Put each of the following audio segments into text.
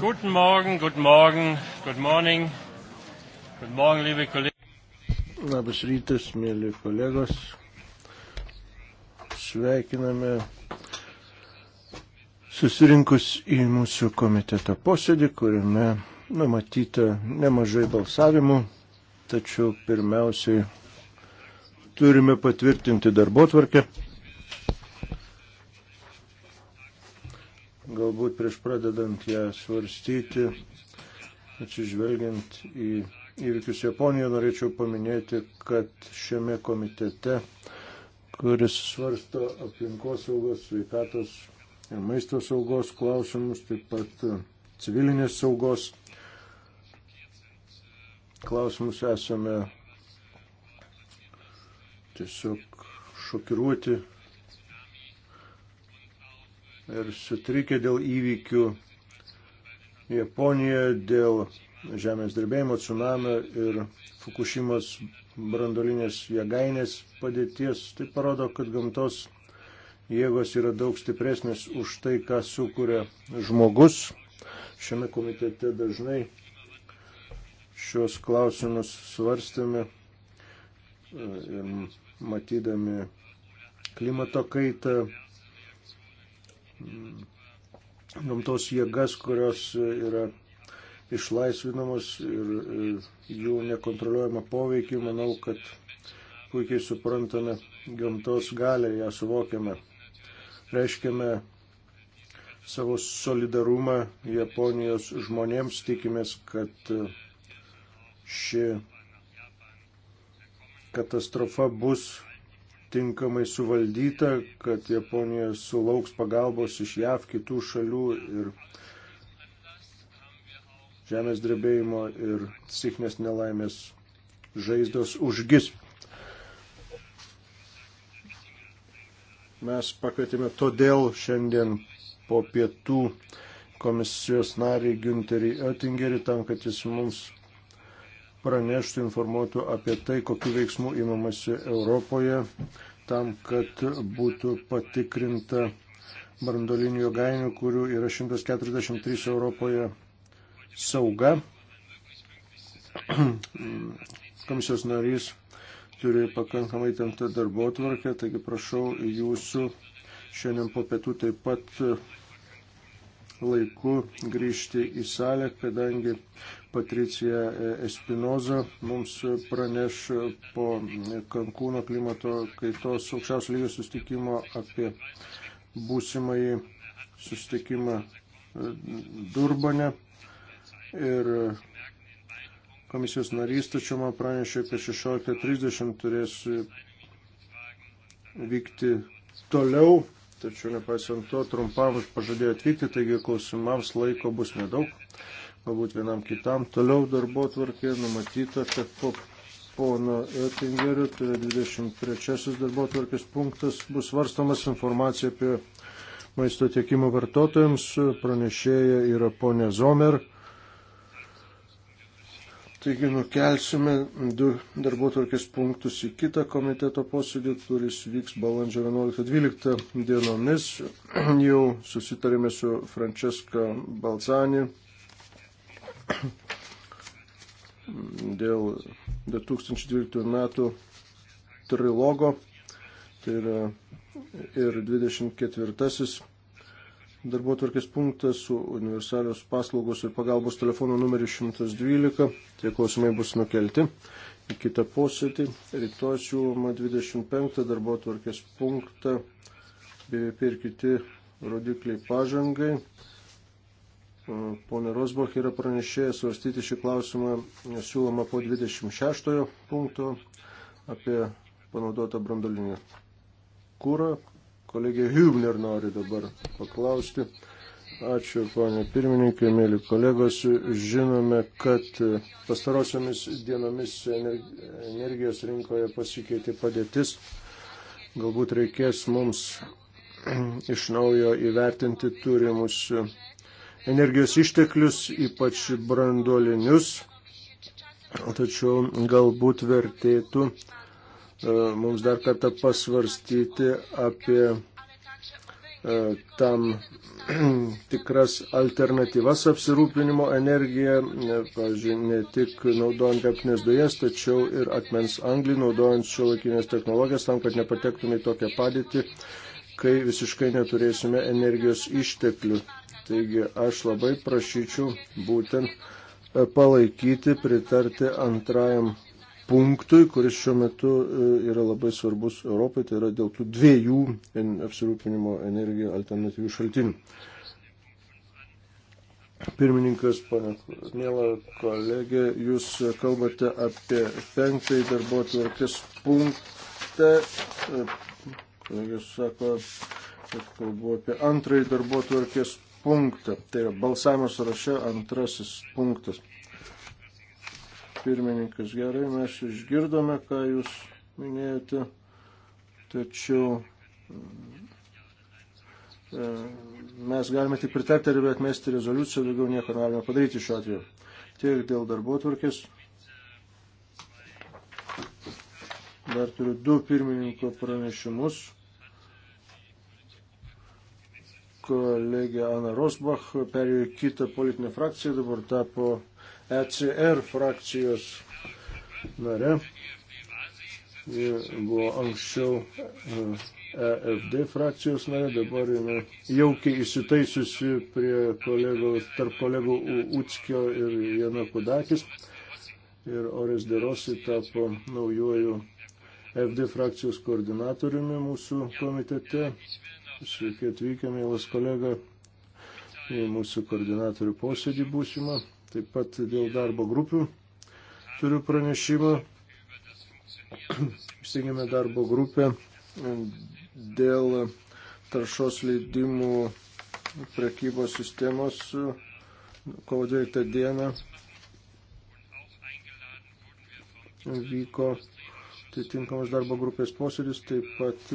Guten Morgen, guten Morgen, good morning. Guten Morgen, liebe Kollegen. Labas rytas, mėly kolegos. Sveikiname susirinkus į mūsų komiteto posėdį, kuriame numatyta nemažai balsavimų, tačiau pirmiausiai turime patvirtinti darbo tvarkę. galbūt prieš pradedant ją svarstyti, atsižvelgiant į įvykius Japonijoje, norėčiau paminėti, kad šiame komitete, kuris svarsto aplinkosaugos, sveikatos ir maisto saugos klausimus, taip pat civilinės saugos klausimus esame tiesiog šokiruoti ir sutrikę dėl įvykių Japonijoje, dėl žemės drebėjimo, tsunamio ir Fukushimos brandolinės jėgainės padėties. Tai parodo, kad gamtos jėgos yra daug stipresnės už tai, ką sukuria žmogus. Šiame komitete dažnai šios klausimus svarstėme e, ir matydami klimato kaitą, gamtos jėgas, kurios yra išlaisvinamos ir jų nekontroliuojama poveikiai, manau, kad puikiai suprantame gamtos galę, ją suvokiame. Reiškiame savo solidarumą Japonijos žmonėms, tikimės, kad ši katastrofa bus tinkamai suvaldyta, kad Japonija sulauks pagalbos iš JAV kitų šalių ir žemės drebėjimo ir psichinės nelaimės žaizdos užgis. Mes pakvietėme todėl šiandien po pietų komisijos narį Günterį Oettingerį tam, kad jis mums praneštų, informuotų apie tai, kokiu veiksmu įmamasi Europoje tam, kad būtų patikrinta brandolinių jogainių, kurių yra 143 Europoje sauga. Komisijos narys turi pakankamai temtą darbo tvarkę, taigi prašau jūsų šiandien po pietų taip pat laiku grįžti į salę, kadangi Patricija Espinoza mums praneš po Kankūno klimato kaitos aukščiausio lygio sustikimo apie būsimąjį sustikimą Durbane. Ir komisijos narys tačiau man pranešė, kad 16.30 turės vykti toliau, tačiau nepaisant to trumpam pažadėjo atvykti, taigi klausimams laiko bus nedaug pabūti vienam kitam. Toliau darbo tvarkė numatyta, kad po pono Ettingerio, tai yra 23 darbo tvarkės punktas, bus svarstamas informacija apie maisto tiekimo vartotojams. Pranešėja yra ponė Zomer. Taigi nukelsime du darbotvarkės punktus į kitą komiteto posėdį, kuris vyks balandžio 11-12 dienomis. Jau susitarėme su Francesca Balzani, dėl 2012 metų trilogo, tai yra ir 24 darbo tvarkės punktas su universalios paslaugos ir pagalbos telefono numeriu 112. Tie klausimai bus nukelti į kitą posėdį. Rytoj siūloma 25 darbo tvarkės punktą BVP ir kiti rodikliai pažangai. E, Pone Rosbach yra pranešėję svarstyti šį klausimą siūloma po 26 punkto apie panaudotą brandolinį kūrą. Kolegė Hübner nori dabar paklausti. Ačiū, ponė pirmininkai, mėly kolegos. Žinome, kad pastarosiomis dienomis energijos rinkoje pasikeitė padėtis. Galbūt reikės mums iš naujo įvertinti turimus energijos išteklius, ypač branduolinius. Tačiau galbūt vertėtų e, mums dar kartą pasvarstyti apie e, tam tikras alternatyvas apsirūpinimo energiją, pavyzdžiui, ne tik naudojant gamtinės dujas, tačiau ir akmens anglį, naudojant šiuolaikinės technologijas, tam, kad nepatektume į tokią padėtį, kai visiškai neturėsime energijos išteklių. Taigi aš labai prašyčiau būtent e, palaikyti, pritarti antrajam punktui, kuris šiuo metu e, yra labai svarbus Europai, tai yra dėl tų dviejų apsirūpinimo energijų alternatyvių šaltinių. Pirmininkas, pana, mėla kolegė, jūs kalbate apie penktąjį darbo tvarkės punktą. E, kolegė sako, kad kalbu apie antrąjį darbo tvarkės punktą. Tai yra balsavimo sąraše antrasis punktas. Pirmininkas, gerai, mes išgirdome, ką jūs minėjote, tačiau e, mes galime tik pritarti ir atmesti rezoliuciją, daugiau nieko negalime padaryti šiuo atveju. Tiek dėl darbo tvarkės. Dar turiu du pirmininko pranešimus kolegė Ana Rosbach perėjo į kitą politinę frakciją, dabar tapo ECR frakcijos nare. Ji buvo anksčiau EFD e frakcijos narė, dabar jinai jaukiai įsitaisiusi prie kolegų, tarp kolegų Utskio ir Jana Kudakis. Ir Ores Derosi tapo naujoju e FD frakcijos koordinatoriumi mūsų komitete. Sveiki atvykę, mielas kolega, į mūsų koordinatorių posėdį būsimą. Taip pat dėl darbo grupių turiu pranešimą. Įsteigėme darbo grupę dėl taršos leidimų prekybos sistemos kovo 12 dieną vyko atitinkamas darbo grupės posėdis, taip pat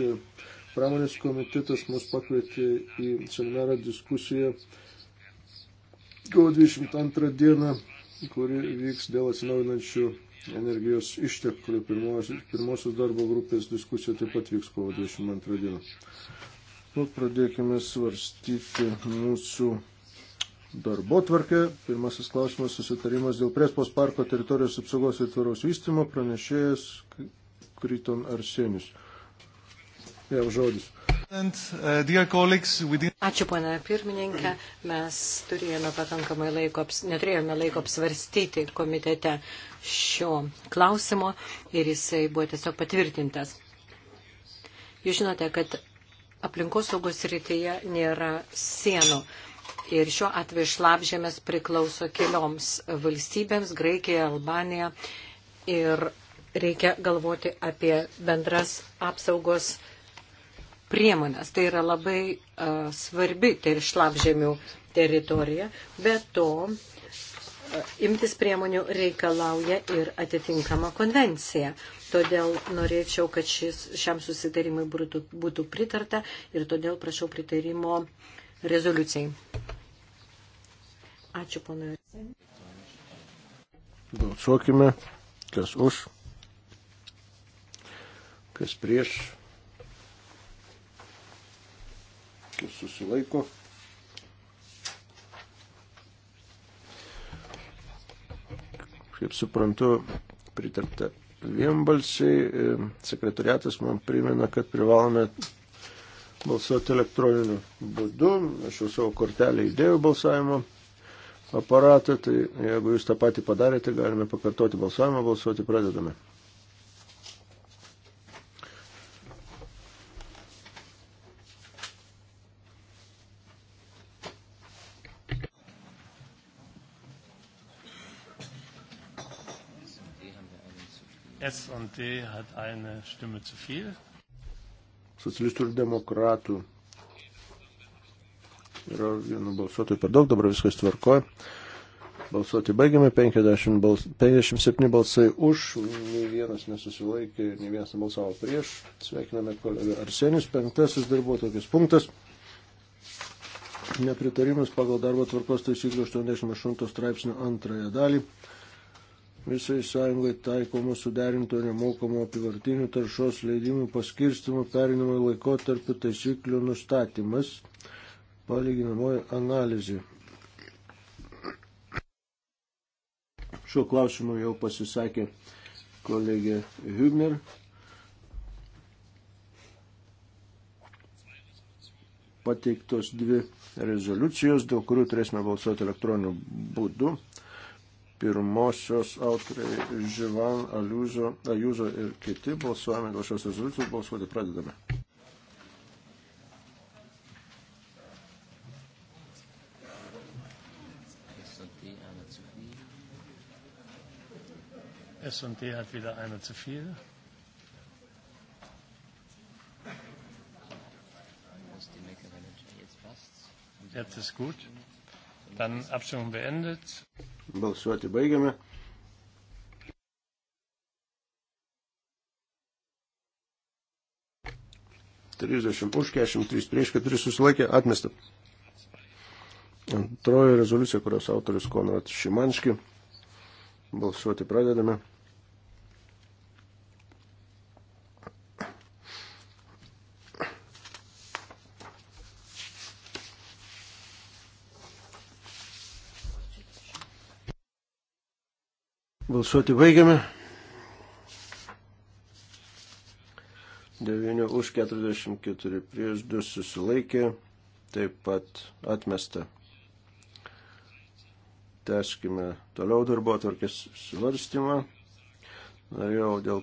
Pramonės komitetas mus pakvietė į seminarą diskusiją kovo 22 dieną, kuri vyks dėl atsinaujinančių energijos išteklių. Pirmos, pirmosios darbo grupės diskusija taip pat vyks kovo 22 dieną. Nu, pradėkime svarstyti mūsų darbo tvarkę. Pirmasis klausimas - susitarimas dėl Prespos parko teritorijos apsaugos ir tvaros vystimo pranešėjas Kryton Arsenis jam žodis. Uh, Ačiū, pana pirmininkė. Mes turėjome pakankamai laiko, neturėjome laiko apsvarstyti komitete šio klausimo ir jisai buvo tiesiog patvirtintas. Jūs žinote, kad aplinkosaugos rytyje nėra sienų. Ir šiuo atveju šlapžėmės priklauso kelioms valstybėms - Graikija, Albanija. Ir reikia galvoti apie bendras apsaugos priemonės. Tai yra labai uh, svarbi tai ir šlapžemių teritorija, bet to uh, imtis priemonių reikalauja ir atitinkama konvencija. Todėl norėčiau, kad šis, šiam susitarimui būtų, būtų pritarta ir todėl prašau pritarimo rezoliucijai. Ačiū, ponai. Balsuokime, kas už, kas prieš. prieš susilaiko. Kaip suprantu, pritarta vienbalsiai. E, sekretariatas man primena, kad privalome balsuoti elektroniniu būdu. Aš jau savo kortelę įdėjau balsavimo aparatą, tai jeigu jūs tą patį padarėte, galime pakartoti balsavimą, balsuoti pradedame. AfD hat eine Stimme zu viel. Socialistų ir demokratų yra vienu balsuotojų per daug, dabar viskas tvarkoja. Balsuoti baigiame, 50 bals, 57 balsai už, nei vienas nesusilaikė, nei vienas nebalsavo prieš. Sveikiname kolegą Arsenis, penktasis darbo tokias punktas. Nepritarimas pagal darbo tvarkos taisyklių 88 straipsnio antrąją dalį visai sąjungai taikomo suderinto nemokamo apivartinių taršos leidimų paskirstimo perinamai laikotarpiu taisyklių nustatymas palyginamoji analizė. Šiuo klausimu jau pasisakė kolegė Hübner. Pateiktos dvi rezoliucijos, dėl kurių turėsime balsuoti elektroniniu būdu pirmosios autoriai Živan, Aliuzo, Ajuzo ir kiti balsuojame dėl šios rezoliucijos. Balsuoti pradedame. S&D hat wieder eine zu viel. Jetzt ist gut. Dann Abstimmung beendet. Balsuoti baigiame. Trisdešimt už, kešimt trys prieš, keturi susilaikė, atmesta. Antroji rezoliucija, kurios autorius Konrad Šimanski. Balsuoti pradedame. Balsuoti baigiame. 9 už 44 prieš 2 susilaikė, taip pat atmesta. Teskime toliau darbo atvarkės svarstymą. Norėjau dėl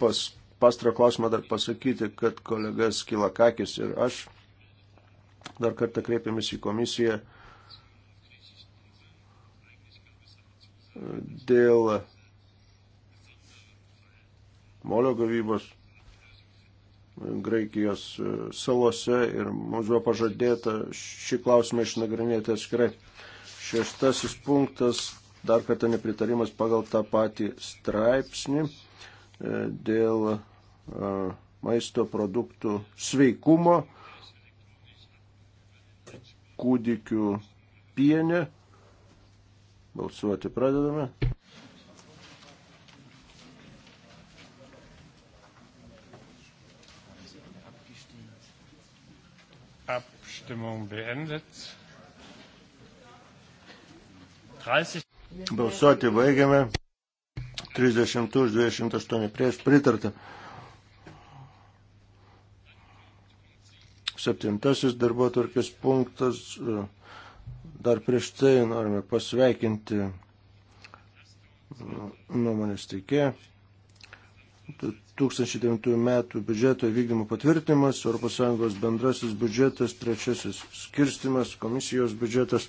pas, pastra klausimą dar pasakyti, kad kolegas Kilakakis ir aš dar kartą kreipėmės į komisiją dėl molio gavybos Graikijos e, salose ir mums buvo pažadėta šį klausimą išnagrinėti atskirai. Šeštasis punktas, dar kartą nepritarimas pagal tą patį straipsnį e, dėl e, maisto produktų sveikumo kūdikių pienė Balsuoti pradedame. Abstimmung beendet. 30. Balsuoti baigiame. 30 už 28 prieš pritarta. Septintasis darbo turkis punktas Dar prieš tai norime pasveikinti nuomonės teikėją. 2009 metų biudžeto vykdymo patvirtinimas, ES bendrasis biudžetas, trečiasis skirstimas, komisijos biudžetas,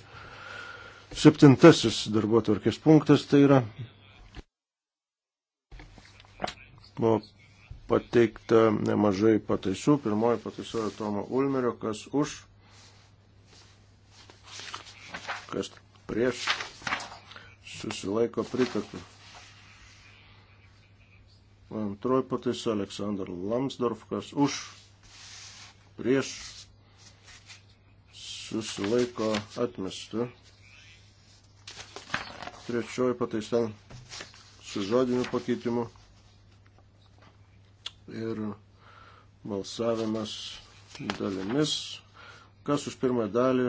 septintasis darbo tvarkės punktas tai yra. Buvo pateikta nemažai pataisų. Pirmoji pataisa yra Tomo Ulmerio, kas už kas prieš susilaiko pritartų. Antroji pataisa Aleksandr Lamsdorf, kas už, prieš susilaiko atmestų. Trečioji pataisa su žodiniu pakeitimu ir balsavimas dalimis. Kas už pirmąją dalį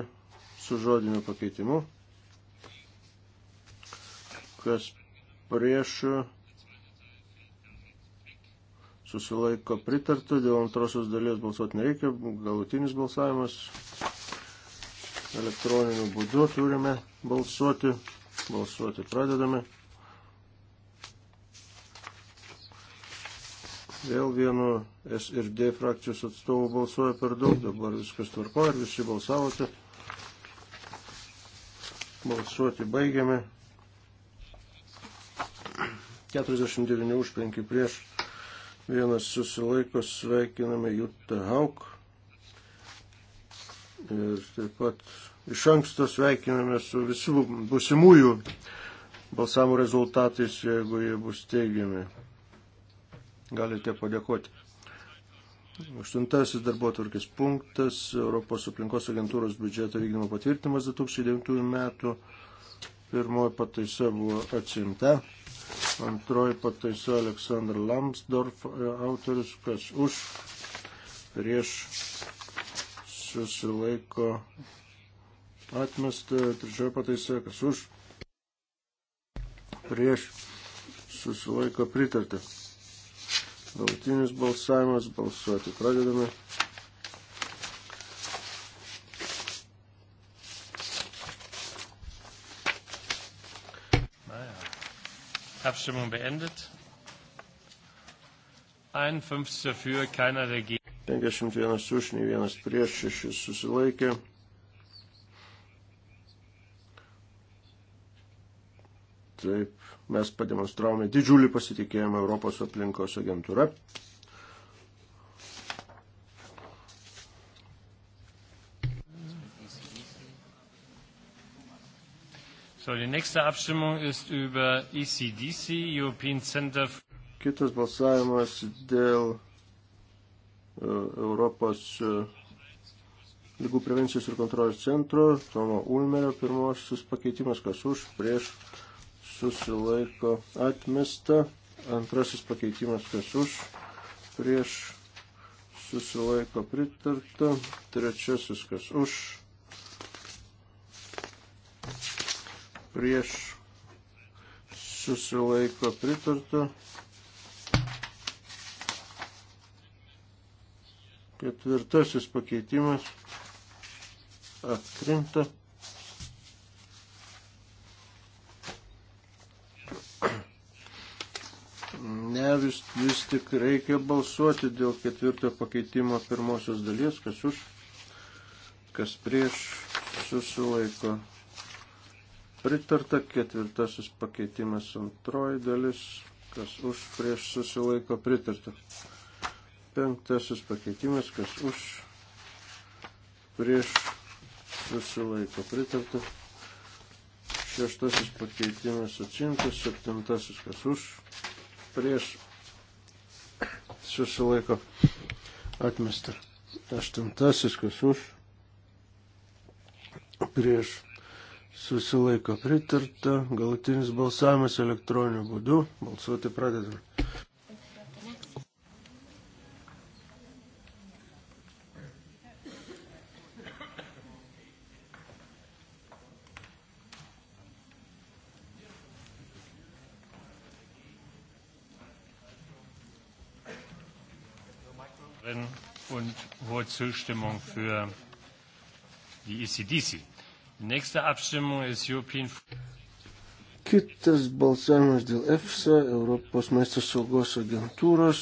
su žodiniu pakeitimu. Kas prieš susilaiko pritarta, dėl antrosios dalies balsuoti nereikia, galutinis balsavimas elektroniniu būdu turime balsuoti, balsuoti pradedame. Vėl vienu S ir D frakcijos atstovu balsuoja per daug, dabar viskas tvarko ir visi balsavote. Tai. Balsuoti baigiame. 49 už 5 prieš. Vienas susilaiko, sveikiname Jutą Hauk. Ir taip pat iš anksto sveikiname su visų busimųjų balsamų rezultatais, jeigu jie bus teigiami. Galite padėkoti. Aštuntasis darbo atvarkės punktas Europos aplinkos agentūros biudžeto vykdymo patvirtinimas 2009 metų. Pirmoji pataisa buvo atsimta. Antroji pataisa Aleksandr Lamsdorf e, autorius, kas už, prieš susilaiko atmesta. Trečioji pataisa, kas už, prieš susilaiko pritarta. Galutinis balsavimas, balsuoti pradedame. Abstimmung beendet. 51 dafür, keiner dagegen. 51 už, nei vienas prieš, šešis susilaikė. Taip, mes pademonstravome didžiulį pasitikėjimą Europos aplinkos agentūra. So, die nächste Abstimmung ist über ECDC, European Center for... Kitas balsavimas dėl uh, Europos uh, e, lygų prevencijos ir kontrolės centro, Tomo Ulmerio pirmosius pakeitimas, kas už, prieš susilaiko atmesta. Antrasis pakeitimas kas už, prieš susilaiko pritarta. Trečiasis kas už, prieš susilaiko pritarta. Ketvirtasis pakeitimas atkrinta. kompromisus vis tik reikia balsuoti dėl ketvirto pakeitimo pirmosios dalies, kas už, kas prieš susilaiko. Pritarta ketvirtasis pakeitimas antroji dalis, kas už, prieš susilaiko pritarta. Penktasis pakeitimas, kas už, prieš susilaiko pritarta šeštasis pakeitimas atsimtas, septintasis kas už, prieš susilaiko atmesta. Aštuntasis, kas už, prieš susilaiko pritarta, galutinis balsavimas elektroniniu būdu, balsuoti pradedame. Zustimmung für die ECDC. Nächste Abstimmung ist European. Kitas balsavimas dėl EFSA, Europos maisto saugos agentūros,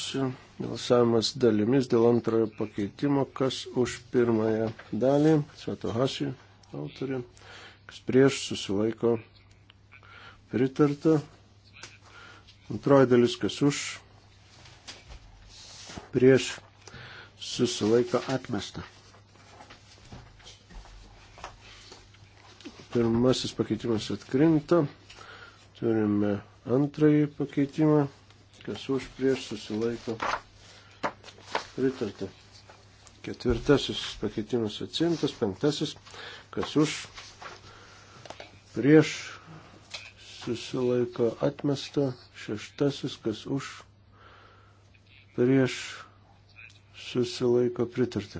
balsavimas dalimis dėl antrojo pakeitimo, kas už pirmąją dalį, Svetohasi autorė, kas prieš susilaiko pritarta, antroji dalis kas už, prieš susilaiko atmesta. Pirmasis pakeitimas atkrinta. Turime antrąjį pakeitimą, kas už prieš susilaiko pritarta. Ketvirtasis pakeitimas atsimtas, penktasis, kas už prieš susilaiko atmesta, šeštasis, kas už prieš susilaiko pritarti.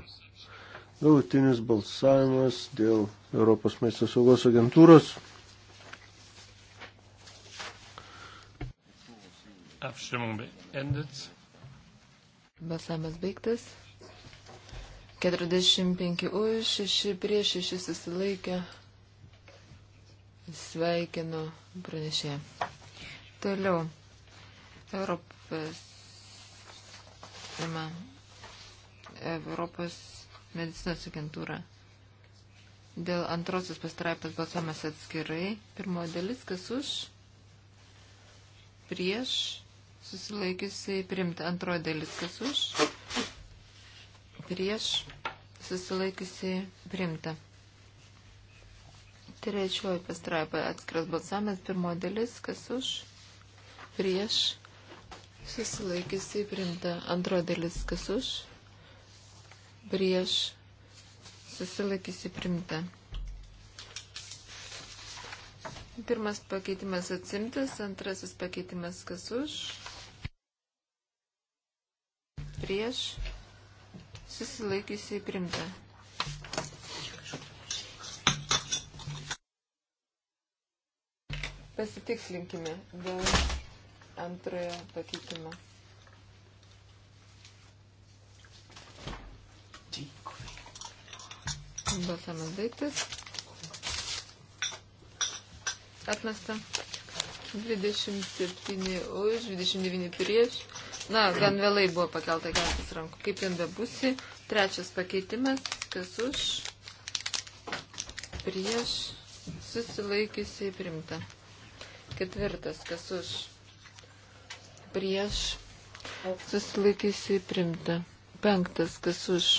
Galutinis balsavimas dėl Europos maisto saugos agentūros. Apšrimung beendet. Balsavimas baigtas. 45 už, 6 prieš, 6 susilaikė. Sveikinu pranešė. Toliau. Europos. Pirma. Europos medicinos agentūra. Dėl antrosios pastraipos balsuomas atskirai. Pirmoji dalis, kas už, prieš, susilaikiusiai primta. Antroji dalis, kas už, prieš, susilaikiusiai primta. Trečioji pastraipa atskiras balsavimas. Pirmoji dalis, kas už, prieš, susilaikiusiai primta. Antroji dalis, kas už, prieš prieš susilaikysi primta. Pirmas pakeitimas atsimtas, antrasis pakeitimas kas už, prieš susilaikysi primta. Pasitikslinkime dėl antrojo pakeitimo. Balsavimas baigtas. Atmesta. 27 už, 29 prieš. Na, gan vėlai buvo pakelta keltis rankų. Kaip ten bebusi. Trečias pakeitimas. Kas už? Prieš. Susilaikysiai primta. Ketvirtas. Kas už? Prieš. Susilaikysiai primta. Penktas. Kas už?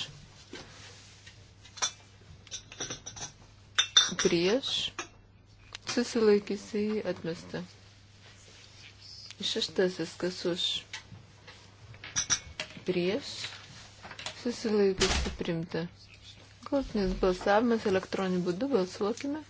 prieš, susilaikysiai atmesta. Šeštasis, kas už, prieš, susilaikysiai primta. Klausinis balsavimas elektroniniu būdu balsuokime.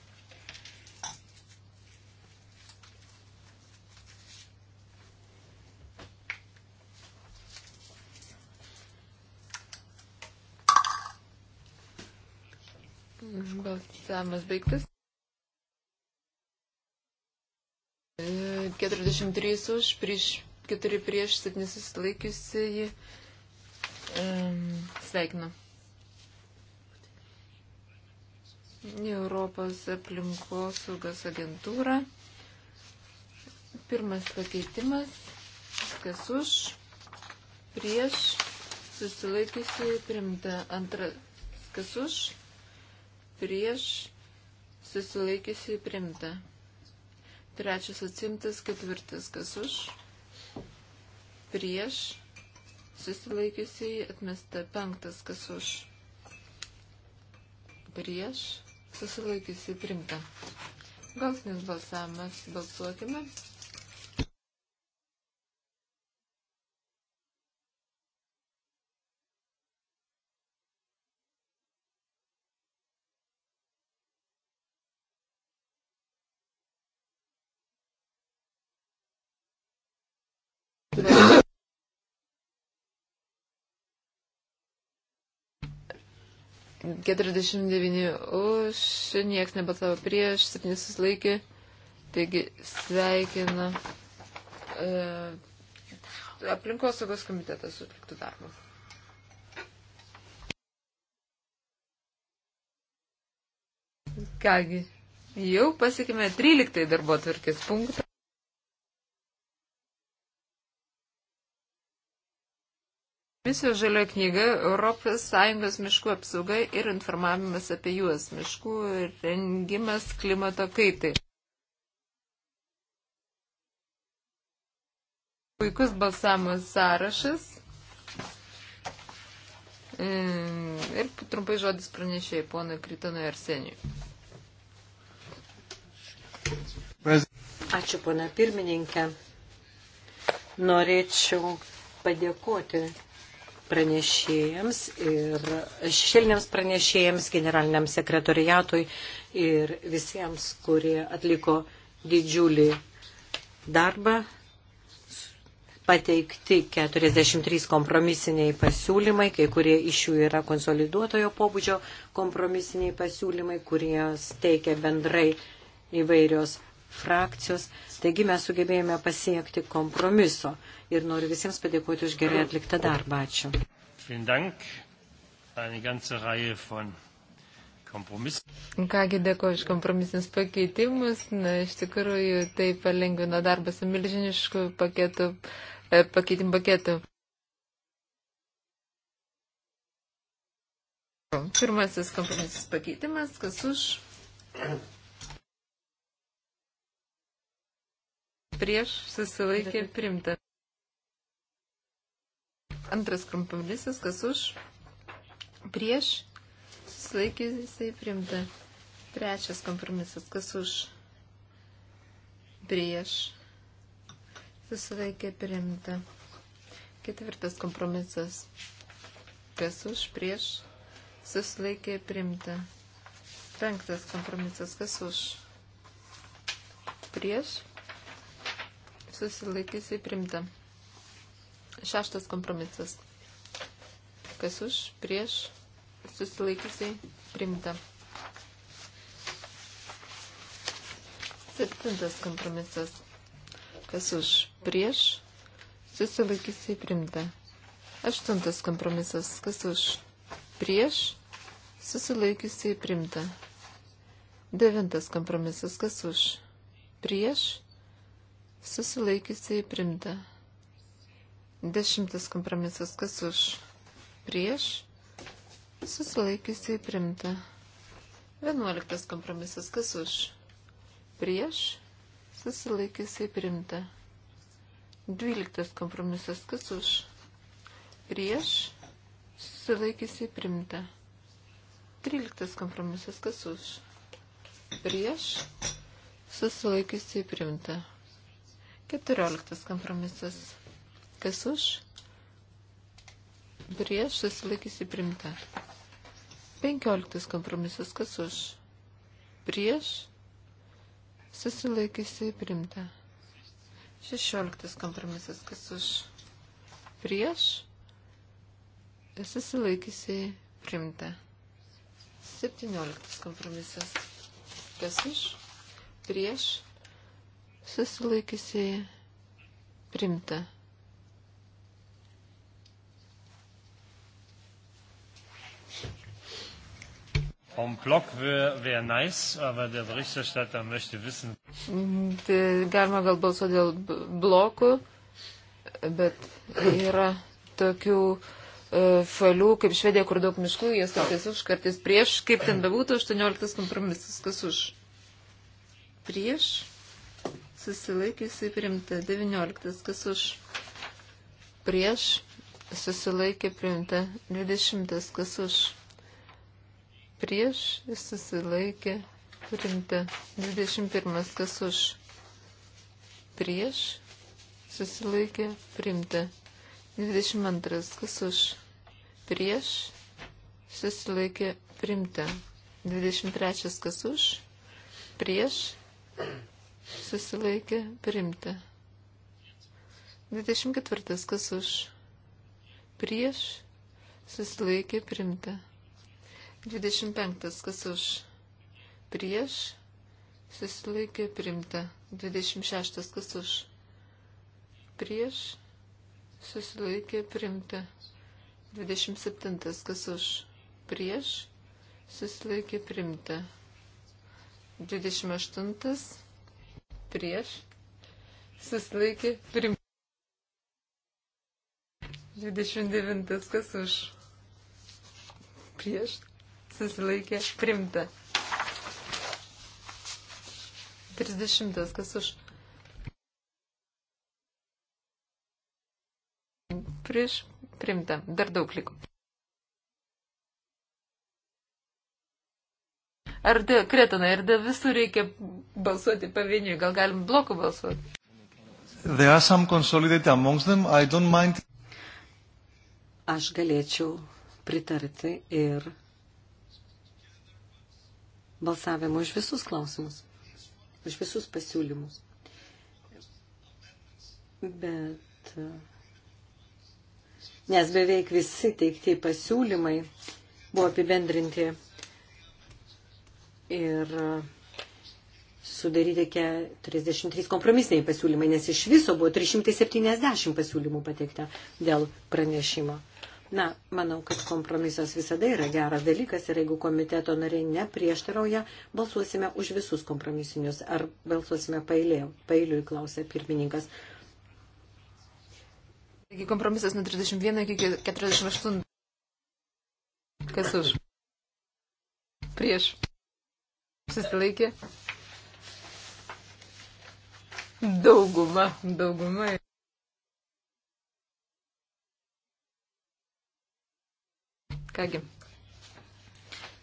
Balsavimas baigtas. 43 už, prieš, 4 prieš, 7 susilaikiusi. Sveikinu. Europos aplinkosaugos agentūra. Pirmas pakeitimas. Kas už, prieš, susilaikiusi, primta. Antras, kas už, prieš, susilaikysi primta. Trečias atsimtas, ketvirtas kas už, prieš, susilaikysi atmesta. Penktas kas už, prieš, susilaikysi primta. Galsinis balsavimas, balsuokime. Balsuokime. 49 už, nieks nebalsavo prieš, 7 susilaikė. Taigi sveikina e, aplinkosaugos komitetas atliktų darbą. Kągi, jau pasiekime 13 darbo tvarkės punktą. Misijos žalio knyga ES miškų apsauga ir informavimas apie juos, miškų rengimas klimato kaitai. Puikus balsavimo sąrašas. Mm, ir trumpai žodis pranešėjai ponui Kritonui Arsenijui. Ačiū, pana pirmininkė. Norėčiau padėkoti pranešėjams ir šešėliniams pranešėjams, generaliniam sekretoriatui ir visiems, kurie atliko didžiulį darbą. Pateikti 43 kompromisiniai pasiūlymai, kai kurie iš jų yra konsoliduotojo pobūdžio kompromisiniai pasiūlymai, kurie teikia bendrai įvairios frakcijos. Taigi mes sugebėjome pasiekti kompromiso ir noriu visiems padėkoti už gerai atliktą darbą. Ačiū. Kągi dėkoju iš kompromisinius pakeitimus. Na, iš tikrųjų, tai palengvino darbą su milžinišku paketu, e, pakeitimu paketu. Pirmasis kompromisas pakeitimas, kas už prieš susilaikė primta. Antras krumpavlisas, kas už, prieš susilaikė jisai primta. Trečias kompromisas, kas už, prieš susilaikė primta. Ketvirtas kompromisas, kas už, prieš susilaikė primta. Penktas kompromisas, kas už, prieš susilaikysi primta. Šeštas kompromisas. Kas už, prieš, susilaikysi primta. Septintas kompromisas. Kas už, prieš, susilaikysi primta. Aštuntas kompromisas. Kas už, prieš, susilaikysi primta. Devintas kompromisas. Kas už, prieš, susilaikiusiai primta. Dešimtas kompromisas, kas už, prieš, susilaikiusiai primta. Vienuoliktas kompromisas, kas už, prieš, susilaikiusiai primta. Dvyliktas kompromisas, kas už, prieš, susilaikiusiai primta. Tryliktas kompromisas, kas už, prieš, susilaikiusiai primta. Keturioliktas kompromisas. Kas už? Prieš susilaikysi primta. Penkioliktas kompromisas. Kas už? Prieš susilaikysi primta. Šešioliktas kompromisas. Kas už? Prieš susilaikysi primta. Septynioliktas kompromisas. Kas už? Prieš susilaikysiai primta. Vom Block wäre wär nice, aber der Berichterstatter möchte wissen. Mm, tai galima gal balsuoti dėl blokų, bet yra tokių e, šalių kaip Švedija, kur daug miškų, jie kartais už, kartais prieš, kaip ten bebūtų, 18 kompromisas, kas už. Prieš susilaikiusiai primta. 19. Kas už prieš susilaikė primta. 20. Kas už prieš susilaikė primta. 21. Kas už prieš susilaikė primta. 22. Kas už prieš susilaikė primta. 23. Kas už prieš susilaikė, primta. 24. Kas už, prieš, susilaikė, primta. 25. Kas už, prieš, susilaikė, primta. 26. Kas už, prieš, susilaikė, primta. 27. Kas už, prieš, susilaikė, primta. 28 prieš, susilaikė, prim. 29. Kas už? Prieš, susilaikė, primta. 30. Kas už? Prieš, primta. Dar daug liko. Ar dėl Kretonai, ar dėl visų reikia balsuoti pavieniui, gal galim blokų balsuoti? Aš galėčiau pritarti ir balsavimo už visus klausimus, už visus pasiūlymus. Bet nes beveik visi teikti pasiūlymai buvo apibendrinti ir sudaryti 33 kompromisiniai pasiūlymai, nes iš viso buvo 370 pasiūlymų pateikta dėl pranešimo. Na, manau, kad kompromisas visada yra geras dalykas ir jeigu komiteto nariai neprieštarauja, balsuosime už visus kompromisinius ar balsuosime pailiui, klausė pirmininkas. Taigi kompromisas nuo 31 iki 48. Kas už? Prieš. Susilaikė. Dauguma, dauguma. Kągi,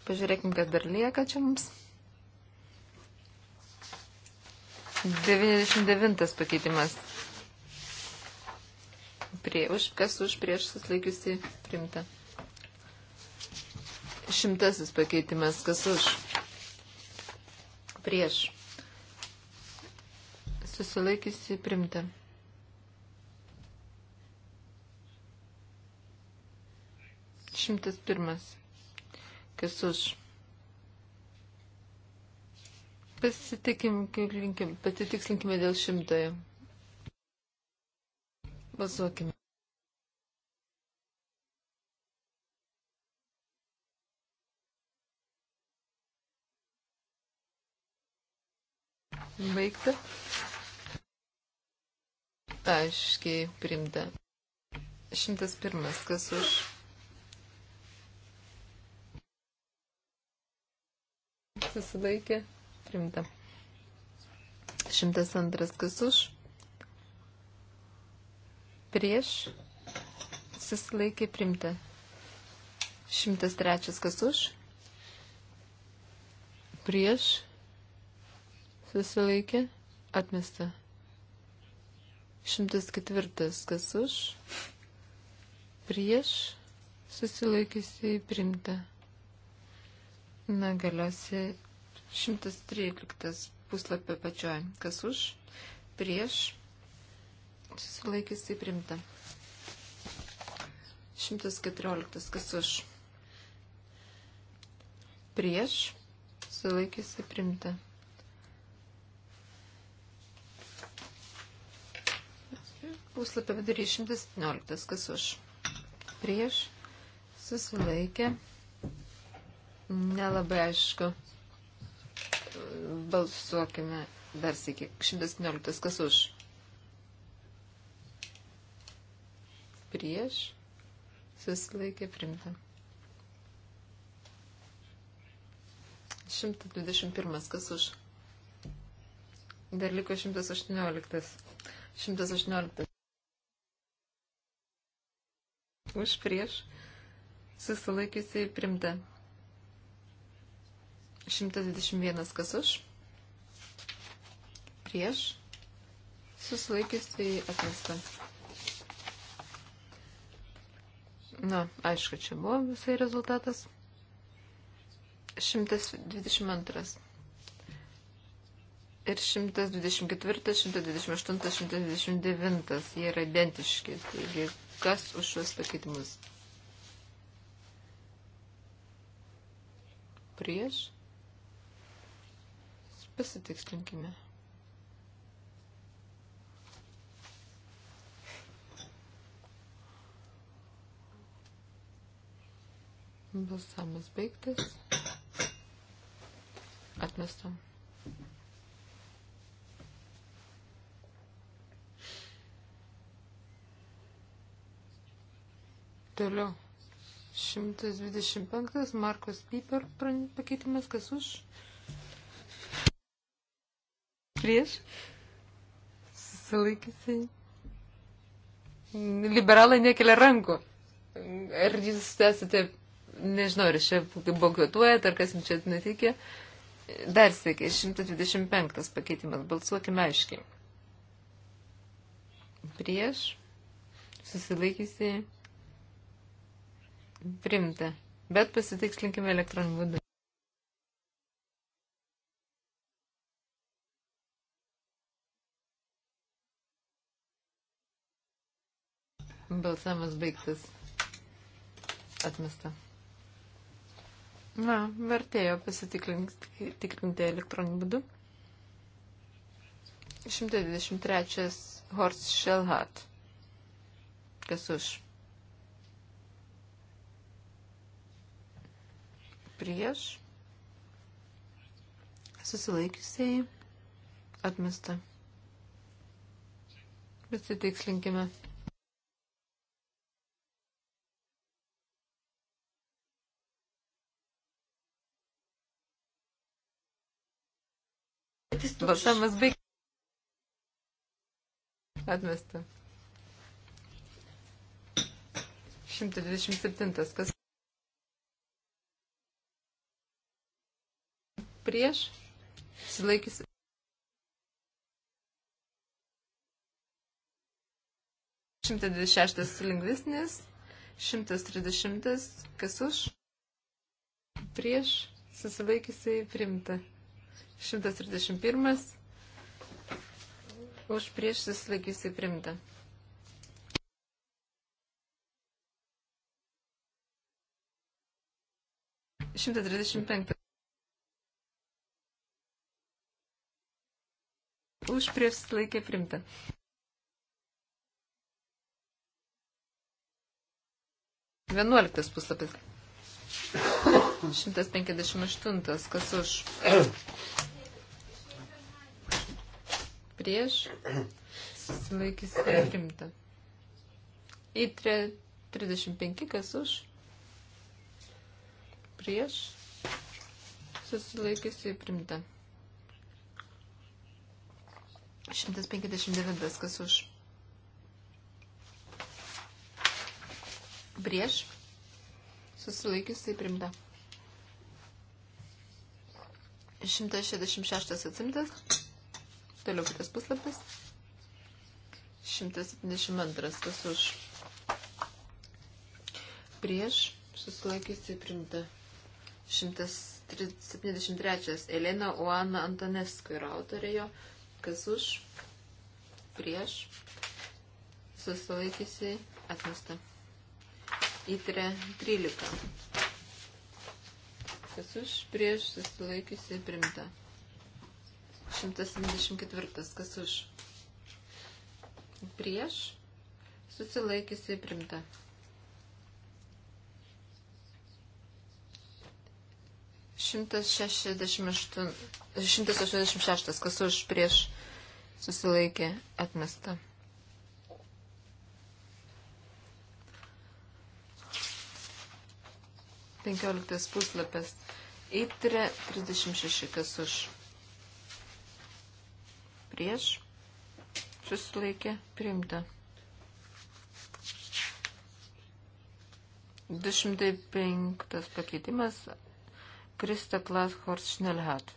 pažiūrėkime, kas dar lieka čia mums. 99 pakeitimas. Prie, už, kas už prieš susilaikiusi primta. Šimtasis pakeitimas, kas už prieš susilaikysi primti. Šimtas pirmas. Kas už? Pasitikim, linkim, pasitikslinkime dėl šimtojo. Balsuokime. baigta. Aiškiai primta. 101. Kas už? Susilaikė. Primta. 102. Kas už? Prieš. Susilaikė. Primta. 103. Kas už? Prieš susilaikė, atmesta. 104. Kas už, prieš, susilaikysi, primta. Na, galiausiai 113 puslapio pačioje. Kas už, prieš, susilaikysi, primta. 114. Kas už? Prieš. Sulaikysi primta. puslapio vidurį 117, kas už prieš susilaikė. Nelabai aišku. Balsuokime dar sėkiai. 117, kas už prieš susilaikė primta. 121, kas už? Dar liko 118. 118 už prieš susilaikiusiai primta. 121 kas už prieš susilaikiusiai atmesta. Na, aišku, čia buvo visai rezultatas. 122 ir 124, 128, 129. Jie yra identiški, taigi Kas už šios pakeitimus? Prieš? Pasitikslinkime. Balsamas baigtas. Atmestam. Toliau. 125. Markos Piper pakeitimas. Kas už? Prieš. Susilaikysiai. Liberalai nekelia rankų. Ar jūs esate, nežinau, ar čia bogotuojat, ar kas jums čia netikė. Dar sveiki, 125 pakeitimas. Balsuokime aiškiai. Prieš. Susilaikysiai Primta. Bet pasitikslinkime elektroniniu būdu. Balsavimas baigtas. Atmesta. Na, vertėjo pasitikrinti elektroniniu būdu. 123 Horst Shellhat. Kas už? prieš susilaikiusiai atmesta. Pasitikslinkime. Balsavimas baigtas. Atmesta. 127. Kas prieš, silaikys. Šimtas dvidešimt šeštas lingvisnis, šimtas trisdešimtas, kas už, prieš, susilaikysiai primta. Šimtas trisdešimt pirmas, už, prieš, susilaikysiai primta. 135. už prieš susilaikė primta. Vienuoliktas puslapis. 158. Kas už? Prieš susilaikys primta. Į 35. Kas už? Prieš susilaikys primta. 159 kas už. Prieš. Susilaikiusiai primta. 166 atsimtas. Toliau kitas puslapis. 172 kas už. Prieš. Susilaikiusiai primta. 173 Elena Oana Antonescu yra autorė jo kas už, prieš, susilaikysi, atmesta. Įtre 13. Kas už, prieš, susilaikysi, primta. 174. Kas už, prieš, susilaikysi, primta. Šimtas šešiasdešimt aštuon... Šimtas aštuoniasdešimt šeštas. Kas už prieš susilaikė atmesta. Penkioliktas puslapis. Įtrė 36, kas už. Prieš. Susilaikė. Primta. 205 pakeitimas. Krista Klas Horst Schnellhardt.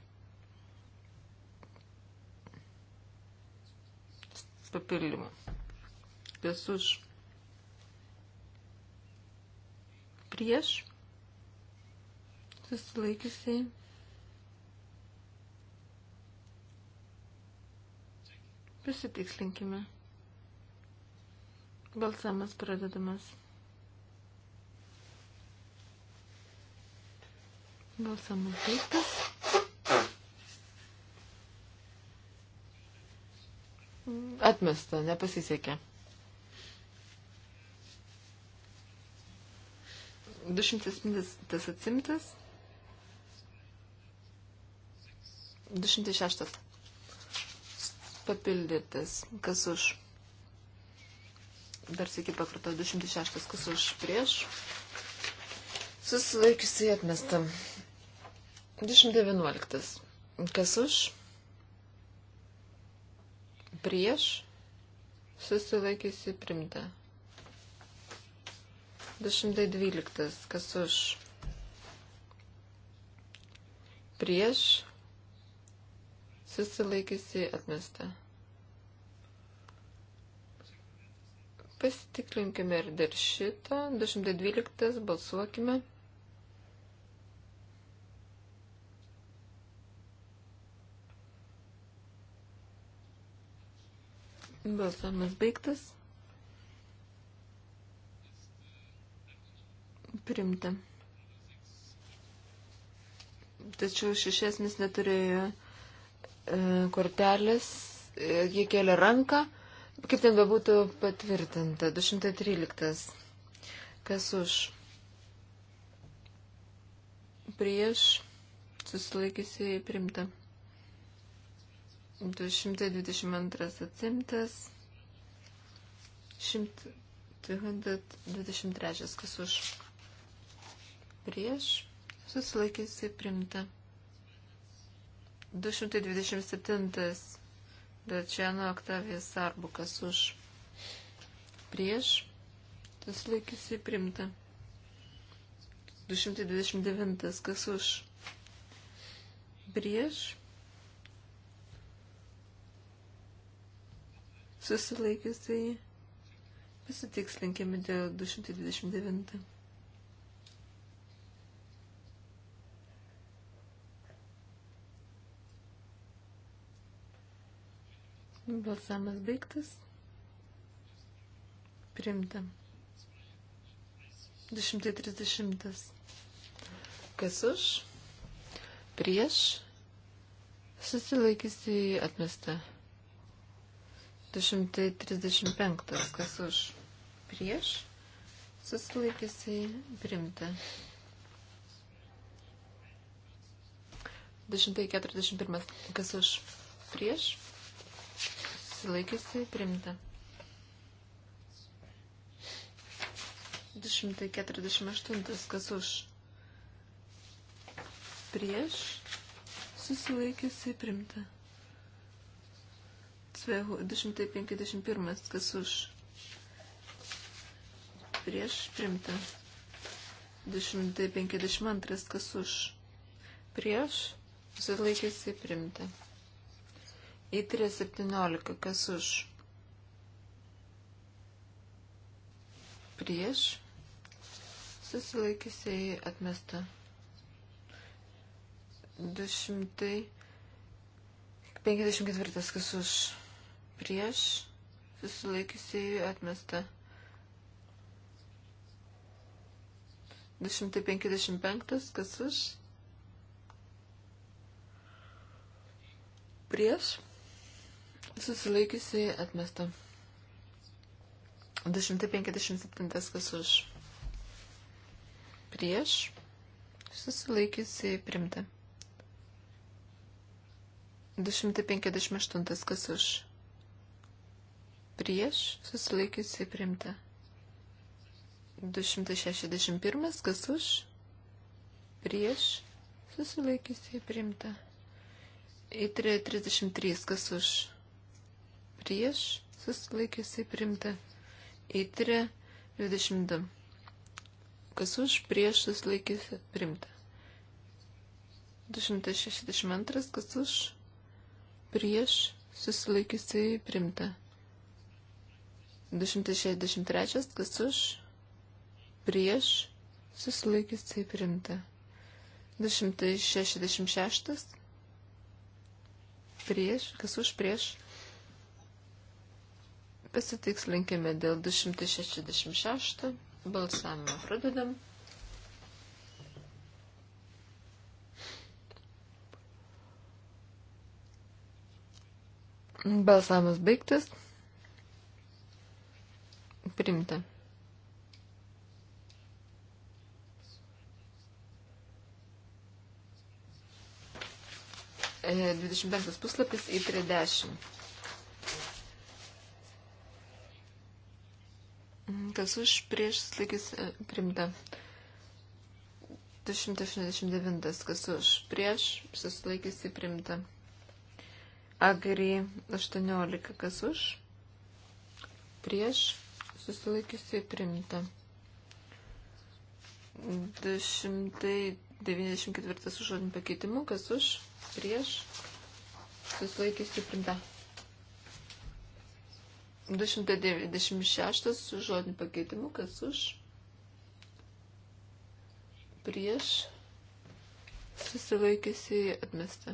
papildymą. Kas už? Prieš? Susilaikysiai. Pasitikslinkime. Balsamas pradedamas. Balsamas baigtas. Atmesta, nepasisekė. 207 atsimtas. 206 papildytas. Kas už? Dar sėki pakarto 206. Kas už prieš? Susilaikiusi atmesta. 211. Kas už? prieš, susilaikysi primta. 212. Kas už? Prieš, susilaikysi atmesta. Pasitikrinkime ir dar šitą. 212. Balsuokime. 212. Balsavimas baigtas. Primta. Tačiau šešesnis neturėjo e, kortelės, e, jie kelia ranką, kaip ten bebūtų patvirtinta. 213. Kas už? Prieš susilaikysiai primta. 222 atsimtas. 123 kas už prieš susilaikysi primta. 227 Dačiano Oktavijas Arbukas už prieš susilaikysi primta. 229 kas už prieš susilaikiusiai. Pasitikslinkime dėl 229. Balsamas baigtas. Primta. 230. Kas už? Prieš? Susilaikysi tai atmesta. 235. Kas už? Prieš? Susilaikysiai primti. 241. Kas už? Prieš? Susilaikysiai primti. 248. Kas už? Prieš? Susilaikysiai primti. 251. Kas už? Prieš primta. 252. Kas už? Prieš susilaikėsi primta. Į 317. Kas už? Prieš susilaikėsi atmesta. 254. Kas už? prieš susilaikiusiai atmesta. 255, kas už? Prieš susilaikiusiai atmesta. 257, kas už? Prieš susilaikiusiai primta. 258 kas už prieš susilaikiusiai primta. 261 kas už, prieš susilaikiusiai primta. Į 33 kas už, prieš susilaikiusiai primta. Į 22 kas už, prieš susilaikiusiai primta. 262 kas už, prieš susilaikiusiai primta. 263, kas už, prieš, susilaikys tai primta. 266, prieš, kas už, prieš. Pasitikslinkime dėl 266, balsavimą pradedam. Balsavimas baigtas. Primta. E, 25 puslapis į 30. Kas už prieš laikys primta. 289. Kas už prieš susilaikysi primta. Agri 18. Kas už prieš susilaikiusi primta. 294 už žodinį pakeitimų, kas už, prieš, susilaikiusi primta. 296 už žodinį pakeitimų, kas už, prieš, susilaikiusi atmesta.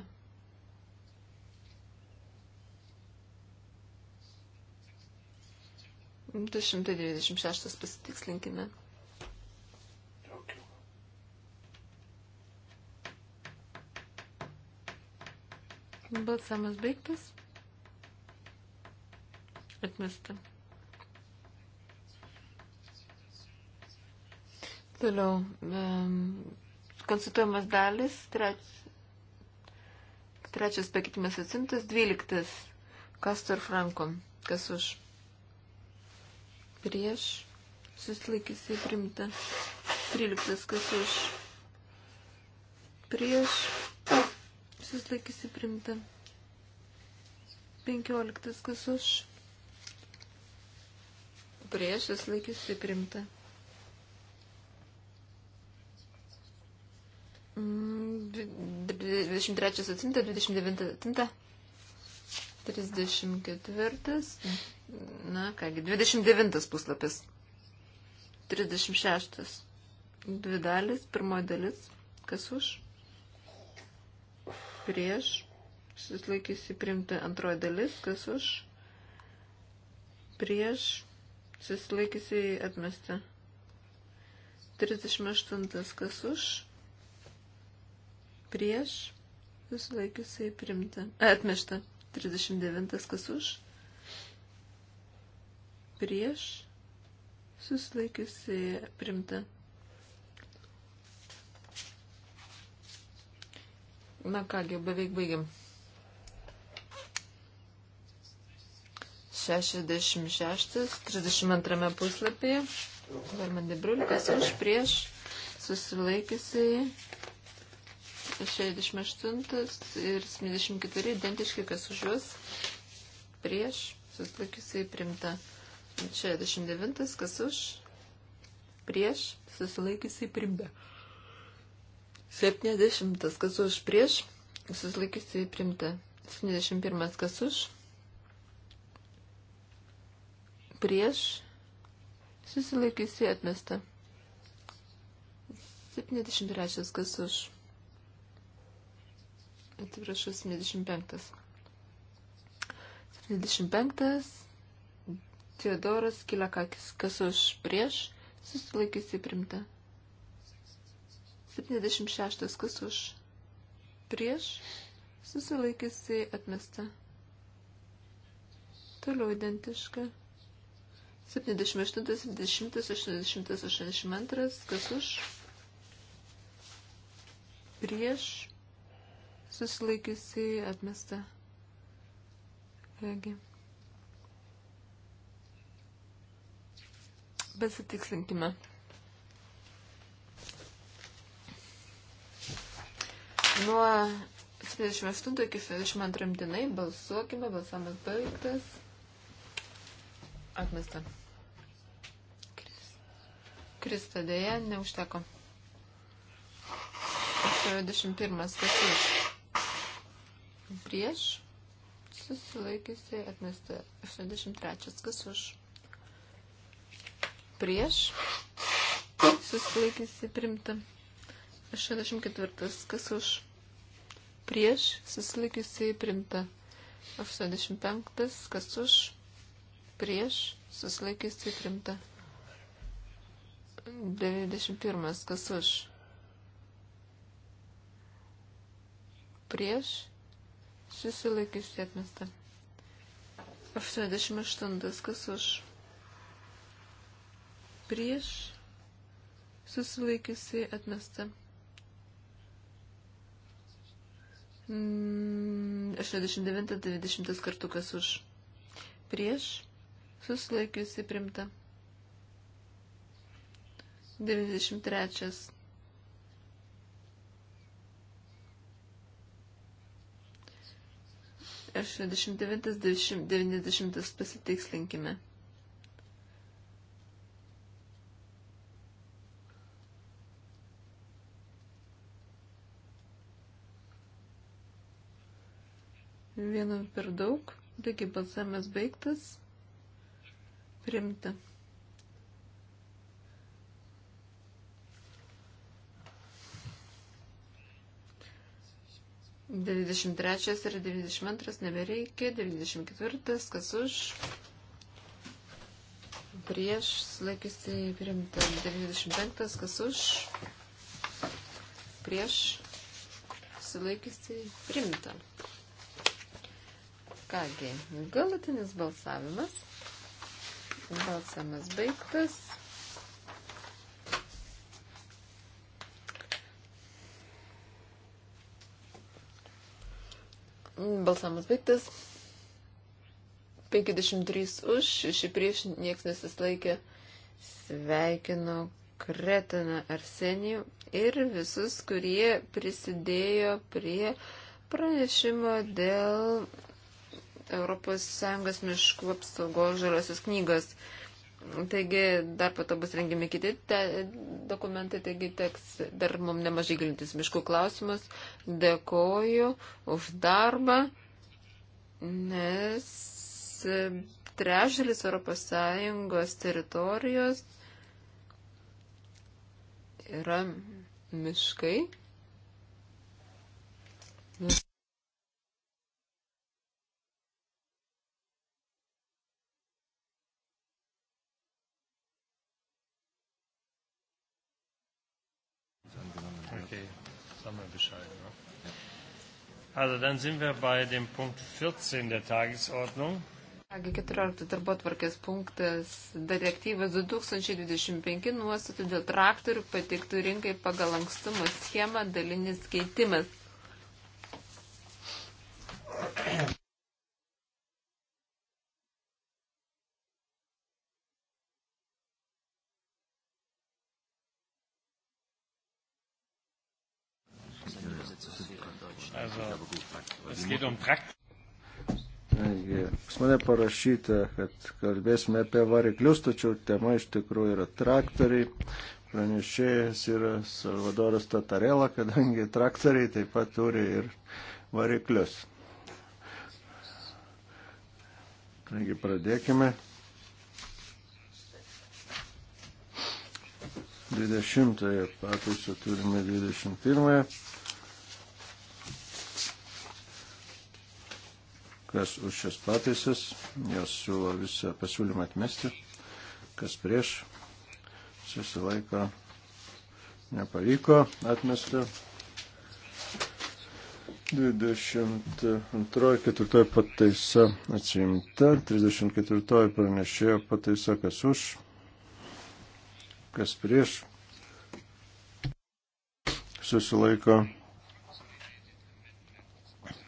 296 pasitikslinkime. Balsamas baigtas. Atmesta. Toliau. Um, konsultuojamas dalis. Treč, trečias pakeitimas atsimtas. Dvyliktas. Kastor Franko. Kas už? prieš, susilaikysiai primta. 13 kas už, prieš, susilaikysiai primta. 15 kas už, prieš, susilaikysiai primta. 23 atsimta, 29 atsimta. 34. Na kągi, 29 puslapis. 36. Dvi dalis, pirmoji dalis. Kas už? Prieš. Susilaikysi primti antroji dalis. Kas už? Prieš. Susilaikysi atmesti. 38. Kas už? Prieš. Susilaikysi primti. Atmešta. 39 kas už, prieš, susilaikiusi primta. Na kągi, beveik baigiam. 66, 32 puslapyje. Varmandė Brulikas už prieš susilaikiusiai 68 ir 74 identiški, kas už juos prieš, susilaikiusiai primta. 69, kas už prieš, susilaikiusiai primta. 70, kas už prieš, susilaikiusiai primta. 71, kas už prieš, susilaikiusiai atmesta. 73, kas už Atsiprašau, 75. 75. Teodoras Kilakakis. Kas už prieš? Susilaikysi primta. 76. Kas už prieš? Susilaikysi atmesta. Toliau identiška. 78, 70, 80, 82. Kas už? Prieš susilaikiusi, atmesta. Vėlgi. Pasitikslinkime. Nuo 78 iki 72 dienai balsuokime, balsamas baigtas. Atmesta. Krista dėja neužteko. 21. Kas už? prieš, susilaikiusi atmesta 83, kas už, prieš, susilaikiusi primta 84, kas už, prieš, susilaikiusi primta 85, kas už, prieš, susilaikiusi primta 91, kas už, prieš, susilaikiusi atmesta. 88. Kas už? Prieš susilaikiusi atmesta. 89-90 mm, kartų kas už. Prieš susilaikiusi primta. 93. 89-90 pasitikslinkime. Vienu per daug, taigi balsavimas baigtas. Primta. 93 ir 92 nebereikia, 94 kas už, prieš, laikysi primta, 95 kas už, prieš, sulaikysi primta. Kągi, galutinis balsavimas. Balsavimas baigtas. Balsamas baigtas. 53 už, 6 prieš, nieks nesislaikė. Sveikinu Kretiną Arsenijų ir visus, kurie prisidėjo prie pranešimo dėl ES miškų apsaugos žaliosios knygos. Taigi dar po to bus rengiami kiti te, dokumentai, taigi teks dar mums nemažai gilintis miškų klausimus. Dėkoju už darbą, nes trešalis ES teritorijos yra miškai. Also dann sind wir bei dem Punkt 14 der Tagesordnung. 14 darbotvarkės punktas direktyvas 2025 nuostatų dėl traktorių pateiktų rinkai pagal ankstumo schemą dalinis keitimas. Um pas mane parašyta, kad kalbėsime apie variklius, tačiau tema iš tikrųjų yra traktoriai. Pranešėjas yra Salvadoras Tatarela, kadangi traktoriai taip pat turi ir variklius. Taigi pradėkime. 20 pataisą turime 21. -ąją. kas už šias pataisas, jos siūlo visą pasiūlymą atmesti, kas prieš, susilaiko, nepavyko atmesti. 22.4. pataisa atsiimta, 34. pranešėjo pataisa, kas už, kas prieš, susilaiko,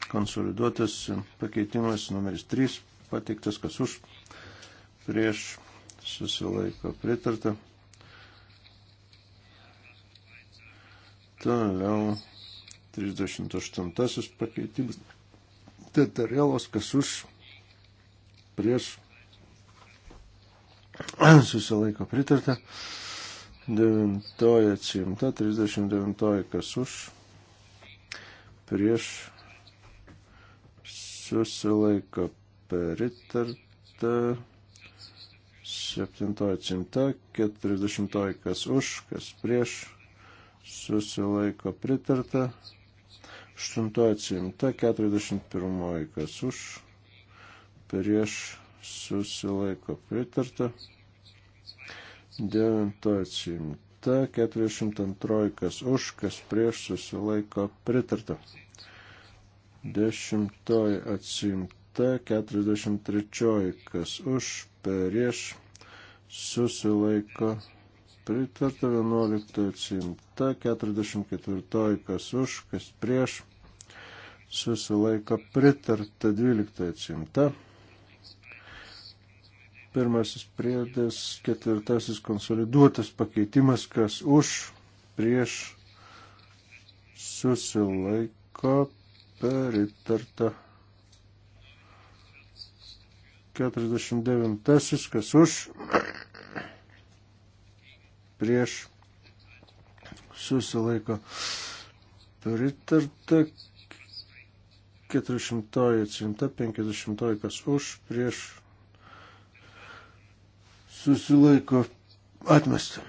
konsoliduotas pakeitimas numeris 3, pateiktas kas už, prieš susilaiko pritarta. Toliau 38 pakeitimas. Tetarėlos kas už, prieš susilaiko pritarta. 9 atsiimta, 39 kas už, prieš susilaiko peritarta. Septintoji atsimta, keturiasdešimtoji kas už, kas prieš, susilaiko pritarta. Aštuntoji atsimta, keturiasdešimt pirmoji kas už, prieš, susilaiko pritarta. Devintoji atsimta, keturiasdešimt antroji kas už, kas prieš, susilaiko pritarta. Dešimtoji atsimta, 43 kas už, prieš, susilaiko, pritarta, 11 atsimta, 44 kas už, kas prieš, susilaiko, pritarta, 12 atsimta pirmasis priedas, ketvirtasis konsoliduotas pakeitimas, kas už, prieš, susilaiko, Peritarta. 49. Kas už? Prieš. Susilaiko. Peritarta. 400 atsimta, 50 kas už, prieš susilaiko atmestą.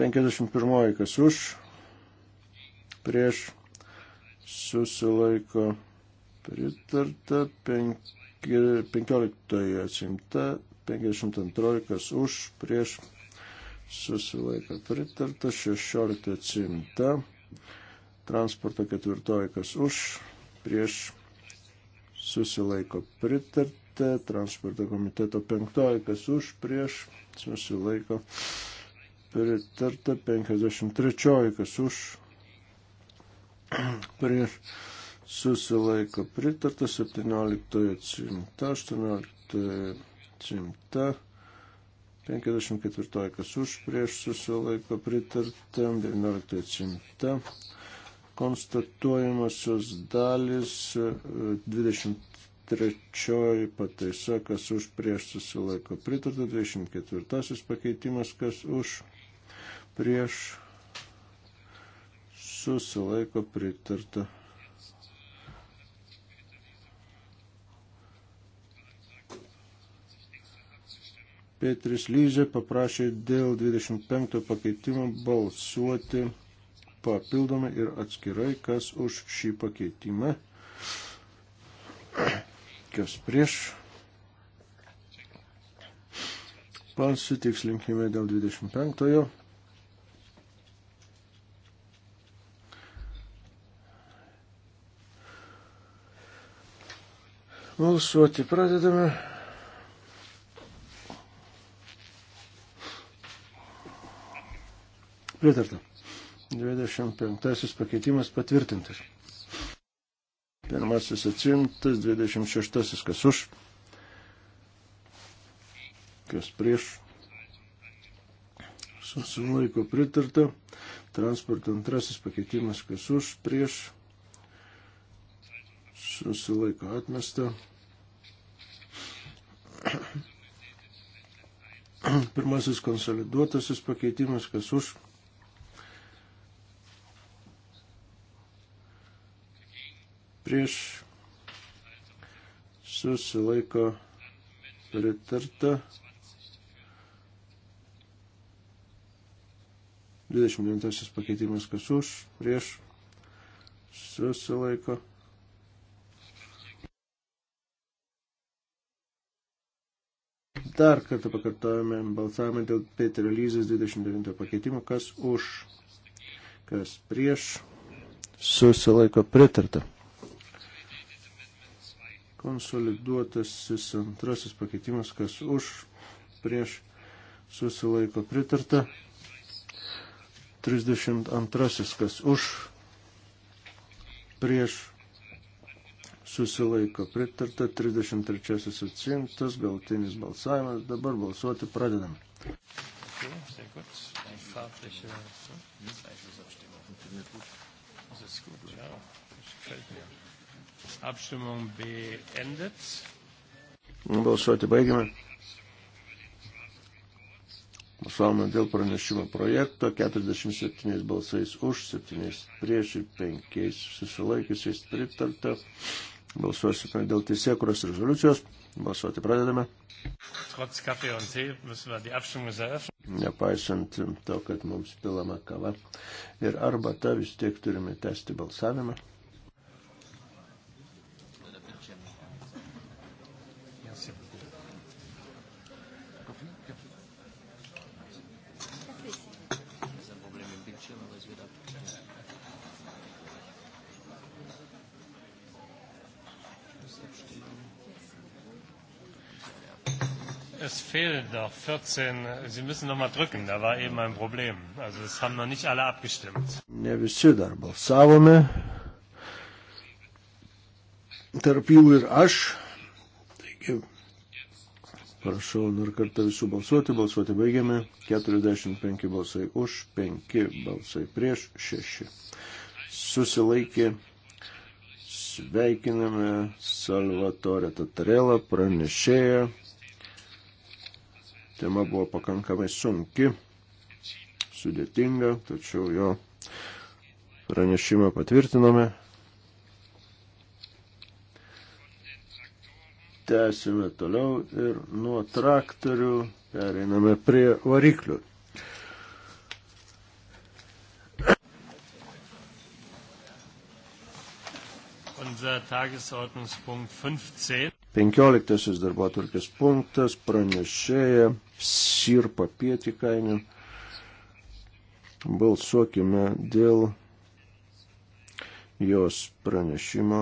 51 kas už, prieš susilaiko pritarta, 15 atsimta, 52 kas už, prieš susilaiko pritarta, 16 atsimta, transporto ketvirtoji kas už, prieš susilaiko pritarta, transporto komiteto penktoji kas už, prieš susilaiko pritarta, 53 kas už, prieš susilaiko pritarta, 17 atsimta, 18 atsimta, 54 kas už prieš susilaiko pritarta, 19 atsimta. Konstatuojamosios dalis 23 e, pataisa, kas už prieš susilaiko pritarta, 24 pakeitimas, kas už prieš susilaiko pritarta. Petris Lyzė paprašė dėl 25 pakeitimo balsuoti papildomai ir atskirai, kas už šį pakeitimą, kas prieš. Pasitikslinkime dėl 25. Balsuoti pradedame. Pritarta. 25 pakeitimas patvirtintas. Pirmasis atsimtas, 26 kas už, kas prieš. Susilaiko pritarta. Transporto antrasis pakeitimas kas už, prieš. Susilaiko atmesta. Pirmasis konsoliduotasis pakeitimas, kas už. Prieš susilaiko pritarta. 29 pakeitimas, kas už, prieš susilaiko pritarta Dar kartą pakartojame balsavimą dėl Peterio Lyzės 29 pakeitimo. Kas už, kas prieš, susilaiko pritarta. Konsoliduotasis antrasis pakeitimas, kas už, prieš, susilaiko pritarta. 32 kas už, prieš, susilaiko pritarta, 33 atsiimtas, galtinis balsavimas, dabar balsuoti pradedam. Balsuoti baigiame. Balsavome dėl pranešimo projekto 47 balsais už, 7 prieš ir 5 susilaikiusiais pritarta. Balsuosime dėl teisėkuros rezoliucijos. Balsuoti pradedame. Nepaisant to, kad mums pilama kava ir arbata, vis tiek turime tęsti balsavimą. Doch, 14. Sie müssen noch mal drücken, da war eben ein Problem. Also es haben noch nicht alle abgestimmt. Ne visi dar balsavome. Tarp jų ir aš. Taigi, prašau dar kartą visų balsuoti. Balsuoti baigiame. 45 balsai už, 5 balsai prieš, 6. Susilaikė. Sveikiname Salvatore Tatarelą, pranešėją tema buvo pakankamai sunki, sudėtinga, tačiau jo pranešimą patvirtinome. Tęsime toliau ir nuo traktorių pereiname prie variklių. Unser Tagesordnungspunkt 15. Penkioliktasis darbo atvarkės punktas pranešėja sirpa pietikainių. Balsuokime dėl jos pranešimo.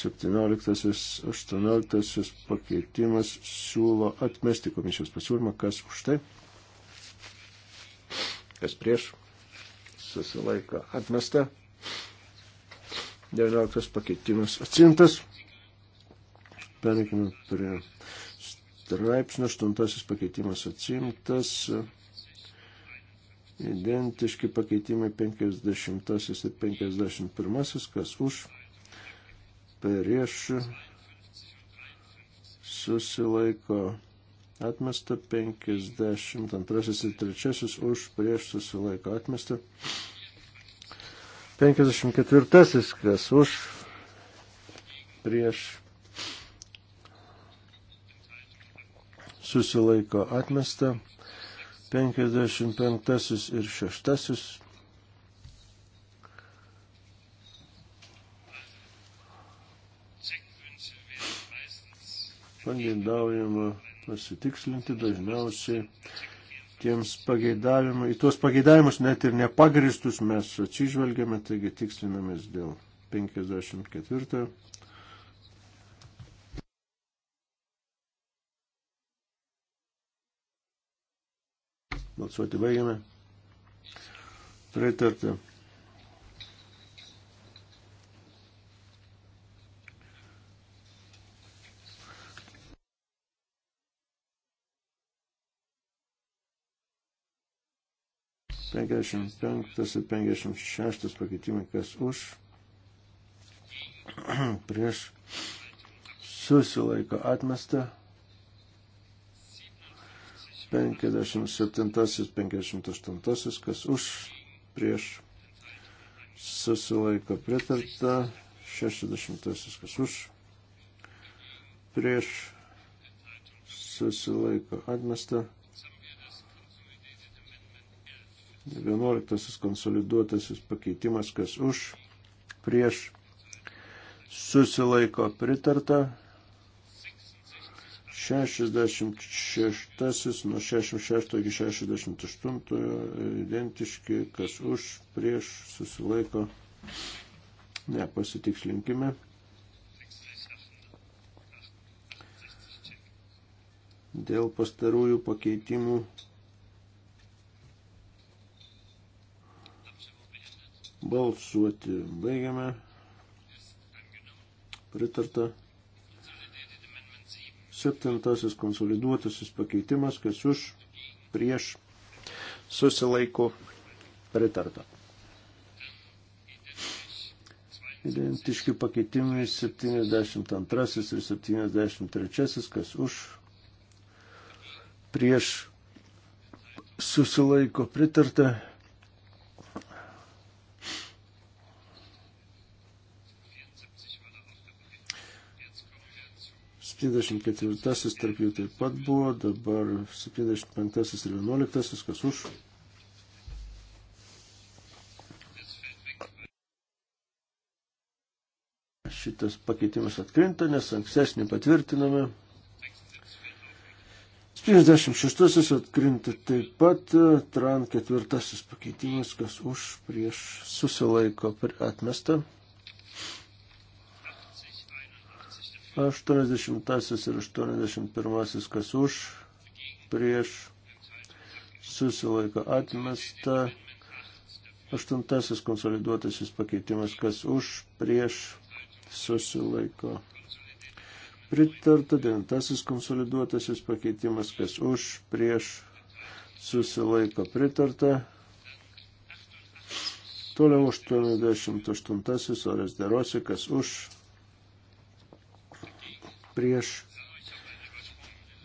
17-18 pakeitimas siūlo atmesti komisijos pasiūlymą. Kas už tai? Kas prieš? Susilaiko atmesta. 19 pakeitimas atsimtas. Pereikime prie straipsnio. 8 pakeitimas atsimtas. Identiški pakeitimai 50 ir 51. Kas už? Prieš susilaiko atmesta 52 ir 3 už prieš susilaiko atmesta 54. Kas už? Prieš. Susilaiko atmesta. 55 ir 6. Pageidaujama pasitikslinti dažniausiai tiems pageidavimui, į tuos pageidavimus net ir nepagristus mes atsižvelgiame, taigi tikslinamės dėl 54. Balsuoti baigiame. Pritarta. 55 ir 56 pakeitimai, kas už, prieš susilaiko atmestą. 57, 58, kas už, prieš susilaiko pritarta. 60, kas už, prieš susilaiko atmestą. 11 konsoliduotasis pakeitimas, kas už, prieš, susilaiko pritarta. 66 nuo 66 iki 68 e, identiški, kas už, prieš, susilaiko. Ne, pasitikslinkime. Dėl pastarųjų pakeitimų Balsuoti baigiame. Pritarta. Septintasis konsoliduotasis pakeitimas, kas už, prieš, susilaiko, pritarta. Identiški pakeitimai 72 ir 73, kas už, prieš, susilaiko, pritarta. 74 tarp jų taip pat buvo, dabar 75 ir 11, kas už. Šitas pakeitimas atkrinta, nes ankstesnį patvirtiname. 56 atkrinta taip pat, tran ketvirtasis pakeitimas, kas už prieš susilaiko atmestą. 80 ir 81 kas už, prieš, susilaiko atmesta. 8 konsoliduotasis pakeitimas kas už, prieš, susilaiko. Pritarta 9 konsoliduotasis pakeitimas kas už, prieš, susilaiko. Pritarta. Toliau 88 orės derosikas už prieš.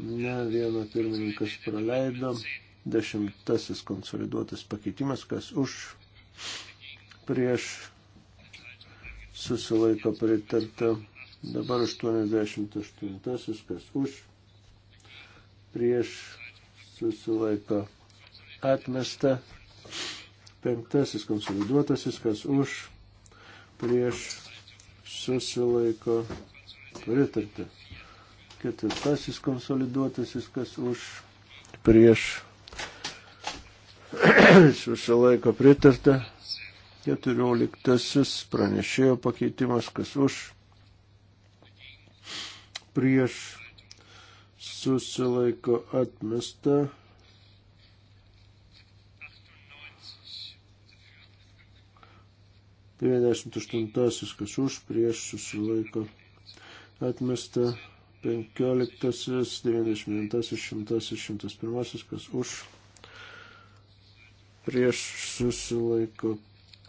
Ne vieną pirmininkas praleido. Dešimtasis konsoliduotas pakeitimas, kas už prieš susilaiko pritarta. Dabar 88, kas už prieš susilaiko atmesta. Penktasis konsoliduotasis, kas už prieš susilaiko atmesta pritarta. Ketvirtasis konsoliduotasis, kas už prieš visą laiką pritarta. Keturioliktasis pranešėjo pakeitimas, kas už prieš susilaiko atmesta. 98 kas už prieš susilaiko atmesta 15, 99, 100, 101, kas už, prieš susilaiko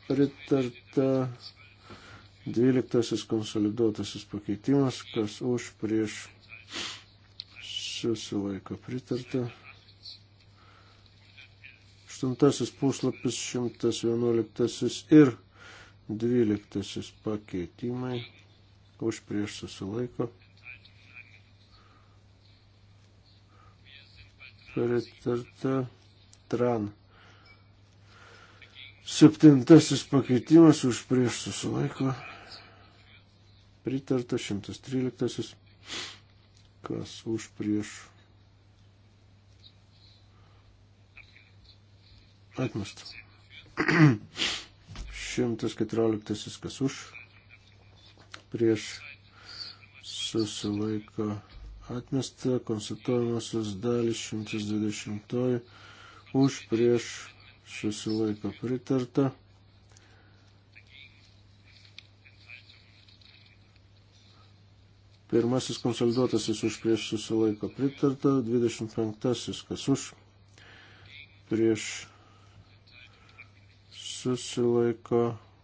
pritarta 12 konsoliduotasis pakeitimas, kas už, prieš susilaiko pritarta. 8 puslapis 111 ir 12 pakeitimai už prieš susilaiko. Pritarta tran. Septintasis pakeitimas už prieš susilaiko. Pritarta 113. Kas už prieš. Atmestas. 114. Kas už prieš susilaiko atmesta, konstatuojamosios dalis 120, už prieš susilaiko pritarta. Pirmasis konsoliduotasis už prieš susilaiko pritarta, 25-asis kas už prieš susilaiko pritarta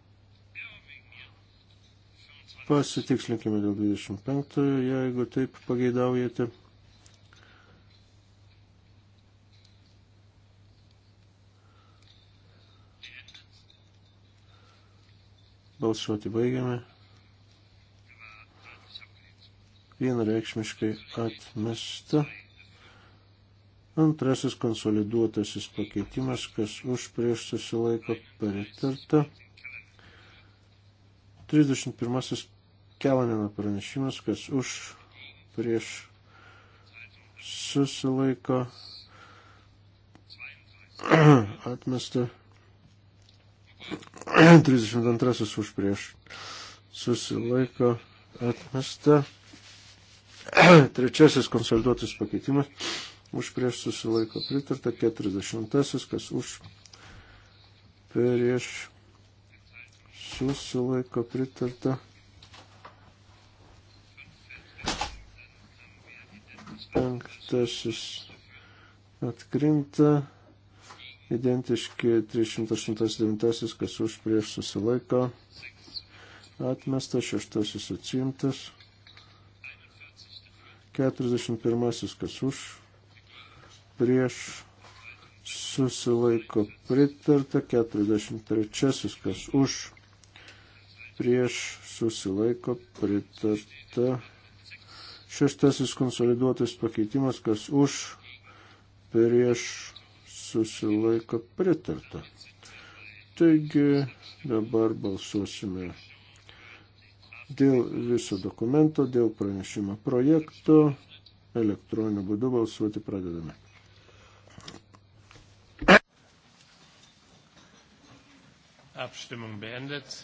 Pasitikslinkime dėl 25, jeigu taip pageidaujate. Balsuoti baigiame. Vienareikšmiškai atmesta. Antrasis konsoliduotasis pakeitimas, kas už prieš susilaiko pritarta. 31 Kelanino pranešimas, kas už prieš susilaiko atmesta 32 už prieš susilaiko atmesta trečiasis konsoliduotis pakeitimas už prieš susilaiko pritarta 40 kas už prieš susilaiko pritarta. Penktasis atkrinta. Identiški 389, kas už prieš susilaiko. Atmestas, šeštasis atsimtas. 41, kas už prieš susilaiko pritarta, 43, kas už, prieš susilaiko pritarta. Šeštasis konsoliduotas pakeitimas, kas už prieš susilaiko pritarta. Taigi dabar balsuosime dėl viso dokumento, dėl pranešimo projekto. Elektroniniu būdu balsuoti pradedame. Abstimmung beendet.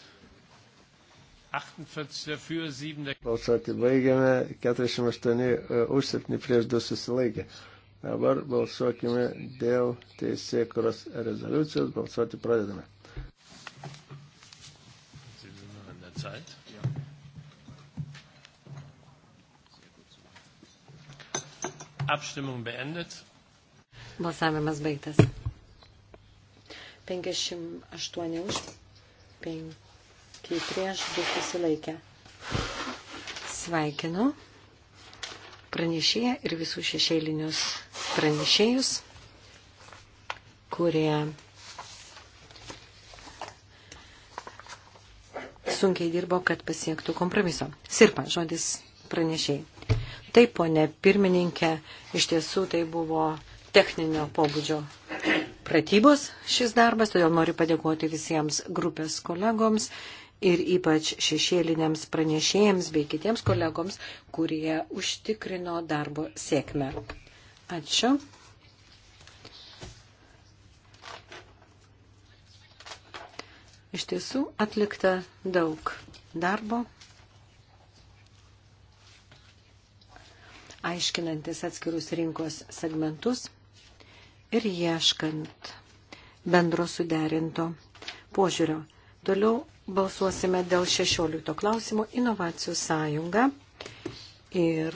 Balsuoti baigiame, 48 e, už 7 prieš 2 susilaikė. Dabar balsuokime dėl teisėkuros rezoliucijos, balsuoti pradedame. Zeit. Abstimmung beendet. Balsavimas baigtas. 58 už 5 2 prieš 2 susilaikę. Sveikinu pranešėją ir visus šešėlinius pranešėjus, kurie sunkiai dirbo, kad pasiektų kompromiso. Sirpa, žodis pranešėjai. Taip, ponė pirmininkė, iš tiesų tai buvo techninio pobūdžio pratybos šis darbas, todėl noriu padėkoti visiems grupės kolegoms ir ypač šešėliniams pranešėjams bei kitiems kolegoms, kurie užtikrino darbo sėkmę. Ačiū. Iš tiesų atlikta daug darbo, aiškinantis atskirus rinkos segmentus ir ieškant bendro suderinto požiūrio. Toliau balsuosime dėl 16 klausimo inovacijų sąjunga ir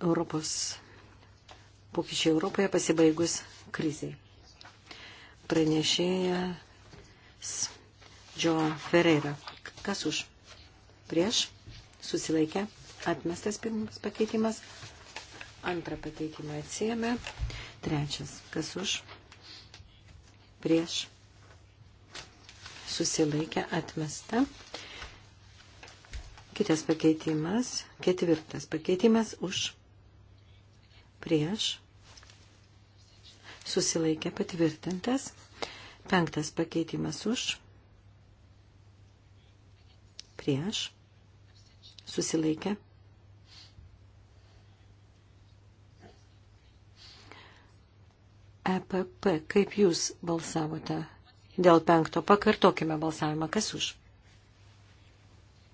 Europos pokyčiai Europoje pasibaigus kriziai. Pranešėjas Džo Ferreira. Kas už? Prieš? Susilaikė? Atmestas pirmas pakeitimas. Antrą pakeitimą atsijėmė. Trečias. Kas už? Prieš? susilaikė atmesta. Kitas pakeitimas, ketvirtas pakeitimas už prieš susilaikė patvirtintas. Penktas pakeitimas už prieš susilaikė EPP, kaip jūs balsavote Dėl penkto pakartokime balsavimą. Kas už?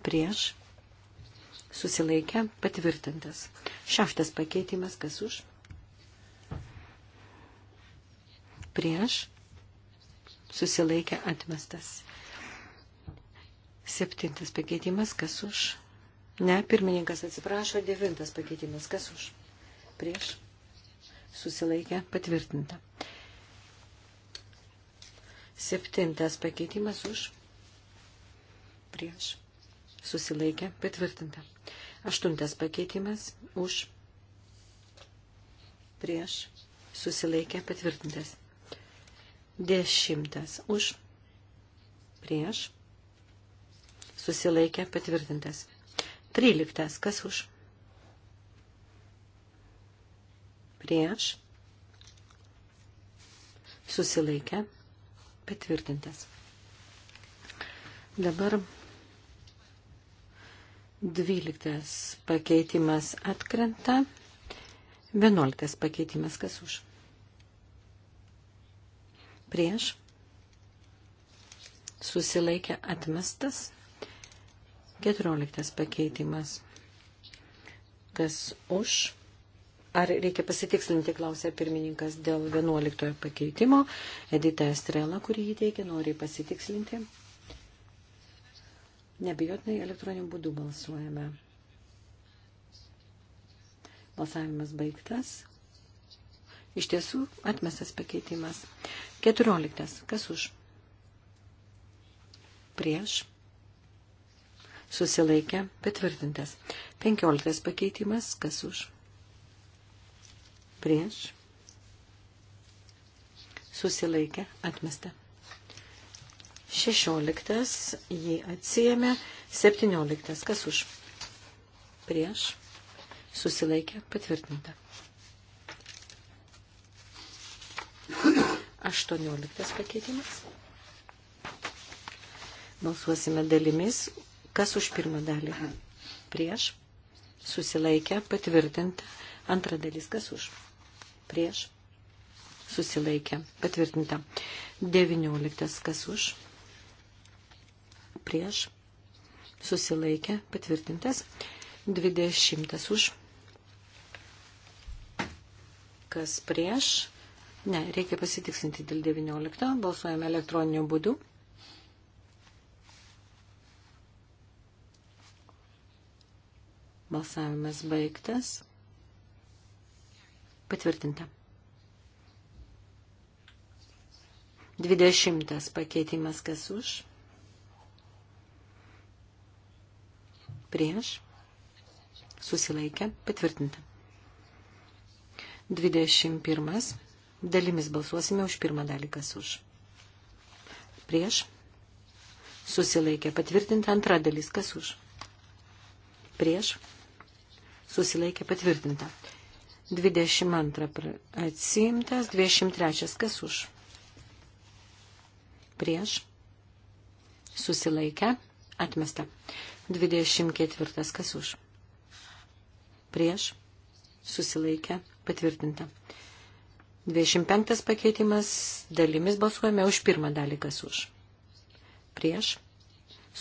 Prieš. Susilaikė. Patvirtintas. Šeštas pakeitimas. Kas už? Prieš. Susilaikė. Atmestas. Septintas pakeitimas. Kas už? Ne, pirmininkas atsiprašo. Devintas pakeitimas. Kas už? Prieš. Susilaikė. Patvirtinta. Septintas pakeitimas už prieš susilaikė patvirtinta. Aštuntas pakeitimas už prieš susilaikė patvirtintas. Dešimtas už prieš susilaikė patvirtintas. Tryliktas kas už prieš susilaikė patvirtintas Patvirtintas. Dabar dvyliktas pakeitimas atkrenta. Vienuoliktas pakeitimas kas už. Prieš. Susilaikė atmestas. Keturioliktas pakeitimas. Kas už Ar reikia pasitikslinti, klausė pirmininkas, dėl 11 pakeitimo. Edita Estrela, kurį jį teikia, nori pasitikslinti. Nebijotinai elektroniniu būdu balsuojame. Balsavimas baigtas. Iš tiesų atmestas pakeitimas. 14. Kas už? Prieš. Susilaikė. Patvirtintas. 15. Pakeitimas. Kas už? prieš, susilaikė, atmesta. Šešioliktas, jį atsijėmė, septynioliktas, kas už, prieš, susilaikė, patvirtinta. Aštuonioliktas pakeitimas. Balsuosime dalimis, kas už pirmą dalį, prieš, susilaikę, patvirtinta. Antra dalis, kas už? prieš, susilaikė, patvirtinta. 19, kas už, prieš, susilaikė, patvirtintas. 20 už, kas prieš, ne, reikia pasitiksinti dėl 19, balsuojame elektroniniu būdu. Balsavimas baigtas. Patvirtinta. 20 pakeitimas kas už. Prieš. Susilaikė. Patvirtinta. 21. Dalimis balsuosime už pirmą dalį kas už. Prieš. Susilaikė. Patvirtinta antra dalis kas už. Prieš. Susilaikė. Patvirtinta. 22 atsimtas, 23 kas už. Prieš. Susilaikę. Atmesta. 24 kas už. Prieš. Susilaikę. Patvirtinta. 25 pakeitimas. Dalimis balsuojame už pirmą dalį kas už. Prieš.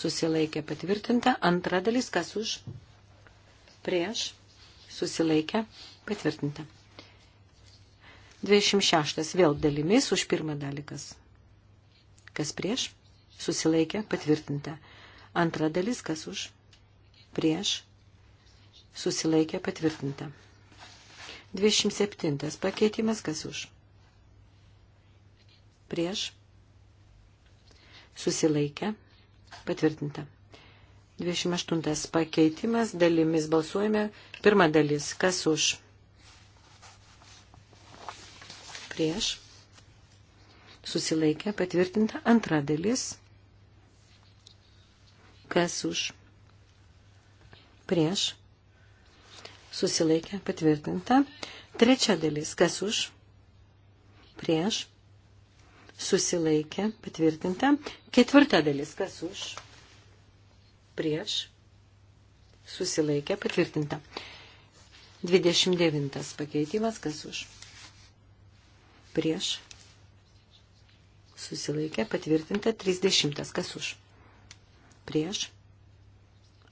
Susilaikė patvirtinta. Antra dalis kas už. Prieš. Susilaikė Patvirtinta. 26. Vėl dalimis už pirmą dalį kas. Kas prieš? Susilaikė. Patvirtinta. Antra dalis kas už? Prieš? Susilaikė. Patvirtinta. 27. Pakeitimas kas už? Prieš? Susilaikė. Patvirtinta. 28. Pakeitimas dalimis balsuojame. Pirma dalis. Kas už? prieš, susilaikė, patvirtinta antra dalis, kas už, prieš, susilaikė, patvirtinta trečia dalis, kas už, prieš, susilaikė, patvirtinta ketvirta dalis, kas už, prieš, susilaikė, patvirtinta. 29 pakeitimas, kas už prieš susilaikė patvirtinta 30. Kas už? Prieš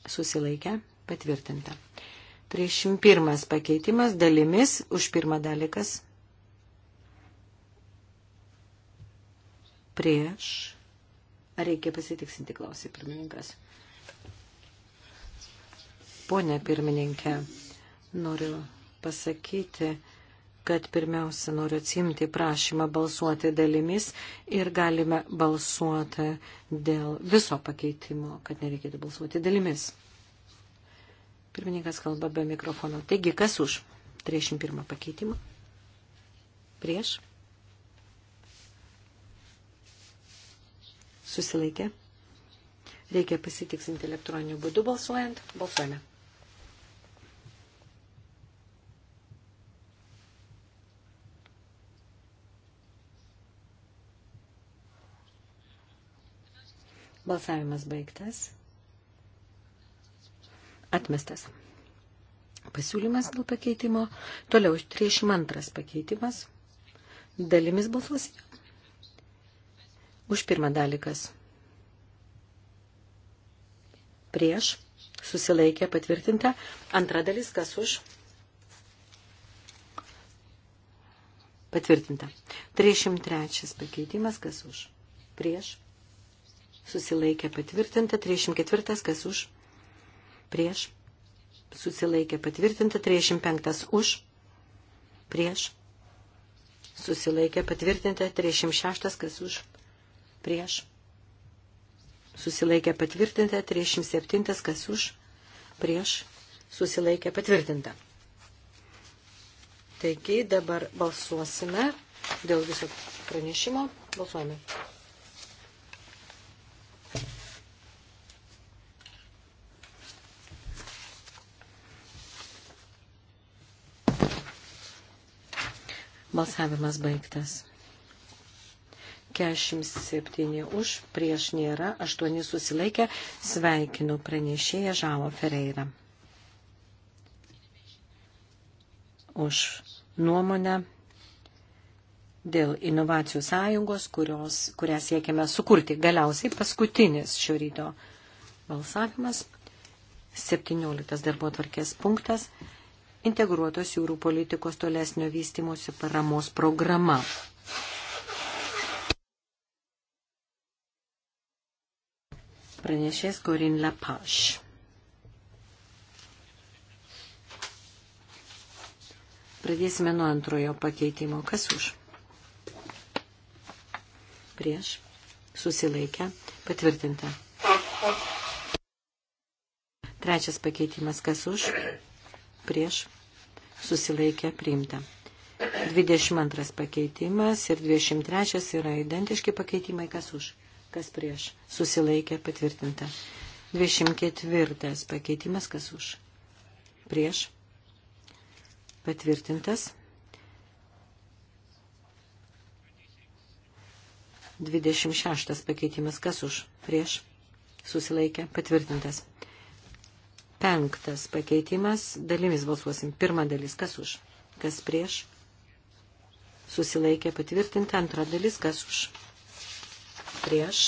susilaikė patvirtinta. 31. Pakeitimas dalimis už pirmą dalį kas? Prieš. Ar reikia pasitiksinti, klausė pirmininkas. Pone pirmininkė, noriu pasakyti, kad pirmiausia noriu atsimti prašymą balsuoti dalimis ir galime balsuoti dėl viso pakeitimo, kad nereikėtų balsuoti dalimis. Pirmininkas kalba be mikrofono. Taigi, kas už 31 pakeitimą? Prieš? Susilaikė? Reikia pasitiksinti elektroniniu būdu balsuojant. Balsuojame. Balsavimas baigtas. Atmestas. Pasiūlymas dėl pakeitimo. Toliau 32 pakeitimas. Dalimis balsuosime. Už pirmą dalį kas. Prieš. Susilaikė patvirtinta. Antra dalis kas už. Patvirtinta. 303 pakeitimas kas už. Prieš susilaikė patvirtinta, 34 kas už, prieš, susilaikė patvirtinta, 35 už, prieš, susilaikė patvirtinta, 36 kas už, prieš, susilaikė patvirtinta, 37 kas už, prieš, susilaikė patvirtinta. Taigi dabar balsuosime dėl viso pranešimo. Balsuojame. Balsavimas baigtas. 47 už, prieš nėra, 8 susilaikė, sveikinu pranešėją Žavo Fereirą. Už nuomonę dėl inovacijų sąjungos, kurios, kurią siekiame sukurti. Galiausiai paskutinis šio ryto balsavimas, 17 darbo tvarkės punktas integruotos jūrų politikos tolesnio vystimosi paramos programa. Pranešės Corin Lapache. Pradėsime nuo antrojo pakeitimo. Kas už? Prieš. Susilaikę. Patvirtinta. Trečias pakeitimas. Kas už? prieš susilaikę priimta. 22 pakeitimas ir 23 yra identiški pakeitimai, kas už, kas prieš, susilaikė patvirtinta. 24 pakeitimas, kas už, prieš, patvirtintas. 26 pakeitimas, kas už, prieš, susilaikė patvirtintas. Penktas pakeitimas. Dalimis balsuosim. Pirma dalis. Kas už? Kas prieš? Susilaikė patvirtinta. Antra dalis. Kas už? Prieš.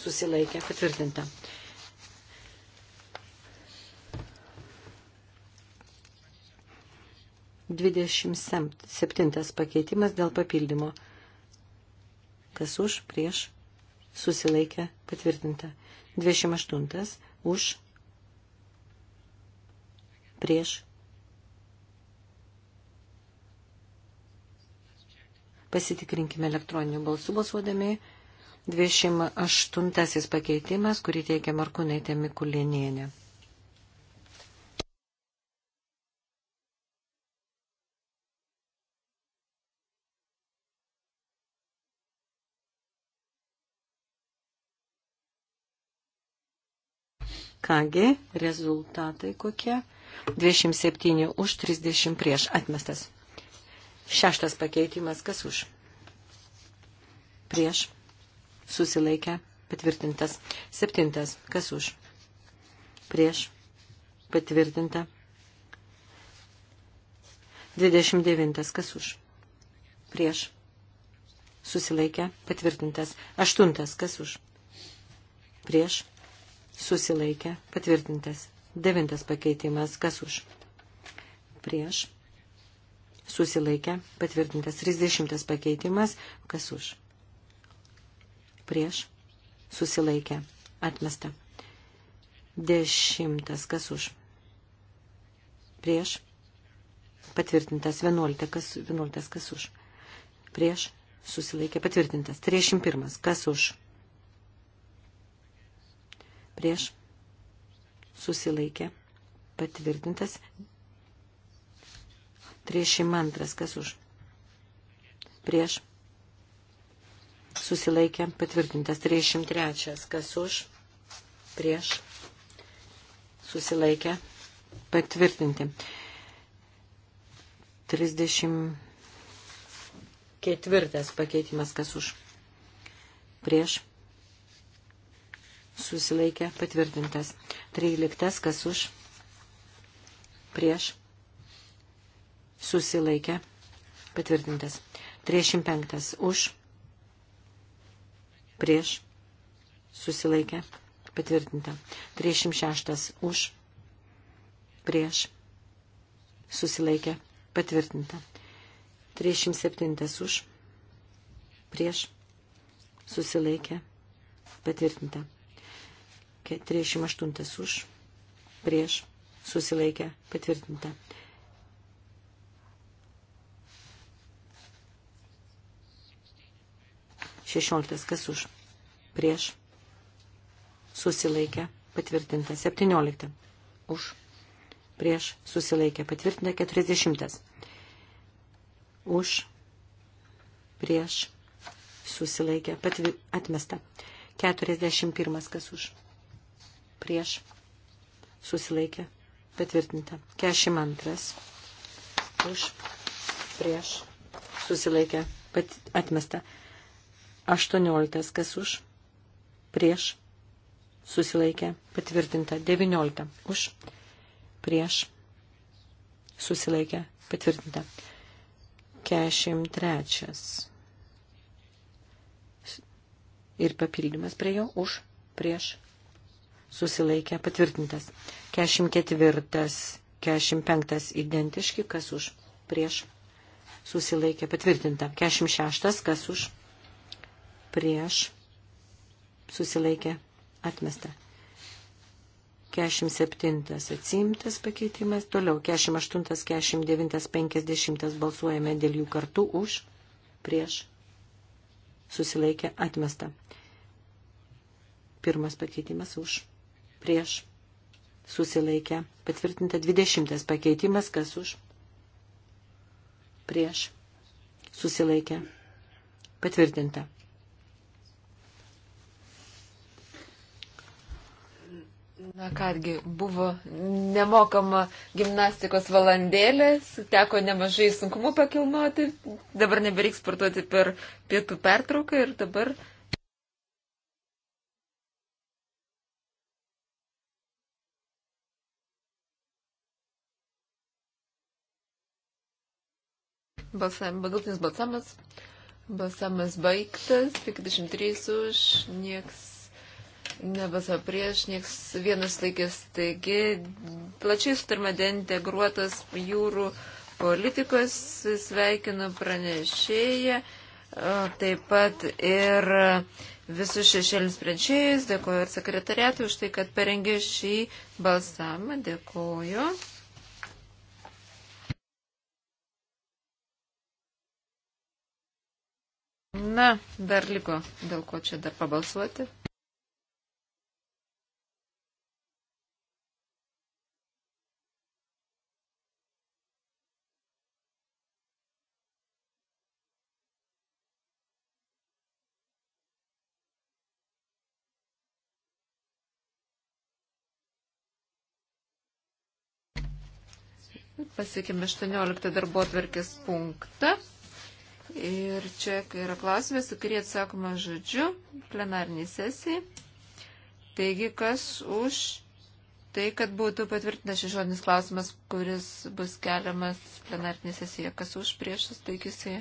Susilaikė patvirtinta. Dvidešimt septintas pakeitimas dėl papildymo. Kas už? Prieš. Susilaikė patvirtinta. Dvidešimt aštuntas. Už prieš. Pasitikrinkime elektroninių balsų balsuodami. 28 pakeitimas, kurį teikia Markūnaitė Mikulėnienė. Kągi, rezultatai kokie? 27 už, 30 prieš. Atmestas. Šeštas pakeitimas. Kas už? Prieš. Susilaikę. Patvirtintas. Septintas. Kas už? Prieš. Patvirtinta. 29. Kas už? Prieš. Susilaikę. Patvirtintas. Aštuntas. Kas už? Prieš. Susilaikę. Patvirtintas. Devintas pakeitimas. Kas už? Prieš. Susilaikę. Patvirtintas. Trisdešimtas pakeitimas. Kas už? Prieš. Susilaikę. Atmesta. Dešimtas. Kas už? Prieš. Patvirtintas. Vienuoliktas. Kas, vienuoliktas. Kas už? Prieš. Susilaikė. Patvirtintas. Triešim pirmas. Kas už? Prieš susilaikė, patvirtintas. 32, kas už, prieš, susilaikė, patvirtintas. 33, kas už, prieš, susilaikė, patvirtinti. 34 pakeitimas, kas už, prieš, susilaikė patvirtintas. 13. Kas už, prieš, susilaikė patvirtintas. 35. Už, prieš, susilaikė patvirtinta. 36. Už, prieš, susilaikė patvirtinta. 37. Už, prieš, susilaikė patvirtinta. 38 už, prieš, susilaikė, patvirtinta. Šešioliktas, kas už, prieš, susilaikė, patvirtinta. Septyniolikta, už, prieš, susilaikė, patvirtinta. Keturiasdešimtas, už, prieš, susilaikė, patvi, atmesta. 41 kas už prieš susilaikė patvirtinta. 42 už prieš susilaikė pat, atmesta. 18 kas už prieš susilaikė patvirtinta. 19 už prieš susilaikė patvirtinta. 43 ir papildymas prie jo už prieš susilaikė patvirtintas. 44, 45 identiški, kas už, prieš, susilaikė patvirtinta. 46, kas už, prieš, susilaikė atmesta. 47 atsimtas pakeitimas, toliau 48, 49, 50 balsuojame dėl jų kartų už, prieš, susilaikė atmesta. Pirmas pakeitimas už, prieš susilaikę. Patvirtinta 20 pakeitimas, kas už prieš susilaikę. Patvirtinta. Na kągi, buvo nemokama gimnastikos valandėlės, teko nemažai sunkumų pakilnoti, dabar nebereiks sportuoti per pietų pertrauką ir dabar Balsavimas, galutinis balsavimas. Balsavimas baigtas. 53 už, nieks nebalsavo prieš, nieks vienas laikės. Taigi, plačiai sutarma integruotas jūrų politikos, sveikinu pranešėją, taip pat ir visus šešėlins pranešėjus, dėkoju ir sekretariatui už tai, kad parengė šį balsamą, dėkoju. Na, dar liko dėl ko čia dar pabalsuoti. Pasiekime 18 darbo atverkės punktą. Ir čia yra klausimas, į kurį atsakoma žodžiu plenarniai sesijai. Taigi, kas už tai, kad būtų patvirtintas šis žodinis klausimas, kuris bus keliamas plenarnė sesija, kas už priešus taikysi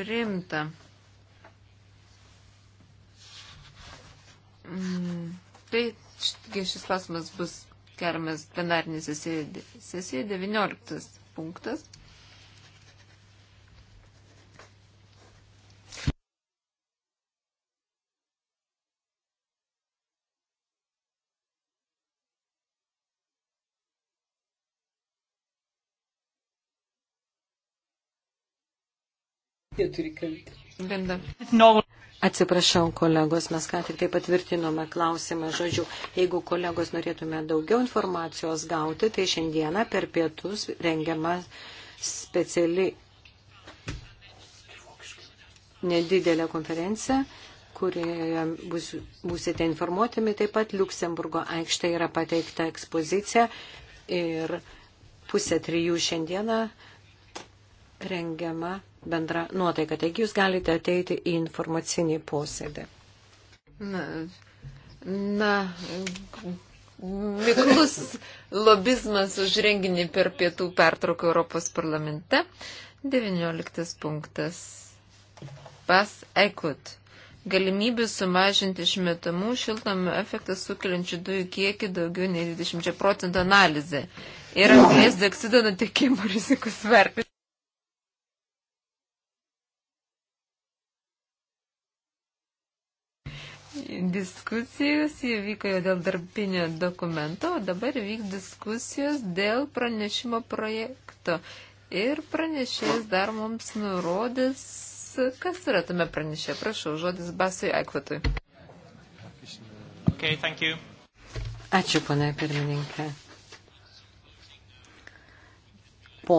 priimta. Mm, tai šis klausimas bus keliamas plenarnė sesija 19 punktas. Neturi kalti. Benda. No. Atsiprašau, kolegos, mes ką tik tai patvirtinome klausimą žodžiu. Jeigu kolegos norėtume daugiau informacijos gauti, tai šiandieną per pietus rengiama speciali nedidelė konferencija, kurioje bus, būsite informuotimi. Taip pat Luksemburgo aikštė yra pateikta ekspozicija ir pusė trijų šiandieną rengiama bendra nuotaika. Taigi jūs galite ateiti į informacinį posėdį. Na, na miklus lobizmas už renginį per pietų pertrauką Europos parlamente. 19 punktas. Pas Ekut. Galimybių sumažinti išmetamų šiltnamio efektą sukeliančių dujų kiekį daugiau nei 20 procentų analizė ir anglės dioksido nutekimo rizikos vertinimą. diskusijos įvyko jau dėl darbinio dokumento, o dabar vyks diskusijos dėl pranešimo projekto. Ir pranešėjas dar mums nurodys, kas yra tame pranešė. Prašau, žodis Basui Aikvatui. Okay, thank you. Ačiū, pana pirmininkė. Po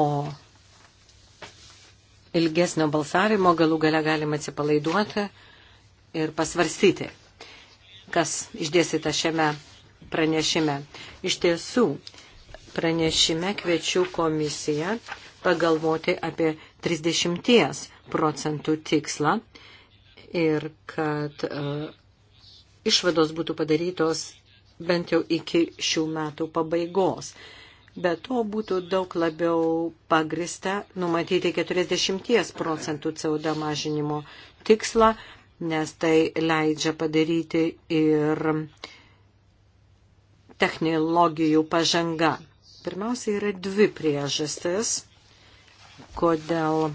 ilgesnio balsavimo galų gale galima atsipalaiduoti ir pasvarstyti, kas išdėsita šiame pranešime. Iš tiesų, pranešime kviečiu komisiją pagalvoti apie 30 procentų tikslą ir kad uh, išvados būtų padarytos bent jau iki šių metų pabaigos. Be to būtų daug labiau pagrista numatyti 40 procentų CO2 mažinimo tikslą, nes tai leidžia padaryti ir technologijų pažanga. Pirmiausia, yra dvi priežastis, kodėl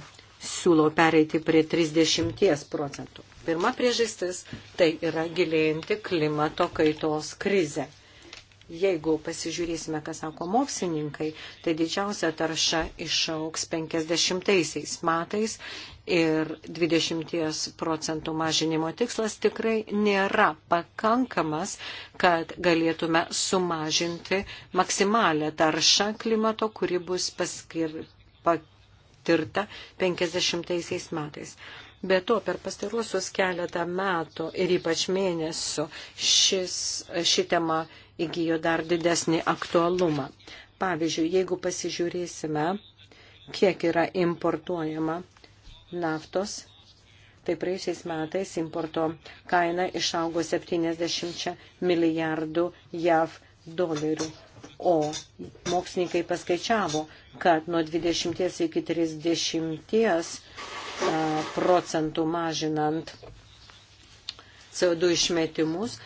siūlau pereiti prie 30 procentų. Pirma priežastis - tai yra gilėjanti klimato kaitos krizė. Jeigu pasižiūrėsime, ką sako mokslininkai, tai didžiausia tarša išauks 50 metais ir 20 procentų mažinimo tikslas tikrai nėra pakankamas, kad galėtume sumažinti maksimalę taršą klimato, kuri bus paskir, patirta 50 metais. Be to, per pastaruosius keletą metų ir ypač mėnesių šis, ši tema įgyjo dar didesnį aktualumą. Pavyzdžiui, jeigu pasižiūrėsime, kiek yra importuojama naftos, tai praėjusiais metais importo kaina išaugo 70 milijardų JAV dolerių. O mokslininkai paskaičiavo, kad nuo 20 iki 30 procentų mažinant CO2 išmetimus,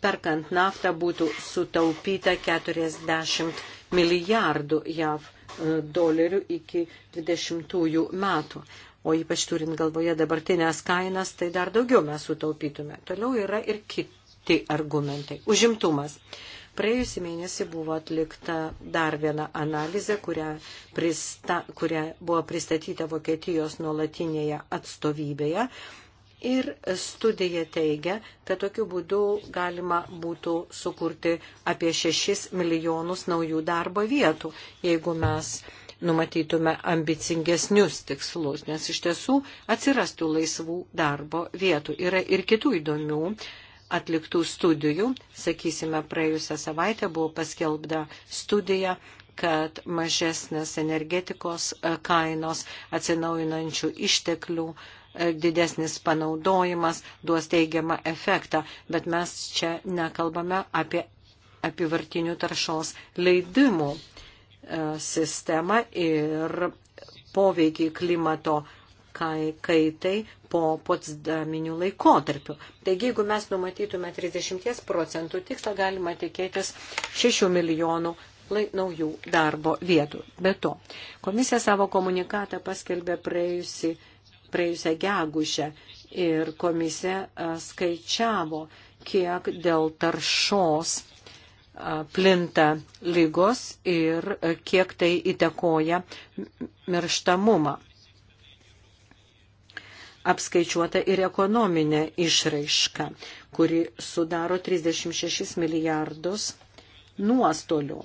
perkant naftą būtų sutaupyta 40 milijardų JAV dolerių iki 20 metų o ypač turint galvoje dabartinės kainas, tai dar daugiau mes sutaupytume. Toliau yra ir kiti argumentai. Užimtumas. Praėjusį mėnesį buvo atlikta dar viena analizė, kurią, prista, kurią buvo pristatyta Vokietijos nuolatinėje atstovybėje. Ir studija teigia, kad tokiu būdu galima būtų sukurti apie 6 milijonus naujų darbo vietų, jeigu mes uh, numatytume ambicingesnius tikslus, nes iš tiesų atsirastų laisvų darbo vietų. Yra ir kitų įdomių atliktų studijų. Sakysime, praėjusią savaitę buvo paskelbta studija kad mažesnės energetikos e, kainos atsinaujinančių išteklių e, didesnis panaudojimas duos teigiamą efektą, bet mes čia nekalbame apie apivartinių taršos leidimų E, sistemą ir poveikį klimato kaitai po potsdaminių laikotarpių. Taigi, jeigu mes numatytume 30 procentų tikslą, galima tikėtis 6 milijonų naujų darbo vietų. Be to, komisija savo komunikatą paskelbė praėjusi, praėjusią gegužę ir komisija e, skaičiavo, kiek dėl taršos plinta lygos ir kiek tai įtakoja mirštamumą. Apskaičiuota ir ekonominė išraiška, kuri sudaro 36 milijardus nuostolių.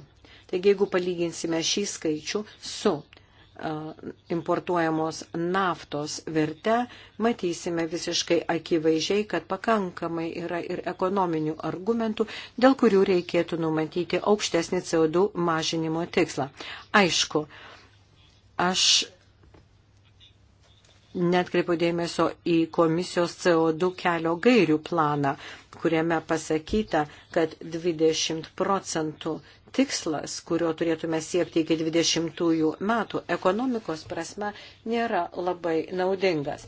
Taigi, jeigu palyginsime šį skaičių su importuojamos naftos verte, matysime visiškai akivaizdžiai, kad pakankamai yra ir ekonominių argumentų, dėl kurių reikėtų numatyti aukštesnį CO2 mažinimo tikslą. Aišku, aš netkreipiu dėmesio į komisijos CO2 kelio gairių planą, kuriame pasakyta, kad 20 procentų tikslas, kurio turėtume siekti iki 20 metų, ekonomikos prasme nėra labai naudingas.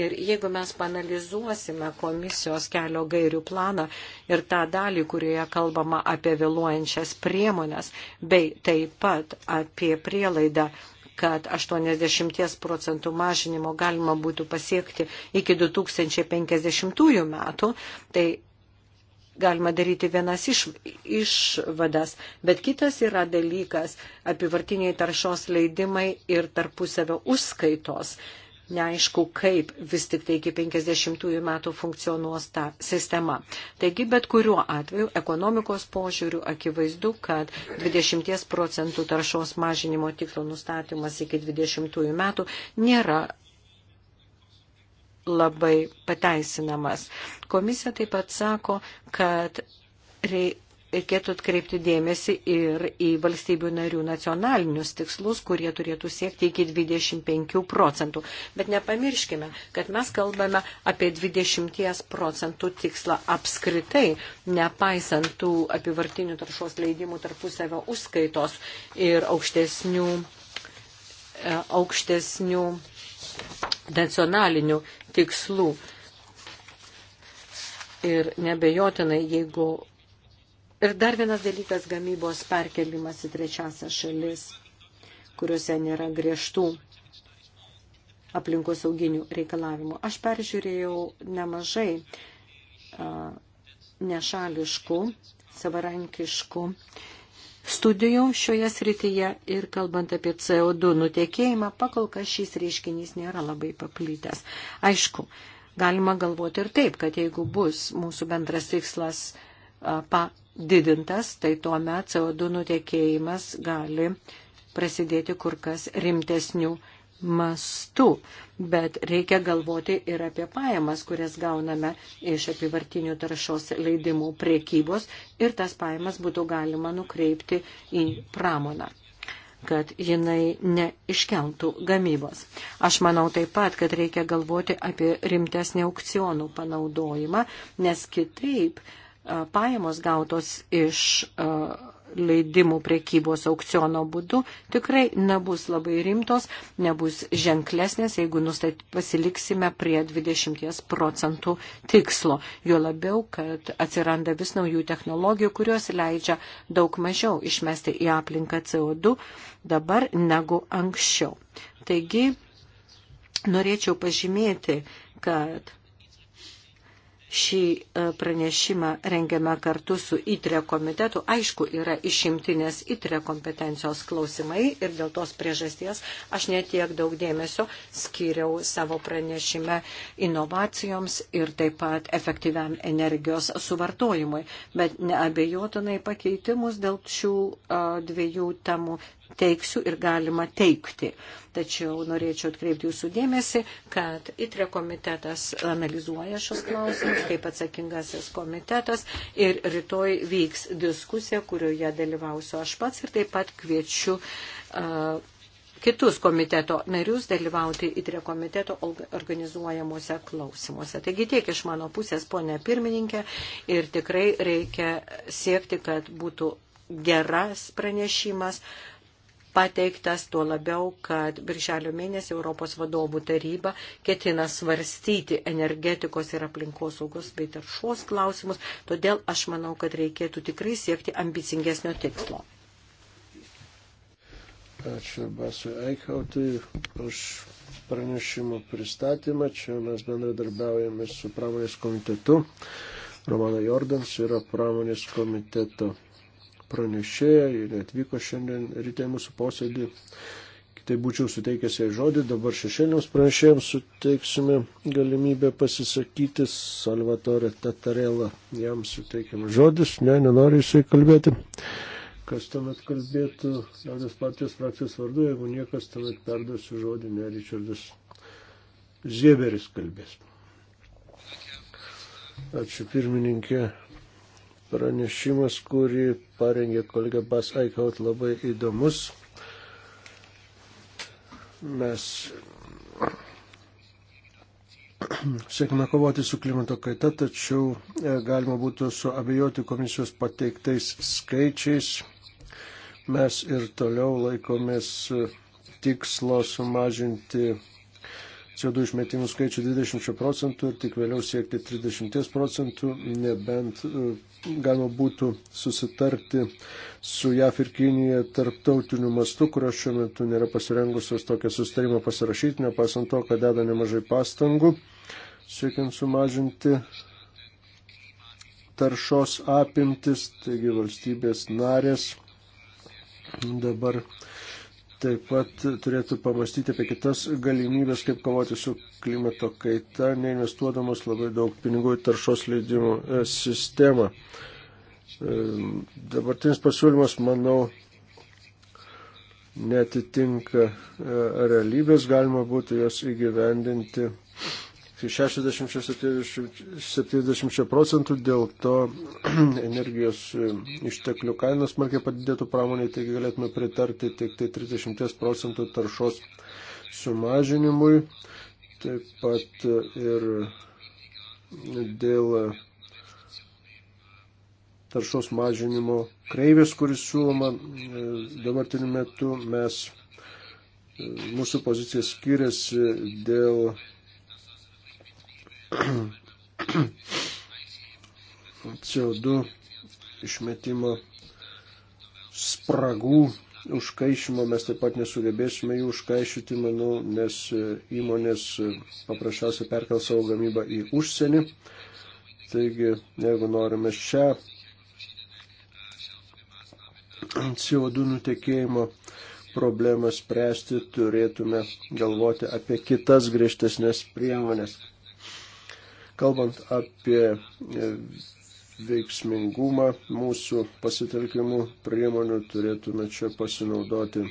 Ir jeigu mes panalizuosime komisijos kelio gairių planą ir tą dalį, kurioje kalbama apie vėluojančias priemonės, bei taip pat apie prielaidą, kad 80 procentų mažinimo galima būtų pasiekti iki 2050 metų, tai galima daryti vienas iš, išvadas, bet kitas yra dalykas apivartiniai taršos leidimai ir tarpusavio užskaitos. Neaišku, kaip vis tik tai iki 50 metų funkcionuos ta sistema. Taigi, bet kuriuo atveju, ekonomikos požiūrių akivaizdu, kad 20 procentų taršos mažinimo tikslo nustatymas iki 20 metų nėra labai pateisinamas. Komisija taip pat sako, kad reikėtų atkreipti dėmesį ir į valstybių narių nacionalinius tikslus, kurie turėtų siekti iki 25 procentų. Bet nepamirškime, kad mes kalbame apie 20 procentų tikslą apskritai, nepaisant tų apivartinių taršos leidimų tarpusavio užskaitos ir aukštesnių e, aukštesnių nacionalinių tikslų. Ir nebejotinai, jeigu. Ir dar vienas dalykas - gamybos perkelimas į trečiasią šalis, kuriuose nėra griežtų aplinkos sauginių reikalavimų. Aš peržiūrėjau nemažai nešališkų, savarankiškų studijų šioje srityje ir kalbant apie CO2 nutekėjimą, pakol kas šis reiškinys nėra labai paplytęs. Aišku, galima galvoti ir taip, kad jeigu bus mūsų bendras tikslas padidintas, tai tuomet CO2 nutekėjimas gali prasidėti kur kas rimtesnių mastu, bet reikia galvoti ir apie pajamas, kurias gauname iš apivartinių taršos leidimų priekybos ir tas pajamas būtų galima nukreipti į pramoną kad jinai neiškeltų gamybos. Aš manau taip pat, kad reikia galvoti apie rimtesnį aukcionų panaudojimą, nes kitaip pajamos gautos iš uh, leidimų priekybos aukciono būdu tikrai nebus labai rimtos, nebus ženklesnės, jeigu nustat, pasiliksime prie 20 procentų tikslo. Jo labiau, kad atsiranda vis naujų technologijų, kurios leidžia daug mažiau išmesti į aplinką CO2 dabar negu anksčiau. Taigi, norėčiau pažymėti, kad šį e, pranešimą rengiame kartu su ITRE komitetu. Aišku, yra išimtinės ITRE kompetencijos klausimai ir dėl tos priežasties aš netiek daug dėmesio skiriau savo pranešime inovacijoms ir taip pat efektyviam energijos suvartojimui. Bet neabejotinai pakeitimus dėl šių e, dviejų temų teiksiu ir galima teikti. Tačiau norėčiau atkreipti jūsų dėmesį, kad ITRE komitetas analizuoja šios klausimus kaip atsakingasis komitetas ir rytoj vyks diskusija, kurioje dalyvausiu aš pats ir taip pat kviečiu. Uh, kitus komiteto narius dalyvauti ITRE komiteto organizuojamuose klausimuose. Taigi tiek iš mano pusės, ponė pirmininkė, ir tikrai reikia siekti, kad būtų geras pranešimas, pateiktas, tuo labiau, kad birželio mėnesį Europos vadovų taryba ketina svarstyti energetikos ir aplinkosaugos bei taršos klausimus, todėl aš manau, kad reikėtų tikrai siekti ambicingesnio tikslo. Ačiū Basui Eikhautui už pranešimo pristatymą. Čia mes bendradarbiaujame su pramonės komitetu. Romana Jordans yra pramonės komiteto pranešėja, ji atvyko šiandien ryte mūsų posėdį. Kitai būčiau suteikęs jai žodį, dabar šešėliams pranešėjams suteiksime galimybę pasisakyti. Salvatore Tatarela jam suteikiam žodis, ne, nenori jisai kalbėti. Kas tuomet kalbėtų Liaudės partijos frakcijos vardu, jeigu niekas tuomet perduosiu žodį, ne, Richardas Zieberis kalbės. Ačiū pirmininkė pranešimas, kurį parengė kolega Bas Aikaut, labai įdomus. Mes siekime kovoti su klimato kaita, tačiau e, galima būtų suabejoti komisijos pateiktais skaičiais. Mes ir toliau laikomės e, tikslo sumažinti CO2 išmetimų skaičių 20 procentų ir tik vėliau siekti 30 procentų, nebent e, galima būtų susitarti su JAF ir Kinija tarptautiniu mastu, kurios šiuo metu nėra pasirengusios tokią sustarimą pasirašyti, nepaisant to, kad deda nemažai pastangų, siekiant sumažinti taršos apimtis, taigi valstybės narės dabar taip pat turėtų pamastyti apie kitas galimybės, kaip kovoti su klimato kaita, neinvestuodamas labai daug pinigų į taršos leidimų e, sistemą. E, dabartinis pasiūlymas, manau, netitinka e, realybės, galima būtų jos įgyvendinti 60-70 procentų, dėl to energijos e, išteklių kainos smarkiai padidėtų pramoniai, taigi galėtume pritarti tik tai 30 procentų taršos sumažinimui, taip pat e, ir dėl taršos mažinimo kreivės, kuris siūloma e, dabartiniu metu mes. Mūsų pozicija skiriasi dėl CO2 išmetimo spragų užkaišymo mes taip pat nesugebėsime jų užkaišyti, manau, nes e, įmonės e, paprasčiausiai perkel savo gamybą į užsienį. Taigi, jeigu norime šią CO2 nutekėjimo problemą spręsti, turėtume galvoti apie kitas griežtesnės priemonės. Kalbant apie e, veiksmingumą mūsų pasitelkimų priemonių, turėtume čia pasinaudoti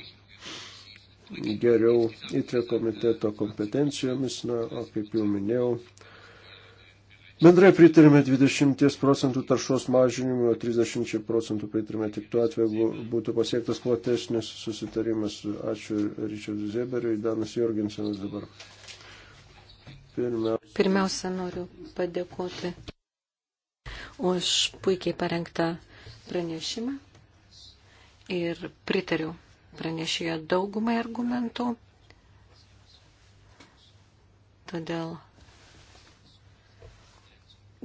geriau įtrio komiteto kompetencijomis, na, o kaip jau minėjau, Bendrai pritarėme 20 procentų taršos mažinimui, o 30 procentų pritarėme tik tuo atveju, jeigu būtų pasiektas platesnis susitarimas. Ačiū Ričardui Zeberiui, Danas Jorgensenas dabar. Pirmiausia, Pirmiausia noriu padėkoti už puikiai parengtą pranešimą ir pritariu pranešėjo daugumai argumentų. Todėl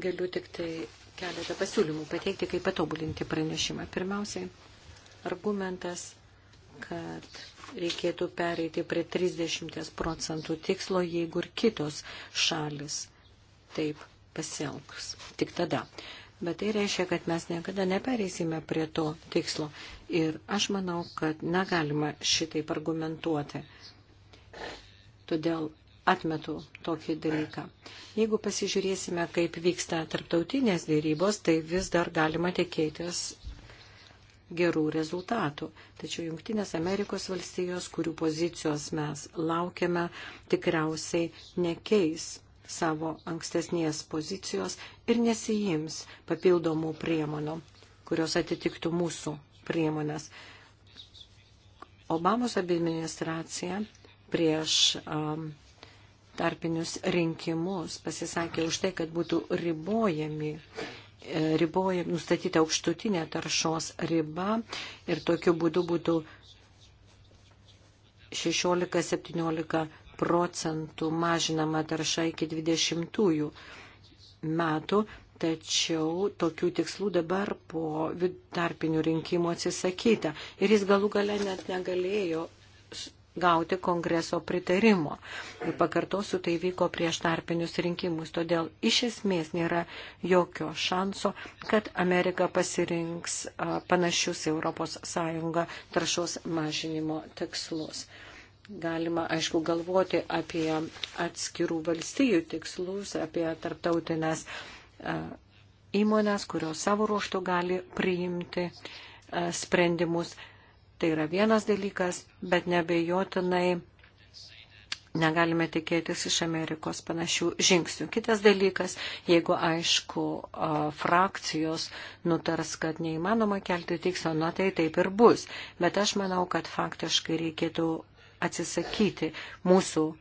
galiu tik tai keletą pasiūlymų pateikti, kaip patobulinti pranešimą. Pirmiausiai, argumentas, kad reikėtų pereiti prie 30 procentų tikslo, jeigu ir kitos šalis taip pasielgs. Tik tada. Bet tai reiškia, kad mes niekada nepereisime prie to tikslo. Ir aš manau, kad negalima šitaip argumentuoti. Todėl atmetu tokį dalyką. Jeigu pasižiūrėsime, kaip vyksta tarptautinės dėrybos, tai vis dar galima tikėtis gerų rezultatų. Tačiau Junktinės Amerikos valstijos, kurių pozicijos mes laukiame, tikriausiai nekeis savo ankstesnės pozicijos ir nesijims papildomų priemonų, kurios atitiktų mūsų priemonės. Obamos administracija prieš um, tarpinius rinkimus pasisakė už tai, kad būtų ribojami uh, riboja nustatyti aukštutinę taršos ribą ir tokiu būdu būtų 16-17 procentų mažinama tarša iki 20 metų, tačiau tokių tikslų dabar po tarpinių rinkimų atsisakyta. Ir jis galų gale net negalėjo gauti kongreso pritarimo. Ir pakartosiu, tai vyko prieš tarpinius rinkimus. Todėl iš esmės nėra jokio šanso, kad Amerika pasirinks panašius ES taršos mažinimo tikslus. Galima, aišku, galvoti apie atskirų valstybių tikslus, apie tarptautinės įmonės, kurios savo ruoštų gali priimti sprendimus, Tai yra vienas dalykas, bet nebejotinai negalime tikėtis iš Amerikos panašių žingsnių. Kitas dalykas, jeigu aišku frakcijos nutars, kad neįmanoma kelti tikslo, na tai taip ir bus. Bet aš manau, kad faktiškai reikėtų atsisakyti mūsų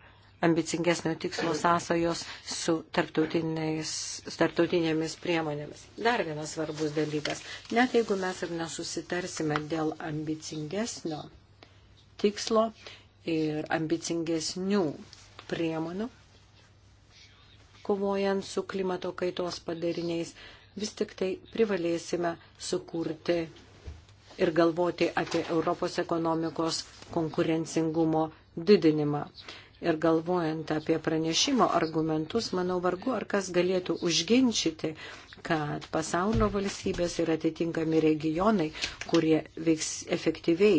ambicingesnio tikslo sąsajos su tarptautinėmis priemonėmis. Dar vienas svarbus dalykas. Net jeigu mes ir nesusitarsime dėl ambicingesnio tikslo ir ambicingesnių priemonių, kovojant su klimato kaitos padariniais, vis tik tai privalėsime sukurti ir galvoti apie Europos ekonomikos konkurencingumo didinimą. Ir galvojant apie pranešimo argumentus, manau vargu, ar kas galėtų užginčyti, kad pasaulio valstybės ir atitinkami regionai, kurie veiks efektyviai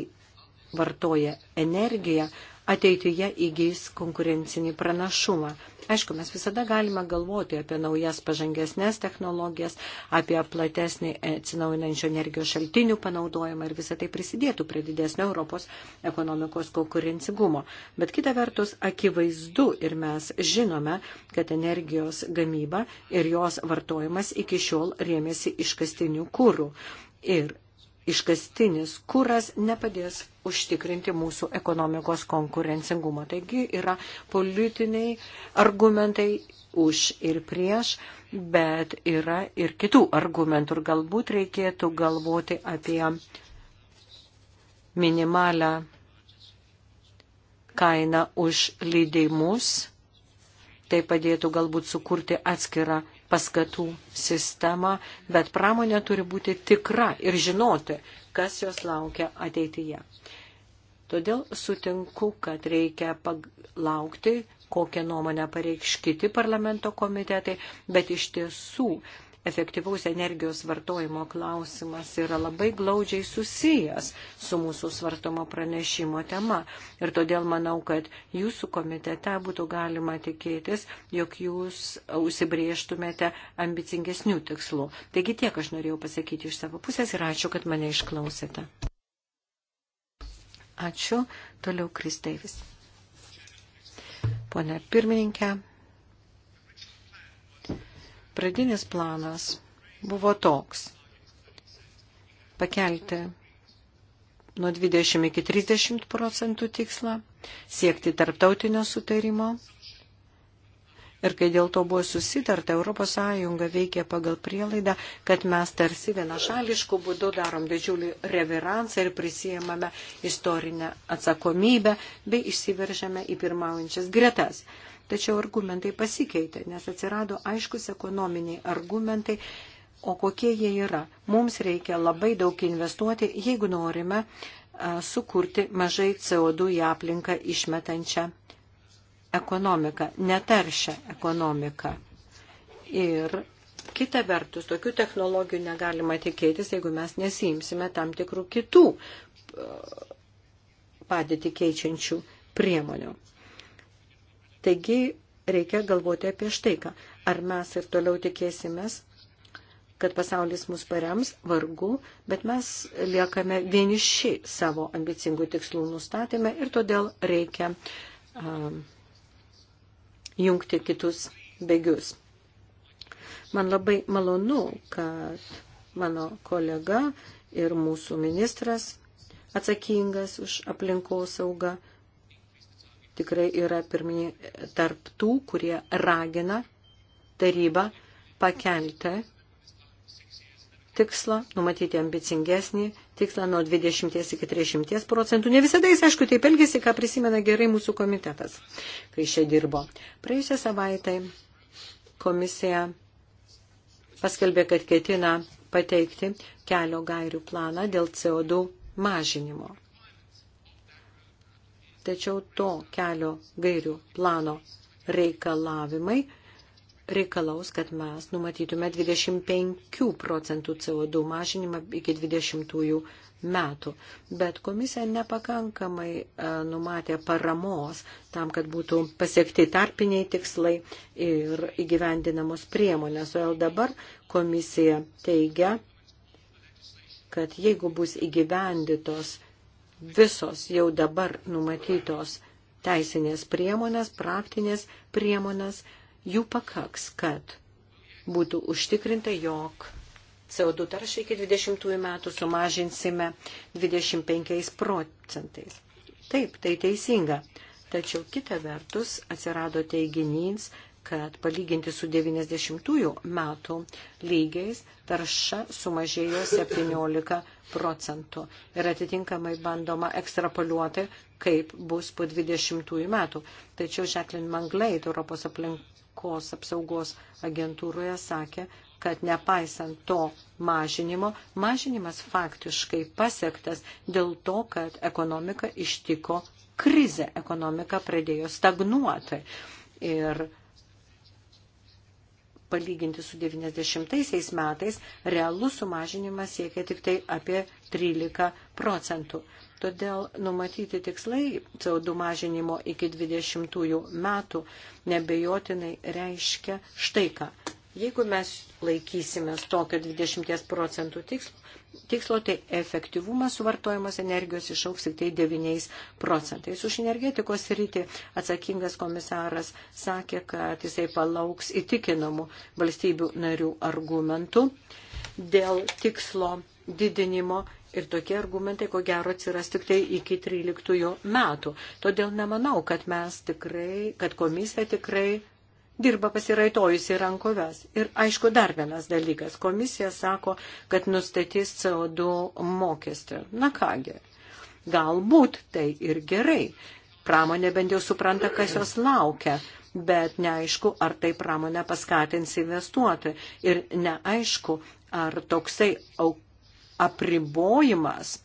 vartoja energiją, ateityje įgys konkurencinį pranašumą. Aišku, mes visada galime galvoti apie naujas pažangesnės technologijas, apie platesnį atsinaujinančio energijos šaltinių panaudojimą ir visą tai prisidėtų prie didesnio Europos ekonomikos konkurencingumo. Bet kita vertus, akivaizdu ir mes žinome, kad energijos gamyba ir jos vartojimas iki šiol rėmėsi iškastinių kūrų. Ir iškastinis kuras nepadės užtikrinti mūsų ekonomikos konkurencingumo. Taigi yra politiniai argumentai už ir prieš, bet yra ir kitų argumentų. Ir galbūt reikėtų galvoti apie minimalę kainą už leidimus. Tai padėtų galbūt sukurti atskirą paskatų sistemą, bet pramonė turi būti tikra ir žinoti, kas jos laukia ateityje. Todėl sutinku, kad reikia laukti, kokią nuomonę pareikš kiti parlamento komitetai, bet iš tiesų efektyvaus energijos vartojimo klausimas yra labai glaudžiai susijęs su mūsų svartomo pranešimo tema. Ir todėl manau, kad jūsų komitete būtų galima tikėtis, jog jūs užsibrieštumėte ambicingesnių tikslų. Taigi tiek aš norėjau pasakyti iš savo pusės ir ačiū, kad mane išklausėte. Ačiū. Toliau Kris Deivis. Pone pirmininkė, Pradinis planas buvo toks – pakelti nuo 20 iki 30 procentų tikslą, siekti tarptautinio sutarimo ir kai dėl to buvo susitarta, ES veikė pagal prielaidą, kad mes tarsi vienašališkų būdų darom didžiulį reveransą ir prisijėmame istorinę atsakomybę bei išsiveržiame į pirmaujančias gretas. Tačiau argumentai pasikeitė, nes atsirado aiškus ekonominiai argumentai, o kokie jie yra. Mums reikia labai daug investuoti, jeigu norime sukurti mažai CO2 į aplinką išmetančią ekonomiką, netaršią ekonomiką. Ir kita vertus, tokių technologijų negalima tikėtis, jeigu mes nesimsime tam tikrų kitų padėti keičiančių priemonių. Taigi reikia galvoti apie štai ką. Ar mes ir toliau tikėsimės, kad pasaulis mus parems vargu, bet mes liekame vieniši savo ambicingų tikslų nustatymę ir todėl reikia um, jungti kitus bėgius. Man labai malonu, kad mano kolega ir mūsų ministras atsakingas už aplinkos saugą tikrai yra pirminiai tarptų, kurie ragina tarybą pakelti tikslą, numatyti ambicingesnį tikslą nuo 20 iki 30 procentų. Ne visada jis, aišku, taip elgėsi, ką prisimena gerai mūsų komitetas, kai čia dirbo. Praėjusią savaitę komisija paskelbė, kad ketina pateikti kelio gairių planą dėl CO2 mažinimo. Tačiau to kelio gairių plano reikalavimai reikalaus, kad mes numatytume 25 procentų CO2 mažinimą iki 20 metų. Bet komisija nepakankamai e, numatė paramos tam, kad būtų pasiekti tarpiniai tikslai ir įgyvendinamos priemonės. O jau dabar komisija teigia, kad jeigu bus įgyvendytos visos jau dabar numatytos teisinės priemonės, praktinės priemonės, jų pakaks, kad būtų užtikrinta, jog CO2 taršą iki 20 metų sumažinsime 25 procentais. Taip, tai teisinga. Tačiau kita vertus atsirado teiginys, kad palyginti su 90-ųjų metų lygiais tarša sumažėjo 17 procentų ir atitinkamai bandoma ekstrapoliuoti, kaip bus po 20-ųjų metų. Tačiau Žeklin Mangleit Europos aplinkos apsaugos agentūroje sakė, kad nepaisant to mažinimo, mažinimas faktiškai pasiektas dėl to, kad ekonomika ištiko krizė, ekonomika pradėjo stagnuoti. Ir palyginti su 90 metais, realus sumažinimas siekia tik tai apie 13 procentų. Todėl numatyti tikslai CO2 mažinimo iki 20 metų nebejotinai reiškia štai ką. Jeigu mes laikysimės tokio 20 procentų tikslo, tikslo, tai efektyvumas suvartojamos energijos išauks tik tai 9 procentais. Už energetikos rytį atsakingas komisaras sakė, kad jisai palauks įtikinamų valstybių narių argumentų dėl tikslo didinimo ir tokie argumentai, ko gero, atsiras tik tai iki 13 metų. Todėl nemanau, kad mes tikrai, kad komisija tikrai dirba pasiraitojusi rankoves. Ir aišku, dar vienas dalykas. Komisija sako, kad nustatys CO2 mokestį. Na kągi, galbūt tai ir gerai. Pramonė bent jau supranta, kas jos laukia bet neaišku, ar tai pramonę paskatins investuoti. Ir neaišku, ar toksai apribojimas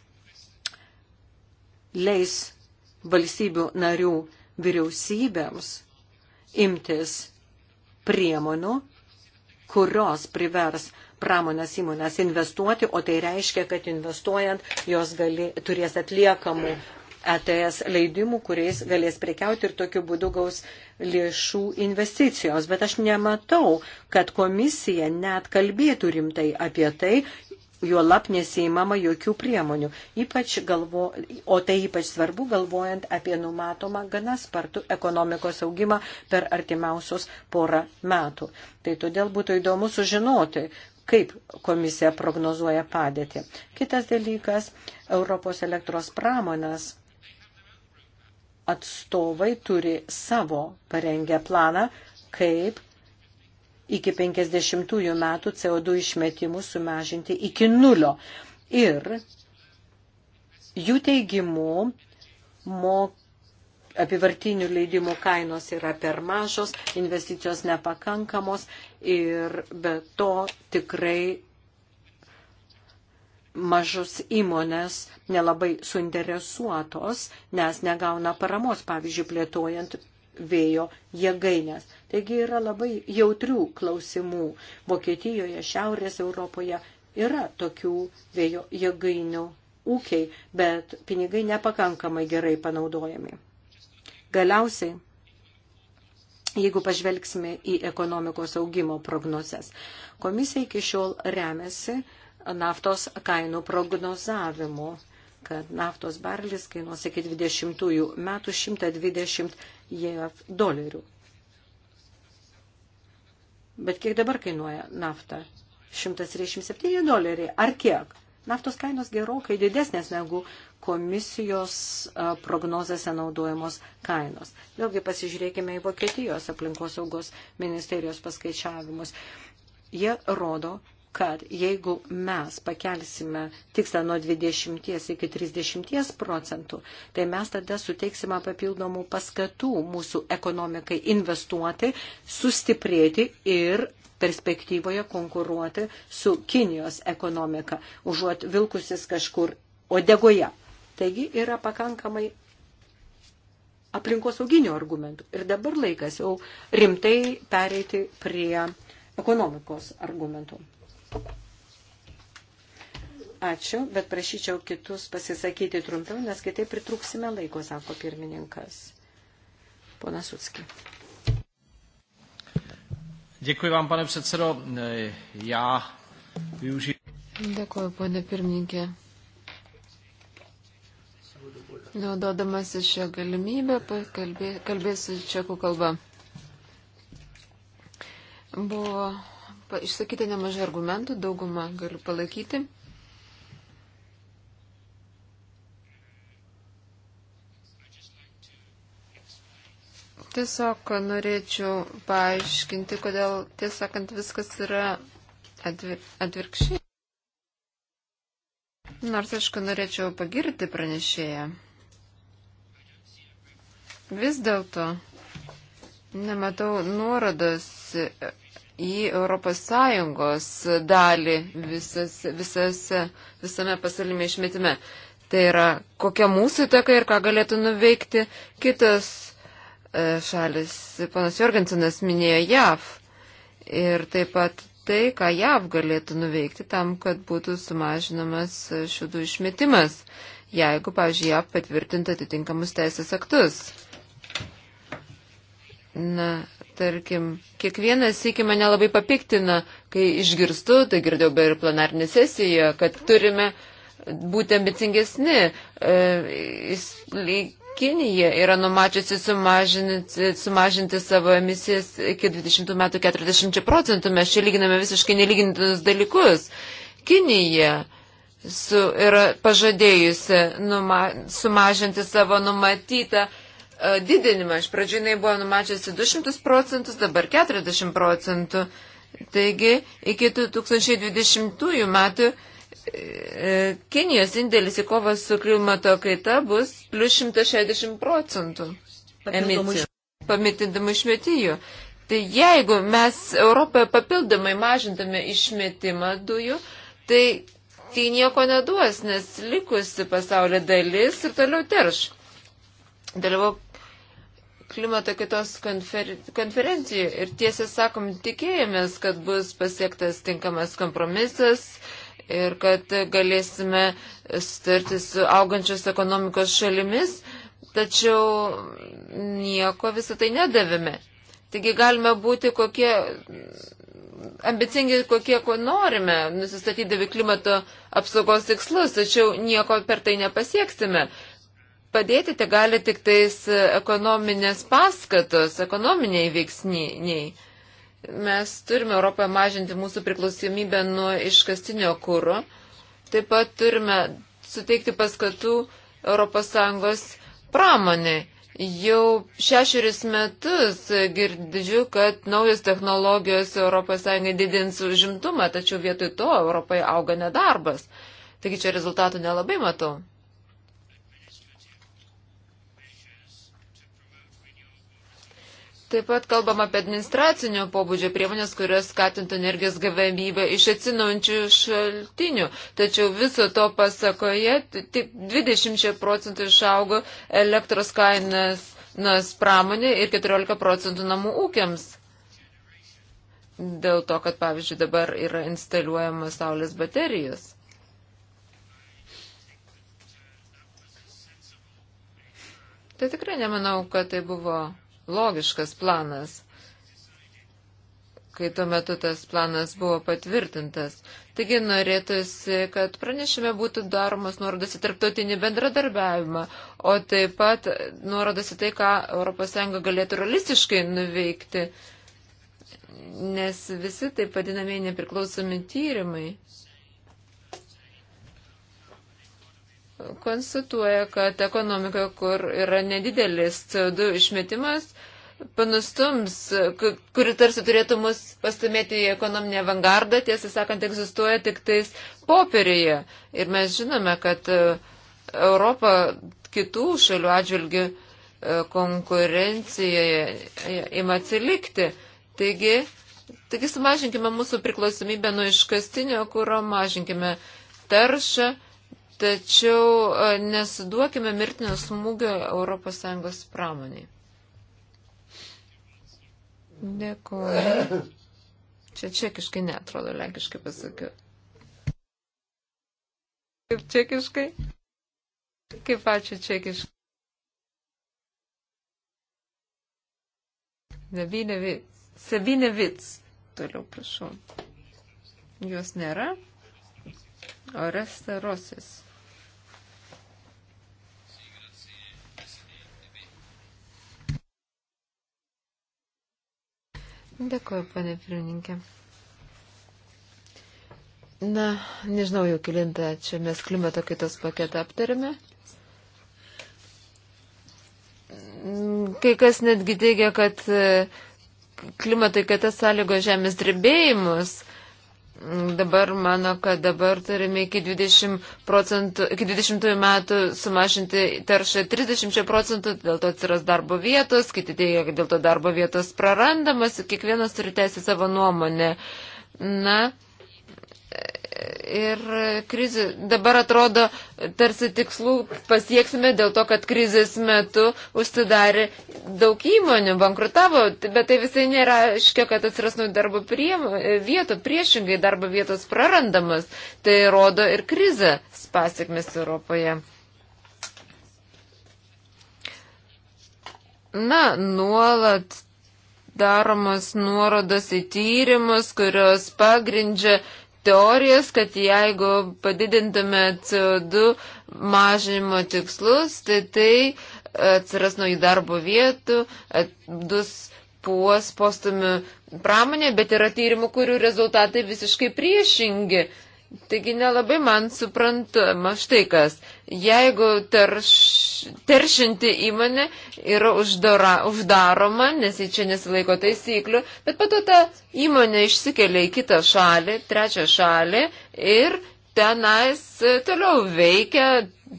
leis valstybių narių vyriausybėms imtis priemonių, kurios privers pramonės įmonės investuoti, o tai reiškia, kad investuojant jos gali, turės atliekamų ETS leidimų, kuriais galės prekiauti ir tokiu būdu gaus lėšų investicijos. Bet aš nematau, kad komisija net kalbėtų rimtai apie tai, juo lab nesijimama jokių priemonių. Ypač galvo, o tai ypač svarbu galvojant apie numatomą gana spartų ekonomikos augimą per artimiausius porą metų. Tai todėl būtų įdomu sužinoti, kaip komisija prognozuoja padėtį. Kitas dalykas, Europos elektros pramonės atstovai turi savo parengę planą, kaip iki 50 metų CO2 išmetimų sumažinti iki nulio. Ir jų teigimu mok apivartinių leidimų kainos yra per mažos, investicijos nepakankamos ir be to tikrai mažus įmonės nelabai suinteresuotos, nes negauna paramos, pavyzdžiui, plėtojant vėjo jėgainės. Taigi yra labai jautrių klausimų. Vokietijoje, Šiaurės Europoje yra tokių vėjo jėgainių ūkiai, bet pinigai nepakankamai gerai panaudojami. Galiausiai, jeigu pažvelgsime į ekonomikos augimo prognozes, komisija iki šiol remiasi naftos kainų prognozavimu, kad naftos barlis kainuos iki 20 metų 120 JAV dolerių. Bet kiek dabar kainuoja nafta? 137 doleriai. Ar kiek? Naftos kainos gerokai didesnės negu komisijos prognozėse naudojamos kainos. Vėlgi pasižiūrėkime į Vokietijos aplinkosaugos ministerijos paskaičiavimus. Jie rodo, kad jeigu mes pakelsime tikslą nuo 20 iki 30 procentų, tai mes tada suteiksime papildomų paskatų mūsų ekonomikai investuoti, sustiprėti ir perspektyvoje konkuruoti su Kinijos ekonomika, užuot vilkusis kažkur odegoje. Taigi yra pakankamai aplinkosauginių argumentų. Ir dabar laikas jau rimtai pereiti prie ekonomikos argumentų. Ačiū, bet prašyčiau kitus pasisakyti trumpiau, nes kitaip pritruksime laiko, sako pirmininkas. Pona Sutski. Děkuji vám, pane předsedo. Já využiju. Dėkuoju, pane pirmininkė. Naudodamas šią galimybę, kalbė, kalbėsiu čekų kalbą. Buvo išsakyta nemažai argumentų, daugumą galiu palaikyti. Tiesiog norėčiau paaiškinti, kodėl, tiesąkant, viskas yra atvir atvirkščiai. Nors, aišku, norėčiau pagirti pranešėją. Vis dėlto nematau nuorodos į ES dalį visas, visas, visame pasaulyme išmetime. Tai yra, kokia mūsų įtaka ir ką galėtų nuveikti kitas e, šalis. Panas Jorgensenas minėjo JAV ir taip pat tai, ką JAV galėtų nuveikti tam, kad būtų sumažinamas šių dujų išmetimas, jeigu, pavyzdžiui, JAV patvirtintų atitinkamus teisės aktus. Na, tarkim, kiekvienas iki mane labai papiktina, kai išgirstu, tai girdėjau be ir plenarnį sesiją, kad turime būti ambicingesni. E, Kinija yra numačiusi sumažinti, sumažinti savo emisijas iki 20 metų 40 procentų. Mes čia lyginame visiškai nelygintus dalykus. Kinija su, yra pažadėjusi numa, sumažinti savo numatytą E, didinimą. Iš pradžių jinai buvo numačiasi 200 procentus, dabar 40 procentų. Taigi iki 2020 metų e, Kinijos indėlis į kovą su klimato kaita bus plus 160 procentų emisijų, pamitindamų išmetijų. Tai jeigu mes Europoje papildomai mažintame išmetimą dujų, tai tai nieko neduos, nes likusi pasaulio dalis ir toliau terš. Dalyvau klimato kitos konfer konferencijoje ir tiesą sakom, tikėjomės, kad bus pasiektas tinkamas kompromisas ir kad galėsime sutarti su augančios ekonomikos šalimis, tačiau nieko visą tai nedavėme. Taigi galime būti kokie ambicingi, kokie ko norime, nusistatydami klimato apsaugos tikslus, tačiau nieko per tai nepasieksime padėti te gali tik tais ekonominės paskatos, ekonominiai veiksniai. Mes turime Europoje mažinti mūsų priklausomybę nuo iškastinio kūro. Taip pat turime suteikti paskatų ES pramonė. Jau šešeris metus girdžiu, kad naujos technologijos ES didins užimtumą, tačiau vietoj to Europoje auga nedarbas. Taigi čia rezultatų nelabai matau. Taip pat kalbam apie administracinio pobūdžio priemonės, kurios skatintų energijos gavybę iš atsinaujančių šaltinių. Tačiau viso to pasakoje tik 20 procentų išaugo elektros kainas nas pramonė ir 14 procentų namų ūkiams. Dėl to, kad pavyzdžiui dabar yra instaliuojama saulės baterijos. Tai tikrai nemanau, kad tai buvo logiškas planas, kai tuo metu tas planas buvo patvirtintas. Taigi norėtųsi, kad pranešime būtų daromas nuorodas į tarptautinį bendradarbiavimą, o taip pat nuorodas į tai, ką ES galėtų realistiškai nuveikti, nes visi taip vadinamieji nepriklausomi tyrimai konstatuoja, kad ekonomika, kur yra nedidelis CO2 išmetimas, panustums, kuri tarsi turėtų mus pastumėti į ekonominį avangardą, tiesą sakant, egzistuoja tik tais popierėje. Ir mes žinome, kad e, Europa kitų šalių atžvilgių e, konkurencijoje e, ima atsilikti. Taigi, taigi sumažinkime mūsų priklausomybę nuo iškastinio kūro, mažinkime taršą Tačiau e, nesuduokime mirtinio smūgio ES pramoniai. Dėkuoju. Čia čekiškai netrodo, lenkiškai pasakiau. Kaip čekiškai? Kaip ačiū čekiškai. Nevinevic. Savinevic. Toliau prašau. Jos nėra. Oresta Rosis. Dėkuoju, panė pirmininkė. Na, nežinau jau kilintą, čia mes klimato kaitos paketą aptarėme. Kai kas netgi teigia, kad klimato kaita sąlygo žemės drebėjimus dabar mano, kad dabar turime iki 20, procentų, iki 20 metų sumažinti taršą 30 procentų, dėl to atsiras darbo vietos, kiti teigia, kad dėl to darbo vietos prarandamas, kiekvienas turi teisę savo nuomonę. Na, ir krizių. Dabar atrodo, tarsi tikslų pasieksime dėl to, kad krizės metu užsidarė daug įmonių, bankrutavo, bet tai visai nėra aiškia, kad atsiras naujų darbo vietų, priešingai darbo vietos prarandamas. Tai rodo ir krizės pasiekmes Europoje. Na, nuolat daromas nuorodas į tyrimus, kurios pagrindžia teorijos, kad jeigu padidintume CO2 mažinimo tikslus, tai tai atsiras naujų darbo vietų, bus puos postumių pramonė, bet yra tyrimų, kurių rezultatai visiškai priešingi. Taigi nelabai man suprantama štai kas. Jeigu tarš teršinti įmonė yra uždara, uždaroma, nes jie čia nesilaiko taisyklių, bet pato ta įmonė išsikelia į kitą šalį, trečią šalį ir tenais e, toliau veikia,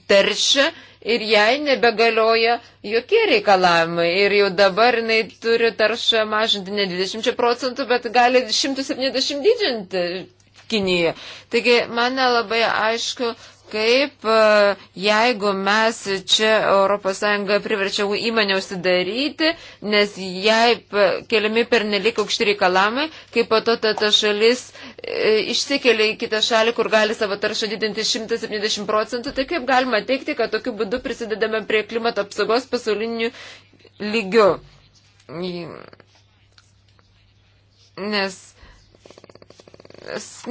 teršia ir jai nebegalioja jokie reikalavimai. Ir jau dabar jinai turi taršą mažinti ne 20 procentų, bet gali 170 didinti Kinijoje. Taigi man nelabai aišku, kaip e, jeigu mes čia ES priverčiau įmonę užsidaryti, nes jai keliami per nelik aukšti reikalavimai, kaip po to ta, ta šalis e, išsikelia į kitą šalį, kur gali savo taršą didinti 170 procentų, tai kaip galima teikti, kad tokiu būdu prisidedame prie klimato apsaugos pasaulinių lygių. Nes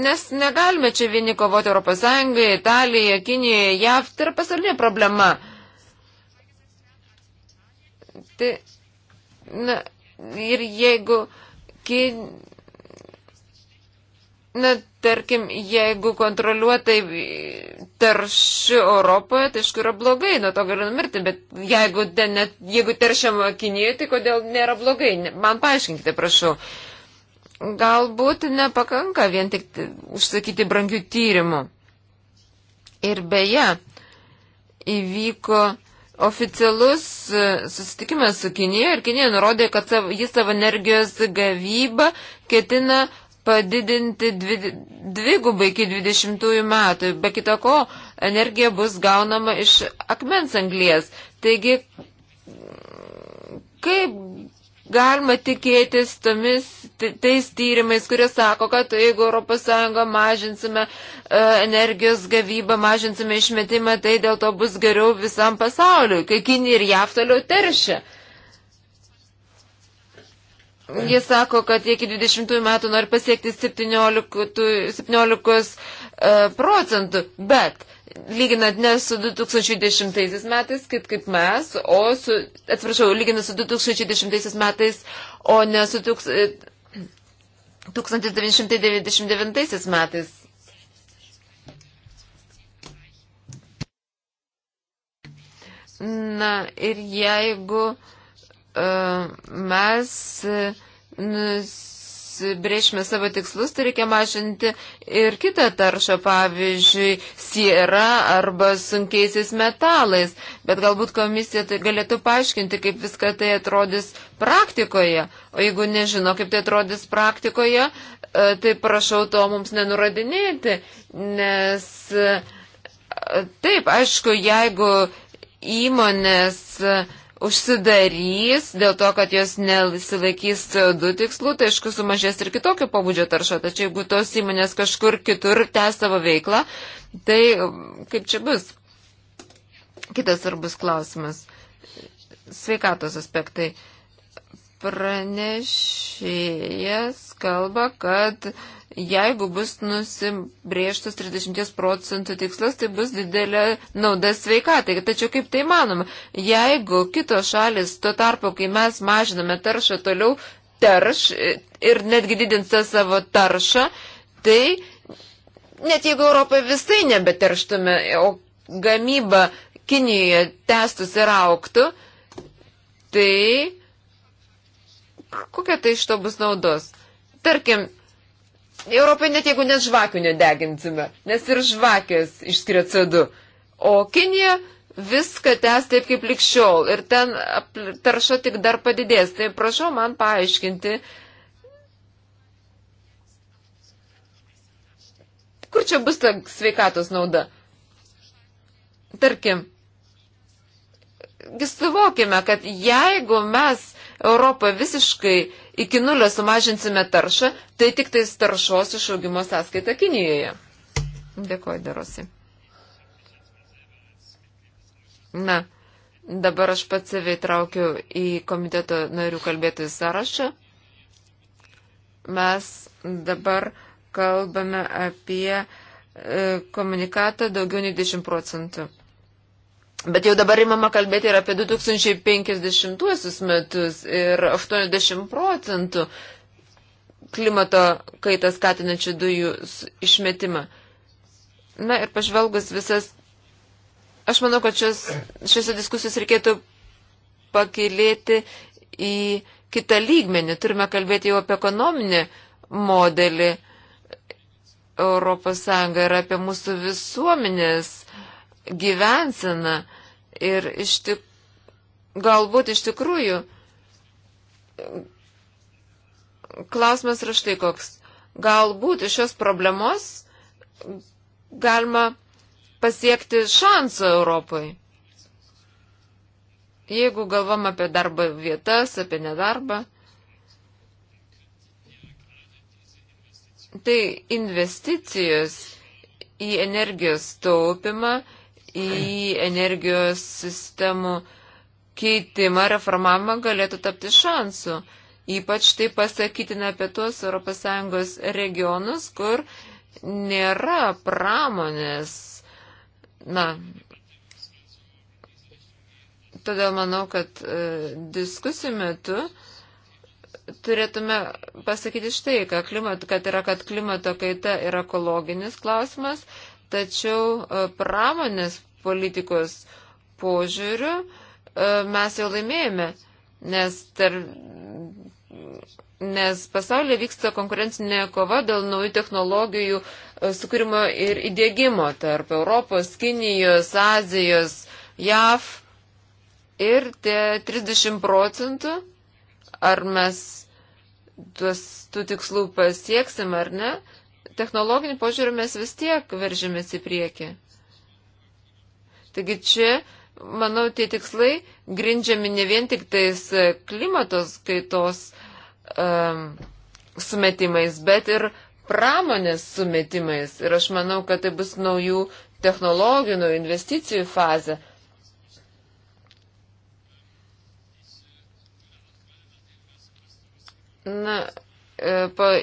Nes negalime čia vieni kovoti Europos Sąjungai, Italija, Kinija, JAV, tai yra pasaulinė problema. Tai, na, ir jeigu, kin... na, tarkim, jeigu kontroliuotai tarši Europoje, tai iš kur yra blogai, nuo to galiu numirti, bet jeigu, net, jeigu teršiama Kinijoje, tai kodėl nėra blogai? Man paaiškinkite, prašau. Uh, Galbūt nepakanka vien tik užsakyti brangių tyrimų. Ir beje, įvyko oficialus e, susitikimas su Kinija ir Kinija nurodė, kad jis savo energijos gavybą ketina padidinti dvi, dvi gubai iki 20 metų. Be kita ko, energija bus gaunama iš akmens anglies. Taigi, kaip galima tikėtis tomis tais tyrimais, kurie sako, kad jeigu ES mažinsime e, energijos gavybą, mažinsime išmetimą, tai dėl to bus geriau visam pasauliu, kai Kinija ir JAV toliau teršia. Jie sako, kad iki 20 metų nori pasiekti 17, 17 e, procentų, bet lyginant ne su 2010 metais, kaip, kaip mes, o su, atsiprašau, lyginant su 2010 metais, o ne su tūks, 1999 e, metais. Na ir jeigu uh, mes uh, nus, užsibrėžime savo tikslus, tai reikia mažinti ir kitą taršą, pavyzdžiui, sierą arba sunkiaisiais metalais. Bet galbūt komisija tai galėtų paaiškinti, kaip viską tai atrodys praktikoje. O jeigu nežino, kaip tai atrodys praktikoje, e, tai prašau to mums nenuradinėti, nes e, taip, aišku, jeigu įmonės uh, užsidarys dėl to, kad jos nesilaikys CO2 tikslų, tai aišku sumažės ir kitokio pabudžio tarša, tačiau jeigu tos įmonės kažkur kitur tęs savo veiklą, tai um, kaip čia bus? Kitas svarbus klausimas. Sveikatos aspektai. Pranešėjas kalba, kad uh, Jeigu bus nusibrėžtas 30 procentų tikslas, tai bus didelė nauda sveikatai. Tačiau kaip tai manoma, jeigu kitos šalis tuo tarpu, kai mes mažiname taršą toliau, terš ir netgi didins tą savo taršą, tai net jeigu Europoje visai nebeterštume, o gamyba Kinijoje testus ir auktų, tai kokia tai iš to bus naudos? Tarkim, Europoje net jeigu net žvakių nedegintume, nes ir žvakės išskiria CO2. O Kinija viską tęs taip kaip likščiol ir ten tarša tik dar padidės. Tai prašau man paaiškinti, kur čia bus ta sveikatos nauda. Tarkim, suvokime, kad jeigu mes Europoje visiškai iki nulio sumažinsime taršą, tai tik tais taršos išaugimo sąskaita Kinijoje. Dėkuoju, darosi. Na, dabar aš pats save įtraukiu į komiteto narių kalbėtojų sąrašą. Mes dabar kalbame apie e, komunikatą daugiau nei 10 procentų. Bet jau dabar įmama kalbėti ir apie 2050 metus ir 80 procentų klimato kaitą skatinančių dujų išmetimą. Na ir pažvelgus visas, aš manau, kad šios, šiose diskusijos reikėtų pakilėti į kitą lygmenį. Turime kalbėti jau apie ekonominį modelį Europos Sąjungą ir apie mūsų visuomenės gyvenseną ir iš tik, galbūt iš tikrųjų klausimas yra štai koks. Galbūt iš šios problemos galima pasiekti šansų Europai. Jeigu galvam apie darbo vietas, apie nedarbą, tai investicijos į energijos taupimą į energijos sistemų keitimą, reformavimą galėtų tapti šansų. Ypač tai pasakytina apie tuos ES regionus, kur nėra pramonės. Na, todėl manau, kad e, diskusijų metu turėtume pasakyti štai, kad, klimat, kad, yra, kad klimato kaita yra ekologinis klausimas, Tačiau e, pramonės politikos požiūriu e, mes jau laimėjome, nes, tar, nes pasaulyje vyksta konkurencinė kova dėl naujų technologijų e, sukūrimo ir įdėgymo tarp Europos, Kinijos, Azijos, JAV. Ir tie 30 procentų, ar mes tuos, tų tikslų pasieksim ar ne, technologinių požiūrių mes vis tiek veržimės į priekį. Taigi čia, manau, tie tikslai grindžiami ne vien tik tais e, klimatos kaitos um, sumetimais, bet ir pramonės sumetimais. Ir aš manau, kad tai bus naujų technologijų, naujų investicijų fazė. Na, E,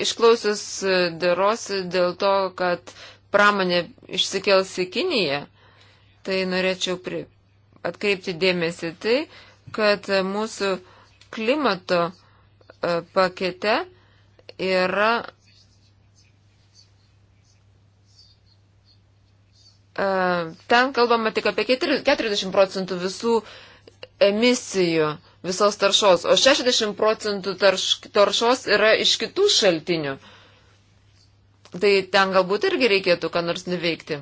išklausius e, dėros dėl to, kad pramonė išsikels į Kiniją, tai norėčiau atkreipti dėmesį tai, kad mūsų klimato e, pakete yra ten kalbama tik apie 40 procentų visų uh, emisijų visos taršos, o 60 procentų tarš, taršos yra iš kitų šaltinių. Tai ten galbūt irgi reikėtų ką nors nuveikti.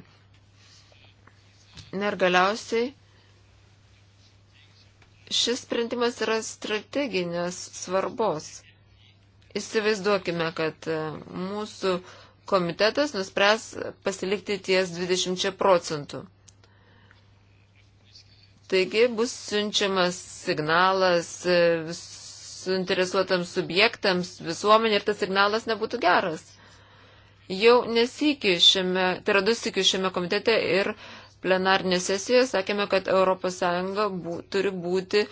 Ir galiausiai šis sprendimas yra strateginės svarbos. Įsivaizduokime, kad e, mūsų komitetas nuspręs pasilikti ties 20 procentų. Taigi bus siunčiamas signalas e, suinteresuotams subjektams, visuomenė ir tas signalas nebūtų geras. Jau nesikį šiame, tai yra du sikių šiame komitete ir plenarnė sesijoje sakėme, kad ES bū, turi būti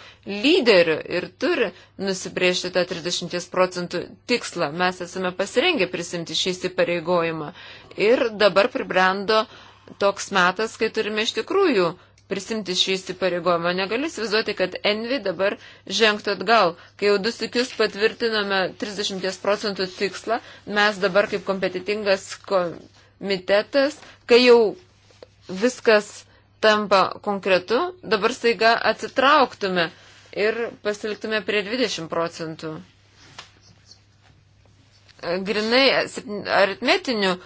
lyderiu ir turi nusibriežti tą 30 procentų tikslą. Mes esame pasirengę prisimti šį įsipareigojimą. Ir dabar pribrendo toks metas, kai turime iš tikrųjų prisimti šį įsipareigojimą. Negaliu įsivaizduoti, kad Envi dabar žengtų atgal. Kai jau du sikius patvirtinome 30 procentų tikslą, mes dabar kaip kompetitingas komitetas, kai jau viskas tampa konkretu, dabar staiga atsitrauktume ir pasiliktume prie 20 procentų. Grinai aritmetiniu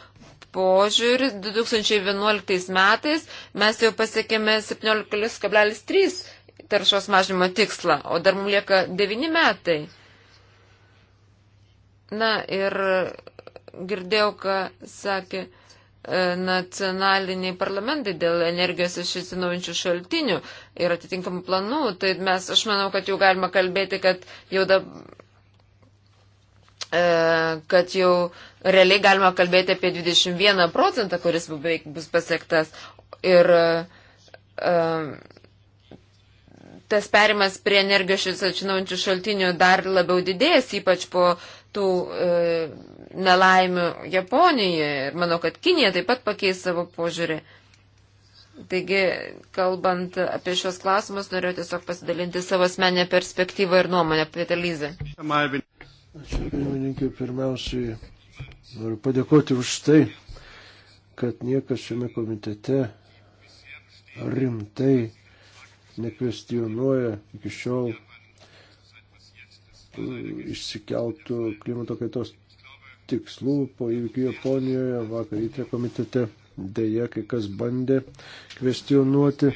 požiūrį, 2011 metais mes jau pasiekėme 17,3 taršos mažinimo tikslą, o dar mums lieka 9 metai. Na ir girdėjau, ką sakė e, nacionaliniai parlamentai dėl energijos iš atsinaujančių šaltinių ir atitinkamų planų, tai mes, aš manau, kad jau galima kalbėti, kad jau dabar E, kad jau realiai galima kalbėti apie 21 procentą, kuris beveik bus pasiektas. Ir e, e, tas perimas prie energijos iš atsinaujančių šaltinių dar labiau didės, ypač po tų nelaimių Japonijoje. Ir manau, kad Kinija taip pat pakeis savo požiūrį. Taigi, kalbant apie šios klausimus, norėjau tiesiog pasidalinti savo asmenę perspektyvą ir nuomonę apie Telizę. Ačiū pirmininkai, pirmiausiai noriu padėkoti už tai, kad niekas šiame komitete rimtai nekvestionuoja iki šiol išsikeltų klimato kaitos tikslų po įvykių Japonijoje, vakar įtrė komitete dėja, kai kas bandė kvestionuoti.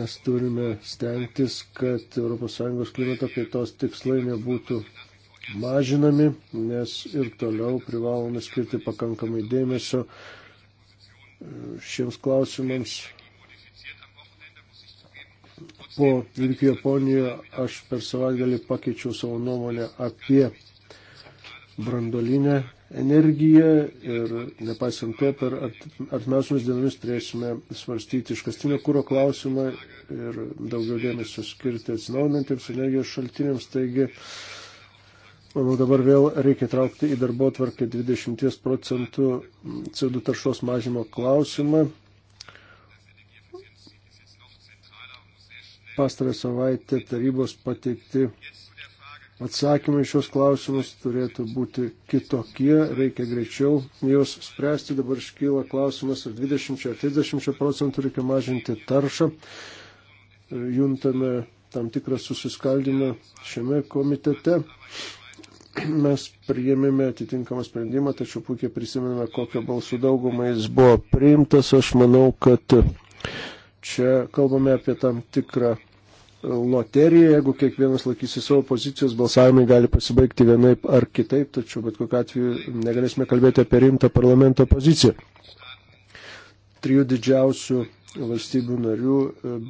Mes turime stengtis, kad ES klimato kaitos tikslai nebūtų mažinami, nes ir toliau privalome skirti pakankamai dėmesio e, šiems klausimams. Po įvykių Japonijoje aš per savaitgalį pakeičiau savo nuomonę apie brandolinę energiją ir nepaisant to per artimiausiamis dienomis turėsime svarstyti iškastinio kūro klausimą ir daugiau dėmesio skirti atsinaujinantiems energijos šaltiniams. Taigi manau, dabar vėl reikia traukti į darbo tvarkę 20 procentų CO2 taršos mažimo klausimą. Pastarą savaitę tarybos pateikti atsakymai šios klausimus turėtų būti kitokie, reikia greičiau juos spręsti. Dabar iškyla klausimas, ar 20 ar 30 procentų reikia mažinti taršą. Juntame tam tikrą susiskaldimą šiame komitete mes priėmėme atitinkamą sprendimą, tačiau puikiai prisimename, kokią balsų daugumą jis buvo priimtas. Aš manau, kad čia kalbame apie tam tikrą loteriją, jeigu kiekvienas laikysi savo pozicijos, balsavimai gali pasibaigti vienaip ar kitaip, tačiau bet kokiu atveju negalėsime kalbėti apie rimtą parlamento poziciją. Trijų didžiausių valstybių narių, e,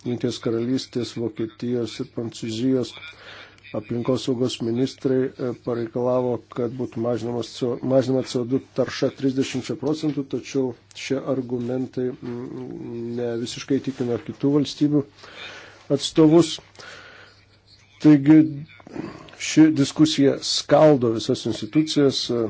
Junkės karalystės, Vokietijos ir Prancūzijos aplinkosaugos ministrai e, pareikalavo, kad būtų mažinama CO2 tarša 30 procentų, tačiau šie argumentai mm, ne visiškai tikina kitų valstybių atstovus. Taigi ši diskusija skaldo visas institucijas, e,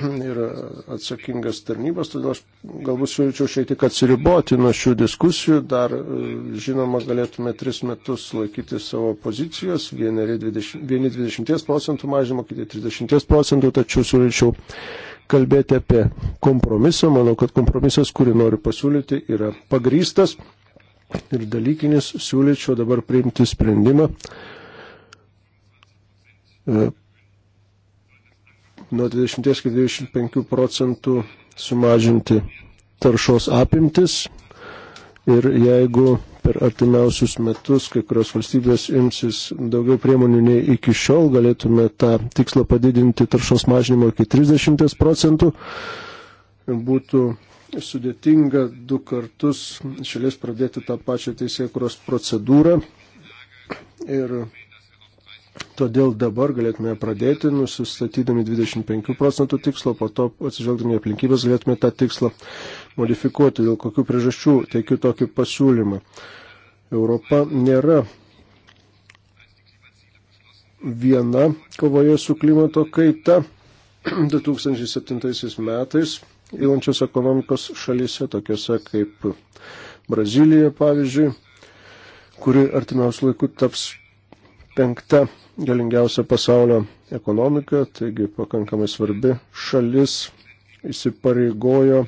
ir atsakingas tarnybas, todėl aš galbūt siūlyčiau šiek tiek atsiriboti nuo šių diskusijų. Dar, e, žinoma, galėtume tris metus laikyti savo pozicijos, vieni 20, 20 procentų mažimo, kiti 30 procentų, tačiau siūlyčiau kalbėti apie kompromisą. Manau, kad kompromisas, kurį noriu pasiūlyti, yra pagrystas ir dalykinis. Siūlyčiau dabar priimti sprendimą e, nuo 20 iki 25 procentų sumažinti taršos apimtis ir jeigu per artimiausius metus kai kurios valstybės imsis daugiau priemonių nei iki šiol, galėtume tą tikslą padidinti taršos mažinimo iki 30 procentų. Būtų sudėtinga du kartus šalies pradėti tą pačią teisėkuros procedūrą ir Todėl dabar galėtume pradėti, nusistatydami 25 procentų tikslo, po to atsižvelgdami aplinkybės galėtume tą tikslą modifikuoti. Dėl kokių priežasčių teikiu tokį pasiūlymą. Europa nėra viena kovoje su klimato kaita. 2007 metais įlančios ekonomikos šalyse, tokiuose kaip Brazilija, pavyzdžiui, kuri artimiausių laikų taps penkta galingiausia pasaulio ekonomika, taigi pakankamai svarbi šalis įsipareigojo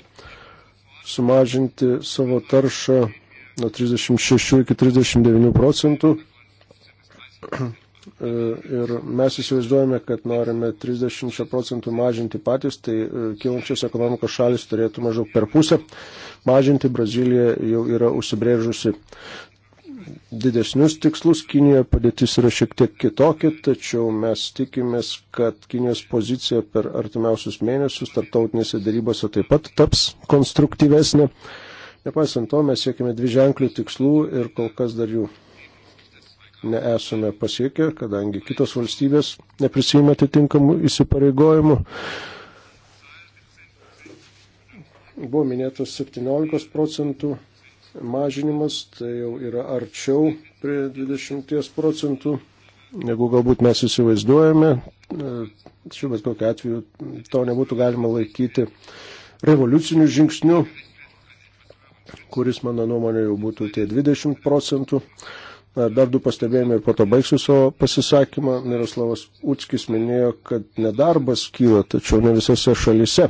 sumažinti savo taršą nuo 36 iki 39 procentų. E, ir mes įsivaizduojame, kad norime 30 procentų mažinti patys, tai e, kilančios ekonomikos šalis turėtų maždaug per pusę mažinti. Brazilija jau yra užsibrėžusi didesnius tikslus. Kinijoje padėtis yra šiek tiek kitokia, tačiau mes tikimės, kad Kinijos pozicija per artimiausius mėnesius tarptautinėse darybose taip pat taps konstruktyvesnė. Nepaisant to, mes siekime dvi ženklių tikslų ir kol kas dar jų nesame pasiekę, kadangi kitos valstybės neprisima atitinkamų įsipareigojimų. Buvo minėtas 17 procentų mažinimas, tai jau yra arčiau prie 20 procentų, negu galbūt mes įsivaizduojame. Tačiau e, bet kokiu atveju to nebūtų galima laikyti revoliuciniu žingsniu, kuris, mano nuomonė, jau būtų tie 20 procentų. Dar du pastebėjimai ir po to baigsiu savo pasisakymą. Miroslavas Utskis minėjo, kad nedarbas kyla, tačiau ne visose šalise.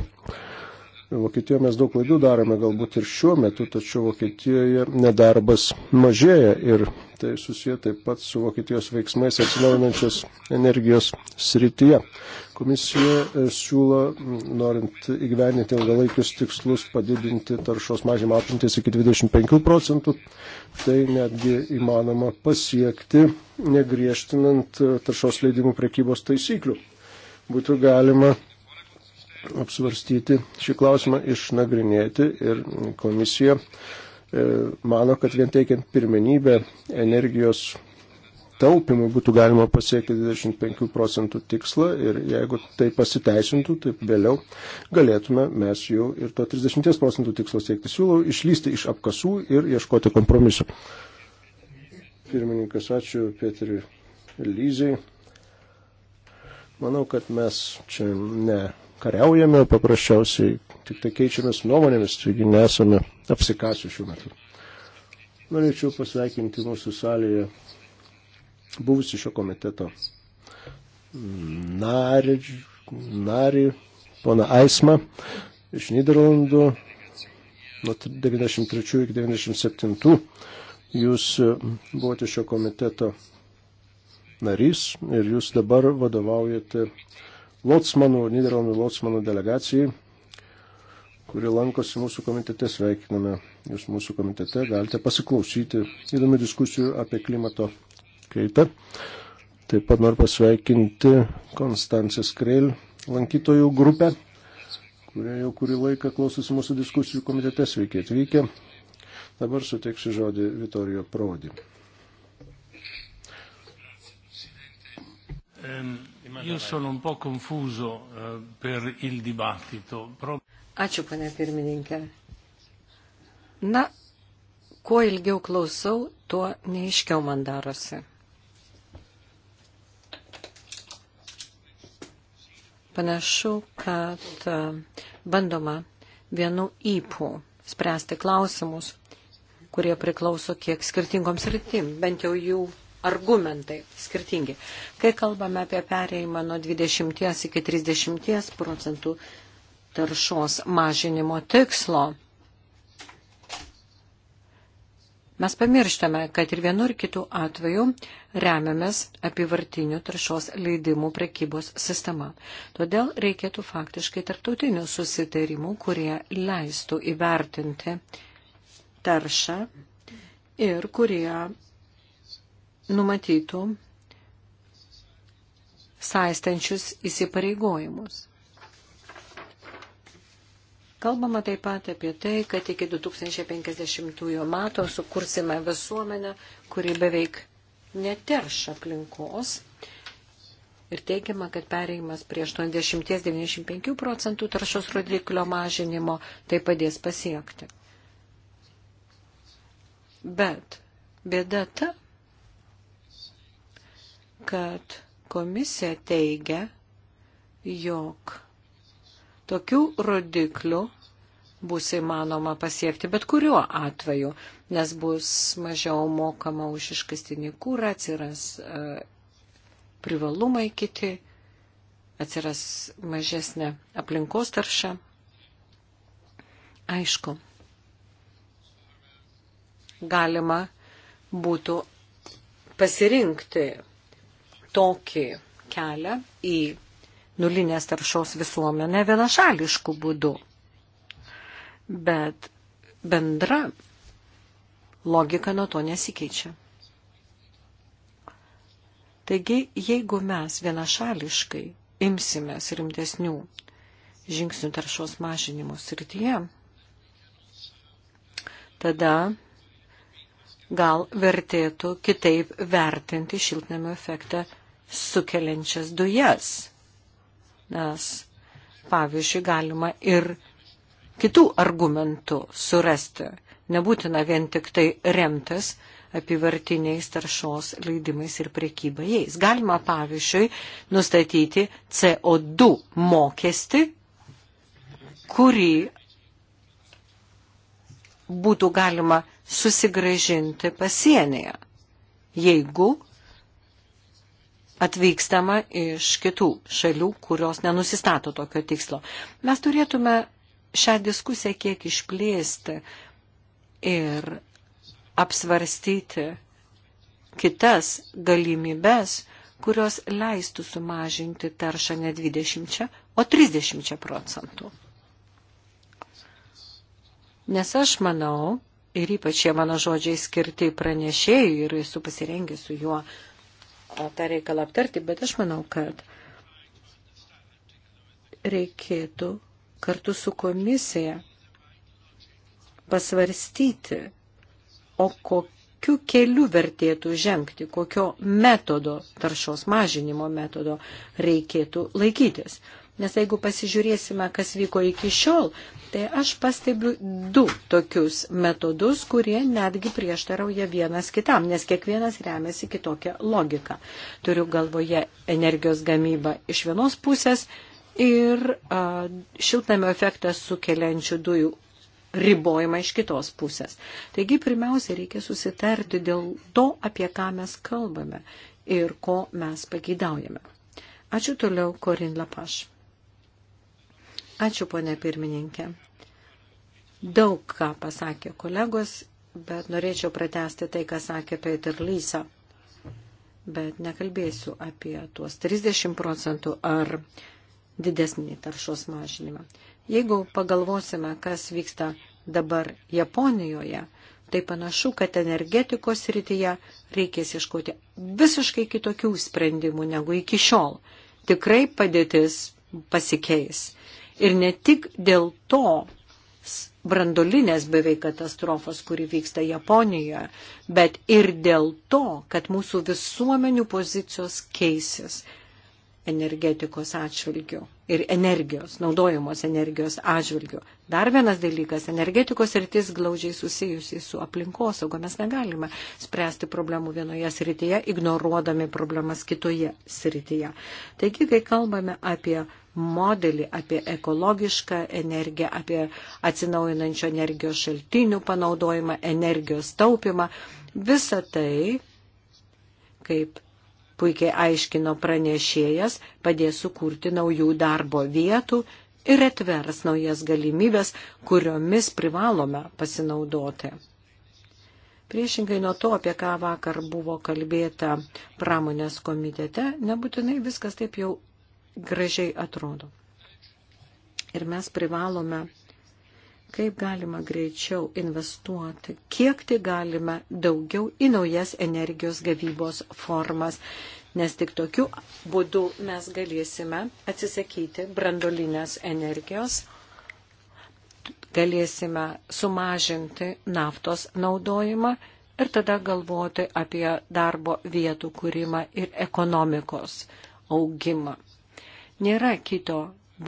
Vokietijoje mes daug klaidų darome galbūt ir šiuo metu, tačiau Vokietijoje nedarbas mažėja ir tai susiję taip pat su Vokietijos veiksmais atsinaujinančios energijos srityje. Komisija e, siūlo, norint įgyveninti ilgalaikius tikslus, padidinti taršos mažymą apimtis iki 25 procentų. Tai netgi įmanoma pasiekti, negriežtinant e, taršos leidimų prekybos taisyklių. Būtų galima apsvarstyti šį klausimą, išnagrinėti ir komisija e, mano, kad vien teikiant pirmenybę energijos taupimui būtų galima pasiekti 25 procentų tikslą ir jeigu tai pasiteisintų, taip vėliau galėtume mes jau ir to 30 procentų tikslo siekti. Siūlau išlysti iš apkasų ir ieškoti kompromisu. Pirmininkas, ačiū Pietriui Lyzijai. Manau, kad mes čia ne kariaujame, paprasčiausiai tik tai keičiamės nuomonėmis, taigi nesame apsikasiu šiuo metu. Norėčiau pasveikinti mūsų salėje buvusi šio komiteto narį, narį pona Aisma iš Niderlandų nuo 93 iki 97. Jūs e, buvote šio komiteto narys ir jūs dabar vadovaujate uh, Lotsmanų, Niderlandų Lotsmanų delegacijai, kuri lankosi mūsų komitete. Sveikiname jūs mūsų komitete. Galite pasiklausyti įdomių diskusijų apie klimato kaitą. Taip pat noriu pasveikinti Konstancijas Kreil lankytojų grupę, kurie jau kurį laiką klausosi mūsų diskusijų komitete. Sveiki atvykę. Dabar suteiksiu žodį Vitorijo Prodi. Um. Io sono un po' confuso uh, per il dibattito. Pro... Ačiū, pane pirmininkė. Na, kuo ilgiau klausau, tuo neiškiau man darosi. Panašu, kad e, bandoma vienu įpū spręsti klausimus, kurie priklauso kiek skirtingoms rytim, bent jau jų argumentai skirtingi. Kai kalbame apie perėjimą nuo 20 iki 30 procentų taršos mažinimo tikslo, mes pamirštame, kad ir vienu ir kitu atveju remiamės apivartinių taršos leidimų prekybos sistema. Todėl reikėtų faktiškai tarptautinių susitarimų, kurie leistų įvertinti taršą ir kurie numatytų saistančius įsipareigojimus. Kalbama taip pat apie tai, kad iki 2050 metų sukursime visuomenę, kuri beveik neterš aplinkos. Ir teigiama, kad pereimas prie 80-95 procentų taršos rodiklio mažinimo tai padės pasiekti. Bet bėda ta, kad komisija teigia, jog tokių rodiklių bus įmanoma pasiekti bet kuriuo atveju, nes bus mažiau mokama už iškastinį kūrą, atsiras e, privalumai kiti, atsiras mažesnė aplinkos tarša. Aišku, galima būtų pasirinkti tokį kelią į nulinės taršos visuomenę vienašališkų būdų. Bet bendra logika nuo to nesikeičia. Taigi, jeigu mes vienašališkai imsimės rimtesnių žingsnių taršos mažinimo srityje, tada gal vertėtų kitaip vertinti šiltnamio efektą sukeliančias dujas. Nes, pavyzdžiui, galima ir kitų argumentų surasti. Nebūtina vien tik tai remtis apivartiniais taršos leidimais ir priekyba jais. Galima, pavyzdžiui, nustatyti CO2 mokestį, kurį būtų galima susigražinti pasienyje, jeigu atvykstama iš kitų šalių, kurios nenusistato tokio tikslo. Mes turėtume šią diskusiją kiek išplėsti ir apsvarstyti kitas galimybes, kurios leistų sumažinti taršą ne 20, o 30 procentų. Nes aš manau, ir ypač šie mano žodžiai skirti pranešėjai ir esu pasirengęs su juo tą reikalą aptarti, bet aš manau, kad reikėtų kartu su komisija pasvarstyti, o kokiu keliu vertėtų žengti, kokio metodo, taršos mažinimo metodo reikėtų laikytis. Nes jeigu pasižiūrėsime, kas vyko iki šiol, tai aš pastebiu du tokius metodus, kurie netgi prieštarauja vienas kitam, nes kiekvienas remiasi kitokią logiką. Turiu galvoje energijos gamybą iš vienos pusės ir a, šiltnamio efektą sukeliančių dujų ribojimą iš kitos pusės. Taigi pirmiausia, reikia susitarti dėl to, apie ką mes kalbame ir ko mes pagydaujame. Ačiū toliau, Korin Lapaš. Ačiū, ponė pirmininkė. Daug ką pasakė kolegos, bet norėčiau pratesti tai, ką sakė Peter Lysa. Bet nekalbėsiu apie tuos 30 procentų ar didesnį taršos mažinimą. Jeigu pagalvosime, kas vyksta dabar Japonijoje, tai panašu, kad energetikos rytyje reikės iškoti visiškai kitokių sprendimų negu iki šiol. Tikrai padėtis pasikeis Ir ne tik dėl to brandolinės beveik katastrofos, kuri vyksta Japonijoje, bet ir dėl to, kad mūsų visuomenių pozicijos keisis energetikos atšvilgių ir energijos, naudojamos energijos atžvilgių. Dar vienas dalykas - energetikos rytis glaudžiai susijusi su aplinkosaugo. Mes negalime spręsti problemų vienoje srityje, ignoruodami problemas kitoje srityje. Taigi, kai kalbame apie modelį, apie ekologišką energiją, apie atsinaujinančio energijos šaltinių panaudojimą, energijos taupimą, visa tai kaip puikiai aiškino pranešėjas, padės sukurti naujų darbo vietų ir atvers naujas galimybės, kuriomis privalome pasinaudoti. Priešingai nuo to, apie ką vakar buvo kalbėta pramonės komitete, nebūtinai viskas taip jau gražiai atrodo. Ir mes privalome kaip galima greičiau investuoti, kiek tai galima daugiau į naujas energijos gavybos formas, nes tik tokiu būdu mes galėsime atsisakyti brandolinės energijos, galėsime sumažinti naftos naudojimą ir tada galvoti apie darbo vietų kūrimą ir ekonomikos augimą. Nėra kito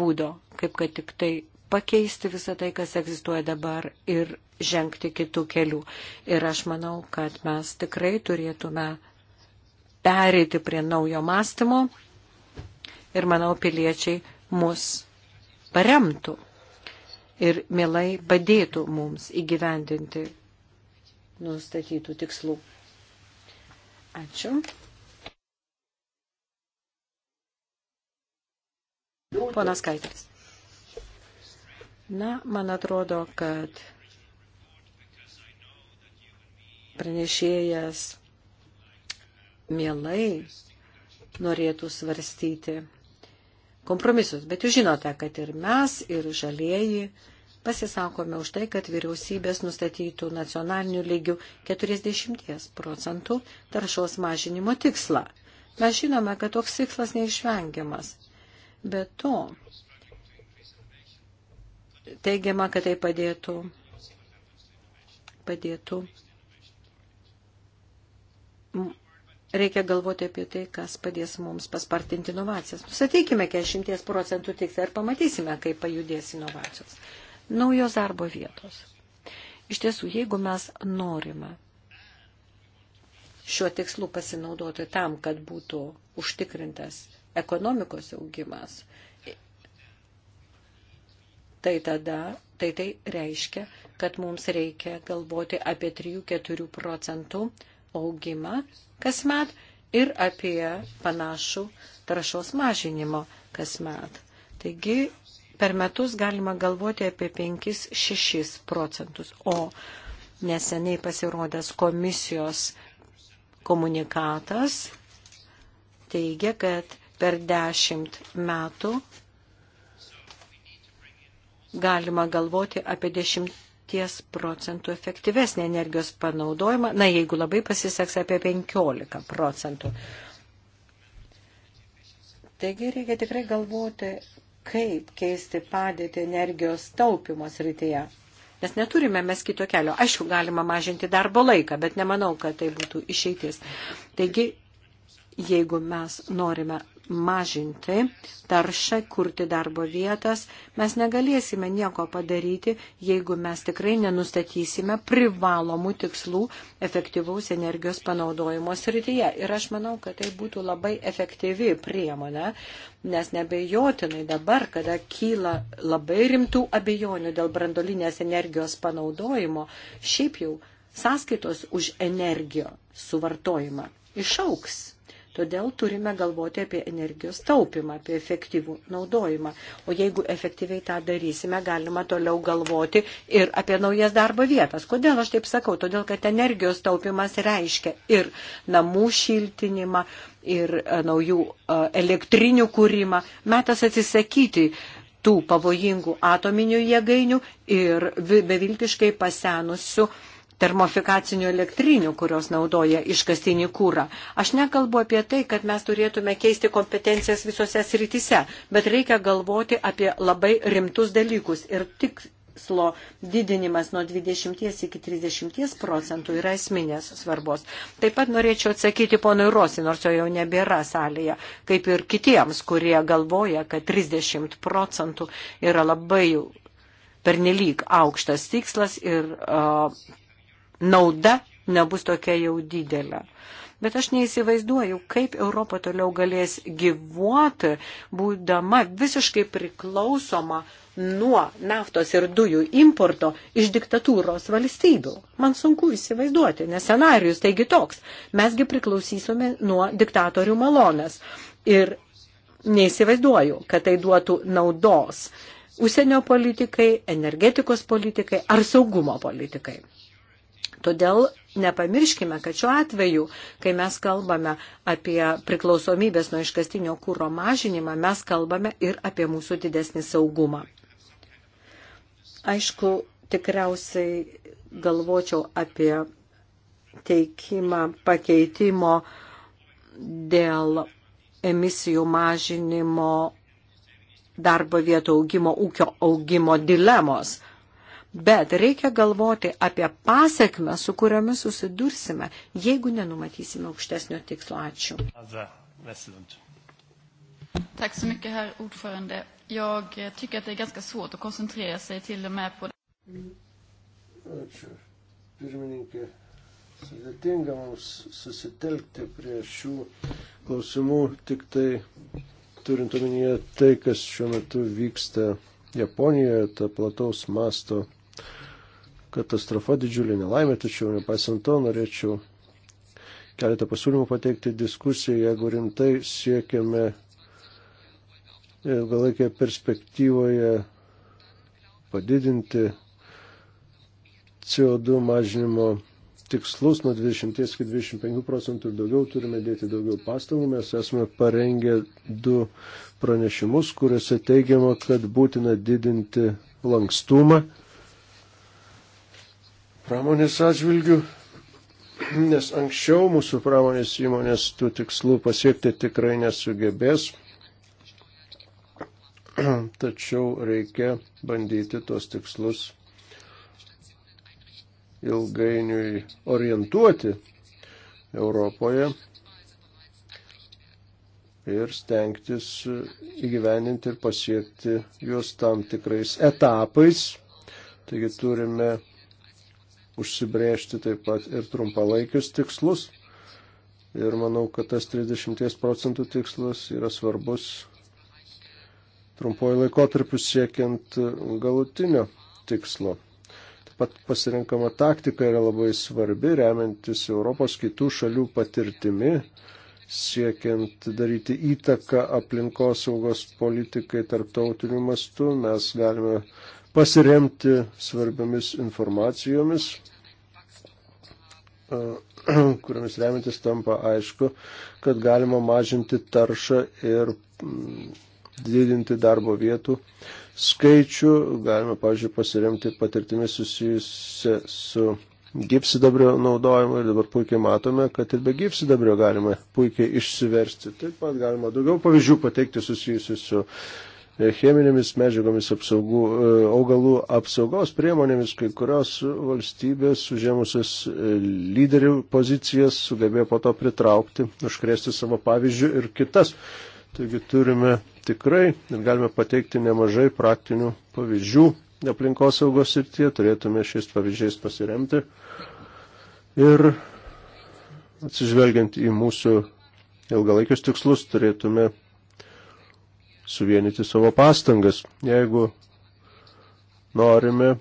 būdo, kaip kad tik tai pakeisti visą tai, kas egzistuoja dabar ir žengti kitų kelių. Ir aš manau, kad mes tikrai turėtume pereiti prie naujo mąstymo ir manau, piliečiai mus paremtų ir mielai padėtų mums įgyvendinti nustatytų tikslų. Ačiū. Ponas Kaitis. Na, man atrodo, kad pranešėjas mielai norėtų svarstyti kompromisus. Bet jūs žinote, kad ir mes, ir žalieji pasisakome už tai, kad vyriausybės nustatytų nacionalinių lygių 40 procentų taršos mažinimo tikslą. Mes žinome, kad toks tikslas neišvengiamas. Be to, teigiama, kad tai padėtų, padėtų. Reikia galvoti apie tai, kas padės mums paspartinti inovacijas. Nusateikime 40 procentų tikslą ir pamatysime, kaip pajudės inovacijos. Naujos darbo vietos. Iš tiesų, jeigu mes norime šiuo tikslu pasinaudoti tam, kad būtų užtikrintas ekonomikos augimas, tai tada tai, tai reiškia, kad mums reikia galvoti apie 3-4 procentų augimą kasmet ir apie panašų trašos mažinimo kasmet. Taigi per metus galima galvoti apie 5-6 procentus, o neseniai pasirodęs komisijos komunikatas teigia, kad per 10 metų galima galvoti apie 10 procentų efektyvesnį energijos panaudojimą, na jeigu labai pasiseks apie 15 procentų. Taigi reikia tikrai galvoti, kaip keisti padėti energijos taupimo srityje. Nes neturime mes kito kelio. Aišku, galima mažinti darbo laiką, bet nemanau, kad tai būtų išeitis. Taigi, jeigu mes norime mažinti taršą, kurti darbo vietas, mes negalėsime nieko padaryti, jeigu mes tikrai nenustatysime privalomų tikslų efektyvaus energijos panaudojimo srityje. Ir aš manau, kad tai būtų labai efektyvi priemonė, nes nebejotinai dabar, kada kyla labai rimtų abejonių dėl brandolinės energijos panaudojimo, šiaip jau sąskaitos už energiją suvartojimą išauks Todėl turime galvoti apie energijos taupimą, apie efektyvų naudojimą. O jeigu efektyviai tą darysime, galima toliau galvoti ir apie naujas darbo vietas. Kodėl aš taip sakau? Todėl, kad energijos taupimas reiškia ir namų šiltinimą, ir e, naujų e, elektrinių kūrimą. Metas atsisakyti tų pavojingų atominių jėgainių ir beviltiškai pasenusių uh, termofikacinių elektrinių, kurios naudoja iškastinį kūrą. Aš nekalbu apie tai, kad mes turėtume keisti kompetencijas visose srityse, bet reikia galvoti apie labai rimtus dalykus. Ir tikslo didinimas nuo 20 iki 30 procentų yra esminės svarbos. Taip pat norėčiau atsakyti ponui Rosi, nors jo jau nebėra salėje, kaip ir kitiems, kurie galvoja, kad 30 procentų yra labai pernelyg aukštas tikslas ir uh, nauda nebus tokia jau didelė. Bet aš neįsivaizduoju, kaip Europa toliau galės gyvuoti, būdama visiškai priklausoma nuo naftos ir dujų importo iš diktatūros valstybių. Man sunku įsivaizduoti, nes scenarius taigi toks. Mesgi priklausysime nuo diktatorių malonės. Ir neįsivaizduoju, kad tai duotų naudos užsienio politikai, energetikos politikai ar saugumo politikai. Todėl nepamirškime, kad šiuo atveju, kai mes kalbame apie priklausomybės nuo iškastinio kūro mažinimą, mes kalbame ir apie mūsų didesnį saugumą. Aišku, tikriausiai galvočiau apie teikimą pakeitimo dėl emisijų mažinimo darbo vietų augimo, ūkio augimo dilemos. Bet reikia galvoti apie pasiekmes, su kuriomis susidursime, jeigu nenumatysime aukštesnio tikslo. Ačiū. Tack så mycket, herr ordförande. Jag eh, tycker att det är ganska svårt att koncentrera sig till och med på... Ačiū. Pirmininkė, sudėtinga mums susitelkti prie šių klausimų, tik tai turint omenyje tai, kas šiuo metu vyksta Japonijoje, ta plataus masto katastrofa didžiulė nelaimė, tačiau nepaisant to norėčiau keletą pasiūlymų pateikti diskusijai, jeigu rimtai siekiame ilgalaikėje perspektyvoje padidinti CO2 mažinimo tikslus nuo 20 iki 25 procentų ir daugiau turime dėti daugiau pastangų. Mes esame parengę du pranešimus, kuriuose teigiama, kad būtina didinti lankstumą pramonės atžvilgių, nes anksčiau mūsų pramonės įmonės tų tikslų pasiekti tikrai nesugebės, tačiau reikia bandyti tuos tikslus ilgainiui orientuoti Europoje ir stengtis įgyveninti ir pasiekti juos tam tikrais etapais. Taigi turime užsibrėžti taip pat ir trumpalaikius tikslus. Ir manau, kad tas 30 procentų tikslas yra svarbus trumpoji laikotarpiu siekiant galutinio tikslo. Taip pat pasirinkama taktika yra labai svarbi, remiantis Europos kitų šalių patirtimi, siekiant daryti įtaką aplinkosaugos politikai tarptautiniu mastu. Mes galime pasiremti svarbiamis informacijomis, kuriamis remintis tampa aišku, kad galima mažinti taršą ir mm, didinti darbo vietų skaičių. Galima, pavyzdžiui, pasiremti patirtimis susijusią su gypsidabrio naudojimu ir dabar puikiai matome, kad ir be gypsidabrio galima puikiai išsiversti. Taip pat galima daugiau pavyzdžių pateikti susijusių su E, cheminėmis medžiagomis apsaugų, e, augalų apsaugos priemonėmis, kai kurios valstybės užėmusios e, lyderių pozicijas sugebėjo po to pritraukti, užkrėsti savo pavyzdžių ir kitas. Taigi turime tikrai ir galime pateikti nemažai praktinių pavyzdžių aplinkosaugos ir tie turėtume šiais pavyzdžiais pasiremti. Ir atsižvelgiant į mūsų ilgalaikius tikslus turėtume suvienyti savo pastangas. Jeigu norime,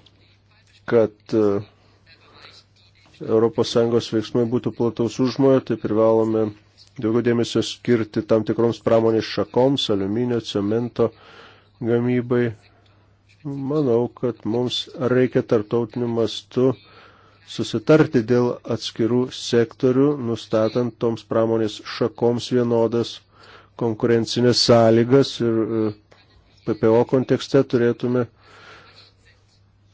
kad ES veiksmai būtų plataus užmojo, tai privalome daugiau dėmesio skirti tam tikroms pramonės šakoms, aliuminio, cemento gamybai. Manau, kad mums reikia tartautiniu mastu susitarti dėl atskirų sektorių, nustatant toms pramonės šakoms vienodas konkurencinės sąlygas ir e, PPO kontekste turėtume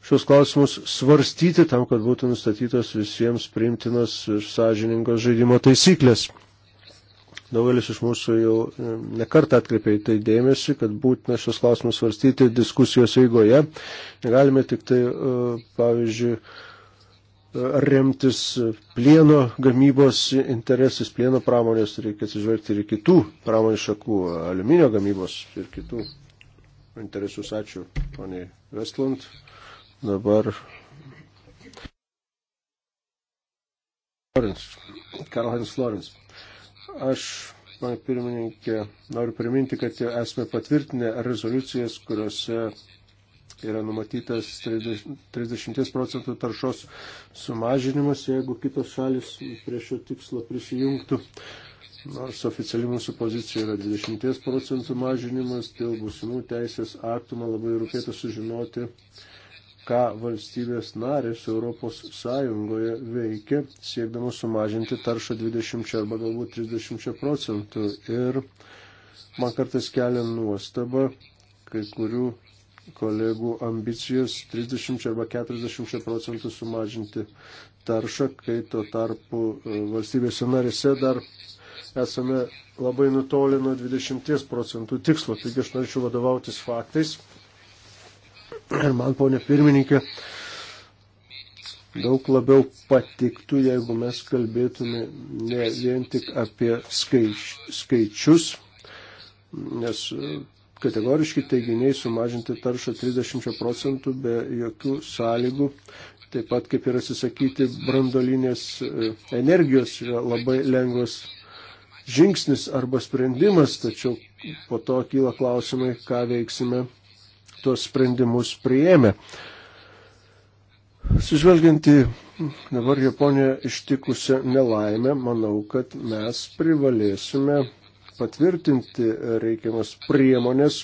šios klausimus svarstyti tam, kad būtų nustatytos visiems priimtinos ir sąžiningos žaidimo taisyklės. Daugelis iš mūsų jau e, nekart atkreipė į tai dėmesį, kad būtina šios klausimus svarstyti diskusijos eigoje. Negalime tik tai, e, pavyzdžiui, remtis plieno gamybos interesais, plieno pramonės, reikia atsižvelgti ir kitų pramonės šakų, aliuminio gamybos ir kitų interesus. Ačiū, poniai Vestlund. Dabar. Karlhans Florins. Aš, man pirmininkė, noriu priminti, kad jau esame patvirtinę rezoliucijas, kuriuose yra numatytas 30 procentų taršos sumažinimas, jeigu kitos šalis prie šio tikslo prisijungtų. Nors oficiali mūsų pozicija yra 20 procentų mažinimas, dėl būsimų teisės aktų man labai rūpėtų sužinoti, ką valstybės narės Europos Sąjungoje veikia, siekdamos sumažinti taršą 20 arba galbūt 30 procentų. Ir man kartais kelia nuostaba kai kurių kolegų ambicijas 30 arba 40 procentų sumažinti taršą, kai tuo tarpu e, valstybėse narėse dar esame labai nutolę nuo 20 procentų tikslo. Taigi aš norėčiau vadovautis faktais. Ir man, ponė pirmininkė, daug labiau patiktų, jeigu mes kalbėtume ne vien tik apie skaič, skaičius, nes e, kategoriški teiginiai sumažinti taršą 30 procentų be jokių sąlygų. Taip pat kaip ir atsisakyti brandolinės e, energijos yra labai lengvas žingsnis arba sprendimas, tačiau po to kyla klausimai, ką veiksime tuos sprendimus prieėmę. Sužvelgianti dabar Japoniją ištikusią nelaimę, manau, kad mes privalėsime patvirtinti reikiamas priemonės,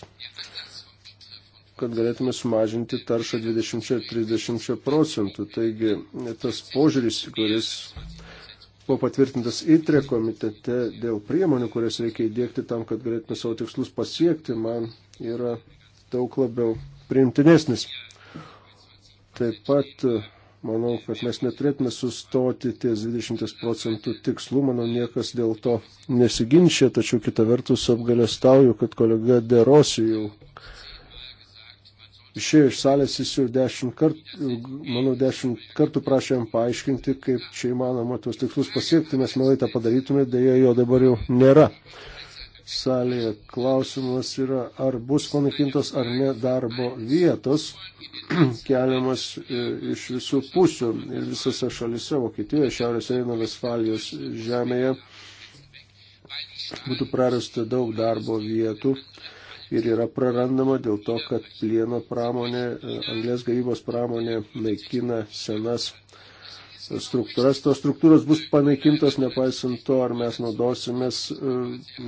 kad galėtume sumažinti taršą 20-30 procentų. Taigi tas požiūris, kuris buvo patvirtintas įtre komitete dėl priemonių, kurias reikia įdėkti tam, kad galėtume savo tikslus pasiekti, man yra daug labiau priimtinesnis. Taip pat Manau, kad mes neturėtume sustoti ties 20 procentų tikslų, manau, niekas dėl to nesiginčia, tačiau kita vertus apgalėstauju, kad kolega Derosi jau išėjo iš salės, jis jau dešimt kartų, manau, dešimt kartų prašė jam paaiškinti, kaip čia įmanoma tuos tikslus pasiekti, mes melai tą padarytume, dėja jo dabar jau nėra salėje. Klausimas yra, ar bus panaikintos ar ne darbo vietos keliamas e, iš visų pusių ir visose šalise, Vokietijoje, Šiaurės Reino Vesfalijos žemėje būtų prarasta daug darbo vietų ir yra prarandama dėl to, kad plieno pramonė, e, anglės gavybos pramonė naikina senas struktūras. Tos struktūros bus panaikintos nepaisant to, ar mes naudosimės e,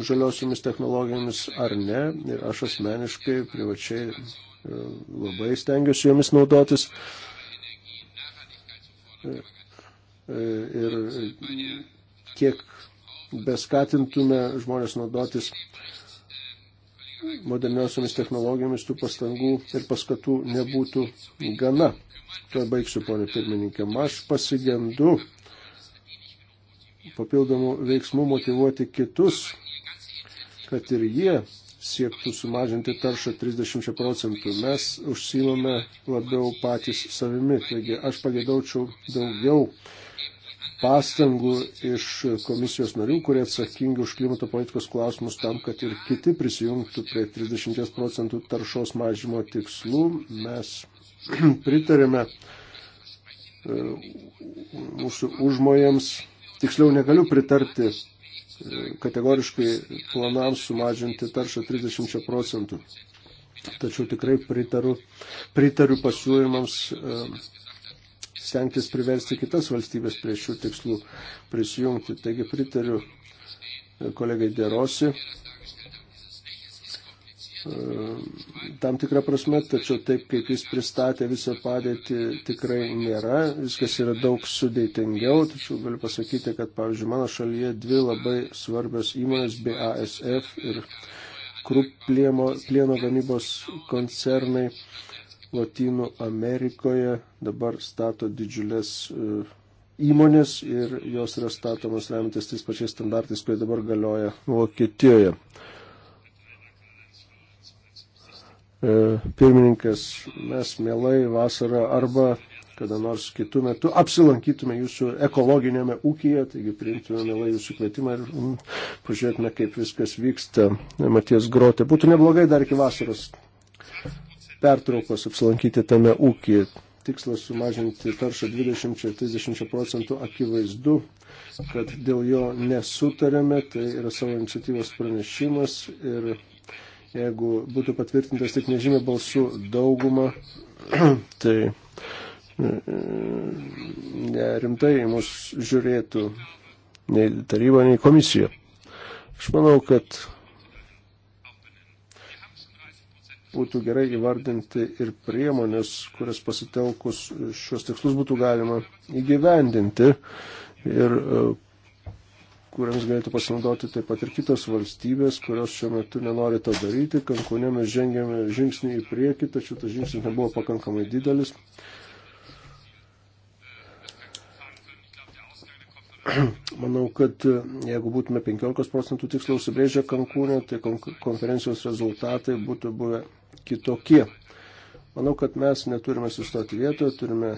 žaliosiomis technologijomis ar ne. Ir aš asmeniškai privačiai e, labai stengiuosi jomis naudotis. E, ir kiek beskatintume žmonės naudotis moderniosiomis technologijomis tų pastangų ir paskatų nebūtų gana to baigsiu, ponė pirmininkė, aš pasigendu papildomų veiksmų motivuoti kitus, kad ir jie siektų sumažinti taršą 30 procentų. Mes užsimame labiau patys savimi. Taigi aš pagėdaučiau daugiau pastangų iš komisijos narių, kurie atsakingi už klimato politikos klausimus tam, kad ir kiti prisijungtų prie 30 procentų taršos mažymo tikslų. Mes pritarėme e, mūsų užmojams, tiksliau negaliu pritarti e, kategoriškai planams sumažinti taršą 30 procentų. Tačiau tikrai pritaru, pritariu pasiūlymams e, stengtis priversti kitas valstybės prie šių tikslų prisijungti. Taigi pritariu kolegai Derosi Ehm, tam tikrą prasme, tačiau taip, kaip jis pristatė visą padėtį, tikrai nėra. Viskas yra daug sudėtingiau, tačiau galiu pasakyti, kad, pavyzdžiui, mano šalyje dvi labai svarbios įmonės BASF ir Kruplieno plieno gamybos koncernai Latinų Amerikoje dabar stato didžiulės e, įmonės ir jos yra statomos remiantis tais pačiais standartais, kurie dabar galioja Vokietijoje. Nu, E, pirmininkas, mes mielai vasarą arba kada nors kitų metų apsilankytume jūsų ekologinėme ūkyje, taigi priimtume mielai jūsų kvietimą ir mm, pažiūrėtume, kaip viskas vyksta. E, Matijas Grotė, būtų neblogai dar iki vasaros pertraukos apsilankyti tame ūkyje. Tikslas sumažinti taršą 20-30 procentų akivaizdu, kad dėl jo nesutarėme, tai yra savo iniciatyvos pranešimas ir jeigu būtų patvirtintas tik nežymė balsų dauguma, tai e, nerimtai mus žiūrėtų nei taryba, nei komisija. Aš manau, kad būtų gerai įvardinti ir priemonės, kurias pasitelkus šios tikslus būtų galima įgyvendinti ir e, kuriams galėtų pasinaudoti taip pat ir kitos valstybės, kurios šiuo metu nenori to daryti. Kankūne mes žengėme žingsnį į priekį, tačiau tas žingsnis nebuvo pakankamai didelis. Manau, kad jeigu būtume 15 procentų tiksliau užsibrėžę Kankūnę, tai konferencijos rezultatai būtų buvę kitokie. Manau, kad mes neturime sustoti vietoje, turime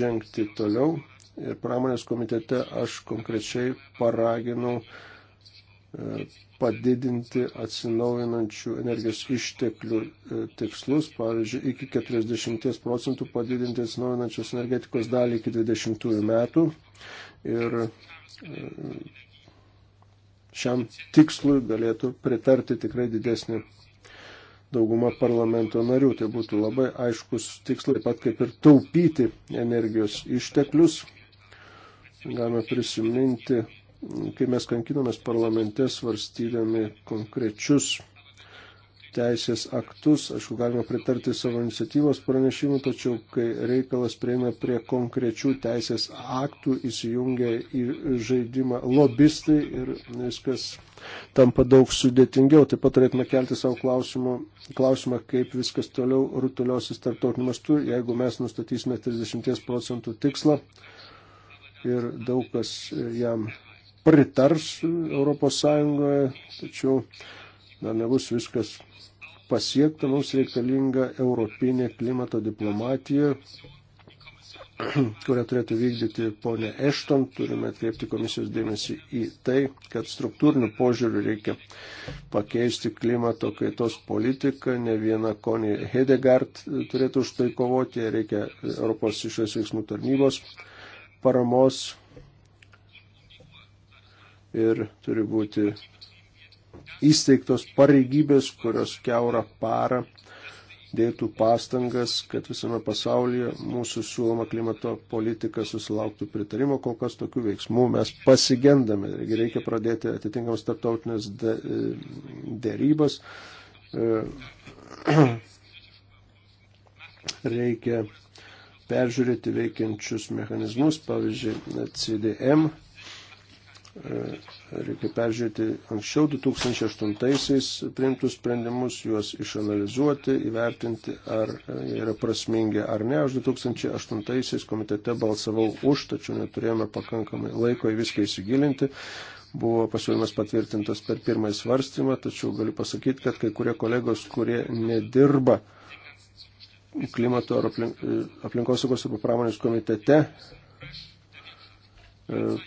žengti toliau ir pramonės komitete aš konkrečiai paraginau e, padidinti atsinaujinančių energijos išteklių e, tikslus, pavyzdžiui, iki 40 procentų padidinti atsinaujinančios energetikos dalį iki 20 metų. Ir e, šiam tikslui galėtų pritarti tikrai didesnė dauguma parlamento narių. Tai būtų labai aiškus tikslas, taip pat kaip ir taupyti energijos išteklius Galime prisiminti, kai mes kankinomės parlamente svarstydami konkrečius teisės aktus, aišku, galima pritarti savo iniciatyvos pranešimų, tačiau kai reikalas prieina prie konkrečių teisės aktų, įsijungia į žaidimą lobistai ir viskas tampa daug sudėtingiau. Taip pat turėtume kelti savo klausimą, klausimą kaip viskas toliau rutuliosis tarptautiniu mastu, jeigu mes nustatysime 30 procentų tikslą ir daug kas e, jam pritars ES, tačiau dar nebus viskas pasiekta, mums reikalinga europinė klimato diplomatija, kurią turėtų vykdyti ponė Ešton, turime atkreipti komisijos dėmesį į tai, kad struktūrinių požiūrių reikia pakeisti klimato kaitos politiką, ne viena Konė Hedegard turėtų už tai kovoti, reikia Europos išvės veiksmų tarnybos paramos ir turi būti įsteigtos pareigybės, kurios keurą parą dėtų pastangas, kad visame pasaulyje mūsų siūloma klimato politika susilauktų pritarimo, kol kas tokių veiksmų mes pasigendame. Reikia pradėti atitinkamas tarptautinės e, dėrybas. E, reikia peržiūrėti veikiančius mechanizmus, pavyzdžiui, CDM. E, reikia peržiūrėti anksčiau 2008-aisiais priimtus sprendimus, juos išanalizuoti, įvertinti, ar jie yra prasmingi ar ne. Aš 2008-aisiais komitete balsavau už, tačiau neturėjome pakankamai laiko į viską įsigilinti buvo pasiūlymas patvirtintas per pirmąjį svarstymą, tačiau galiu pasakyti, kad kai kurie kolegos, kurie nedirba klimato ar aplinkosaugos arba pramonės komitete e,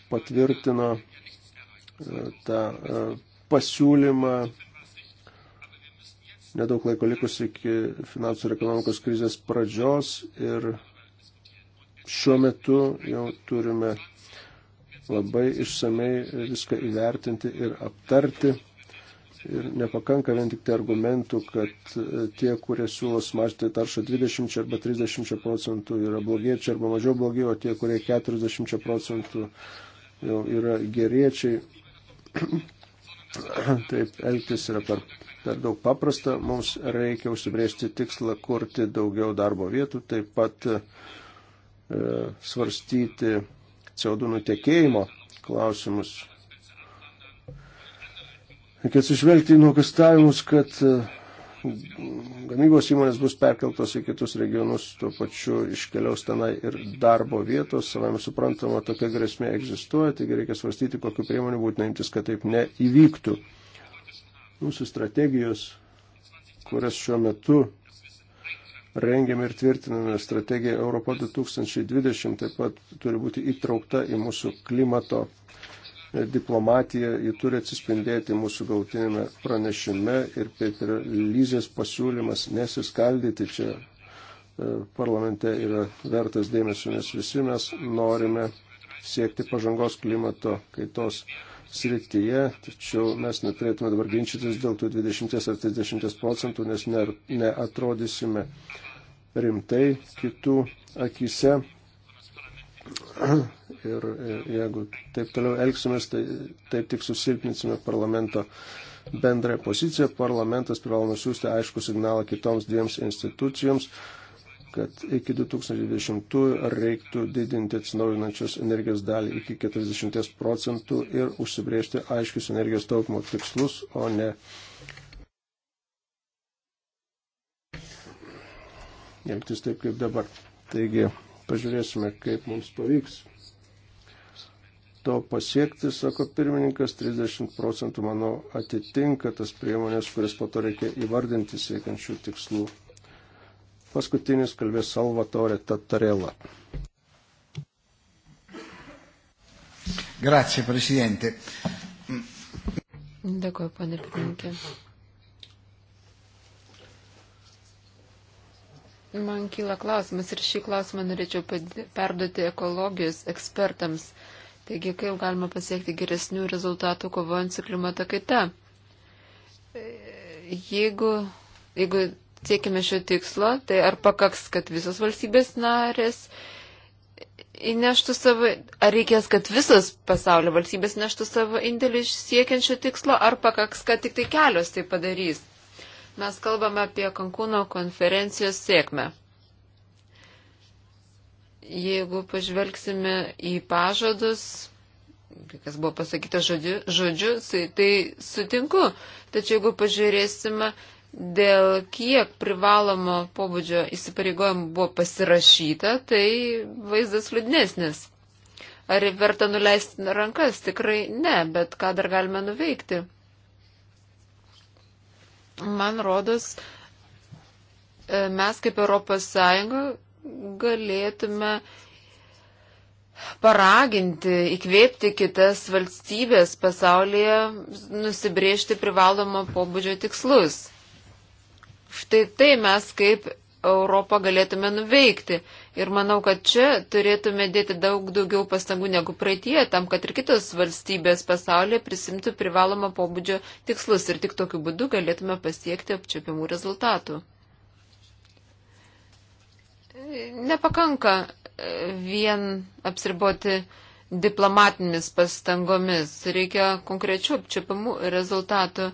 patvirtino e, tą e, pasiūlymą nedaug laiko likus iki finansų ir ekonomikos krizės pradžios ir šiuo metu jau turime labai išsamei viską įvertinti ir aptarti. Ir nepakanka vien tik tai argumentų, kad e, tie, kurie siūlo sumažinti taršą 20 arba 30 procentų yra blogiečiai arba mažiau blogi, o tie, kurie 40 procentų jau yra geriečiai. Taip elgtis yra per, per daug paprasta. Mums reikia užsibriežti tikslą kurti daugiau darbo vietų, taip pat e, svarstyti CO2 nutekėjimo klausimus Reikia atsižvelgti į nuokastavimus, kad e, gamybos įmonės bus perkeltos į kitus regionus, tuo pačiu iškeliaus tenai ir darbo vietos, savame suprantama, tokia grėsmė egzistuoja, taigi reikia svarstyti, kokiu priemonių būtina imtis, kad taip neįvyktų. Mūsų strategijos, kurias šiuo metu rengiame ir tvirtiname, strategija Europa 2020 taip pat turi būti įtraukta į mūsų klimato diplomatija, ji turi atsispindėti mūsų gautinėme pranešime ir Peter Lyzės pasiūlymas nesiskaldyti čia e, parlamente yra vertas dėmesio, nes visi mes norime siekti pažangos klimato kaitos srityje, tačiau mes neturėtume dabar ginčytis dėl tų 20 ar 30 procentų, nes ne, neatrodysime rimtai kitų akise. Ir jeigu taip toliau elgsimės, tai taip tik susilpninsime parlamento bendrąją poziciją. Parlamentas privaloma siūsti aišku signalą kitoms dviems institucijoms, kad iki 2020 reiktų didinti atsinaujinančios energijos dalį iki 40 procentų ir užsibriežti aiškius energijos taupimo tikslus, o ne. Elgtis taip kaip dabar. Taigi, Pažiūrėsime, kaip mums pavyks to pasiekti, sako pirmininkas, 30 procentų, manau, atitinka tas priemonės, kuris po to reikia įvardinti siekiančių tikslų. Paskutinis kalbės Salvatore Tattarella. Grazie, Presidente. Dėkuoju, pane pirmininkė. Man kyla klausimas ir šį klausimą norėčiau perduoti ekologijos ekspertams. Taigi, kaip galima pasiekti geresnių rezultatų kovojant su klimato kaita? E, jeigu, jeigu siekime šio tikslo, tai ar pakaks, kad visos valstybės narės įneštų savo, ar reikės, kad visos pasaulio valstybės neštų savo indėlį siekiant šio tikslo, ar pakaks, kad tik tai kelios tai padarys? Mes kalbame apie Kankūno konferencijos sėkmę. Jeigu pažvelgsime į pažadus, kas buvo pasakyta žodžiu, žodžiu tai, tai sutinku. Tačiau jeigu pažiūrėsime, dėl kiek privalomo pobūdžio įsipareigojimų buvo pasirašyta, tai vaizdas liūdnesnis. Ar verta nuleisti rankas? Tikrai ne, bet ką dar galime nuveikti? man rodos, e, mes kaip Europos Sąjunga galėtume paraginti, įkvėpti kitas valstybės pasaulyje, nusibriežti privalomo pobūdžio tikslus. Štai tai mes kaip Europą galėtume nuveikti. Ir manau, kad čia turėtume dėti daug daugiau pastangų negu praeitie, tam, kad ir kitos valstybės pasaulyje prisimtų privalomą pobūdžio tikslus ir tik tokiu būdu galėtume pasiekti apčiopiamų rezultatų. Nepakanka e, vien apsiriboti diplomatinis pastangomis, reikia konkrečių apčiopiamų rezultatų.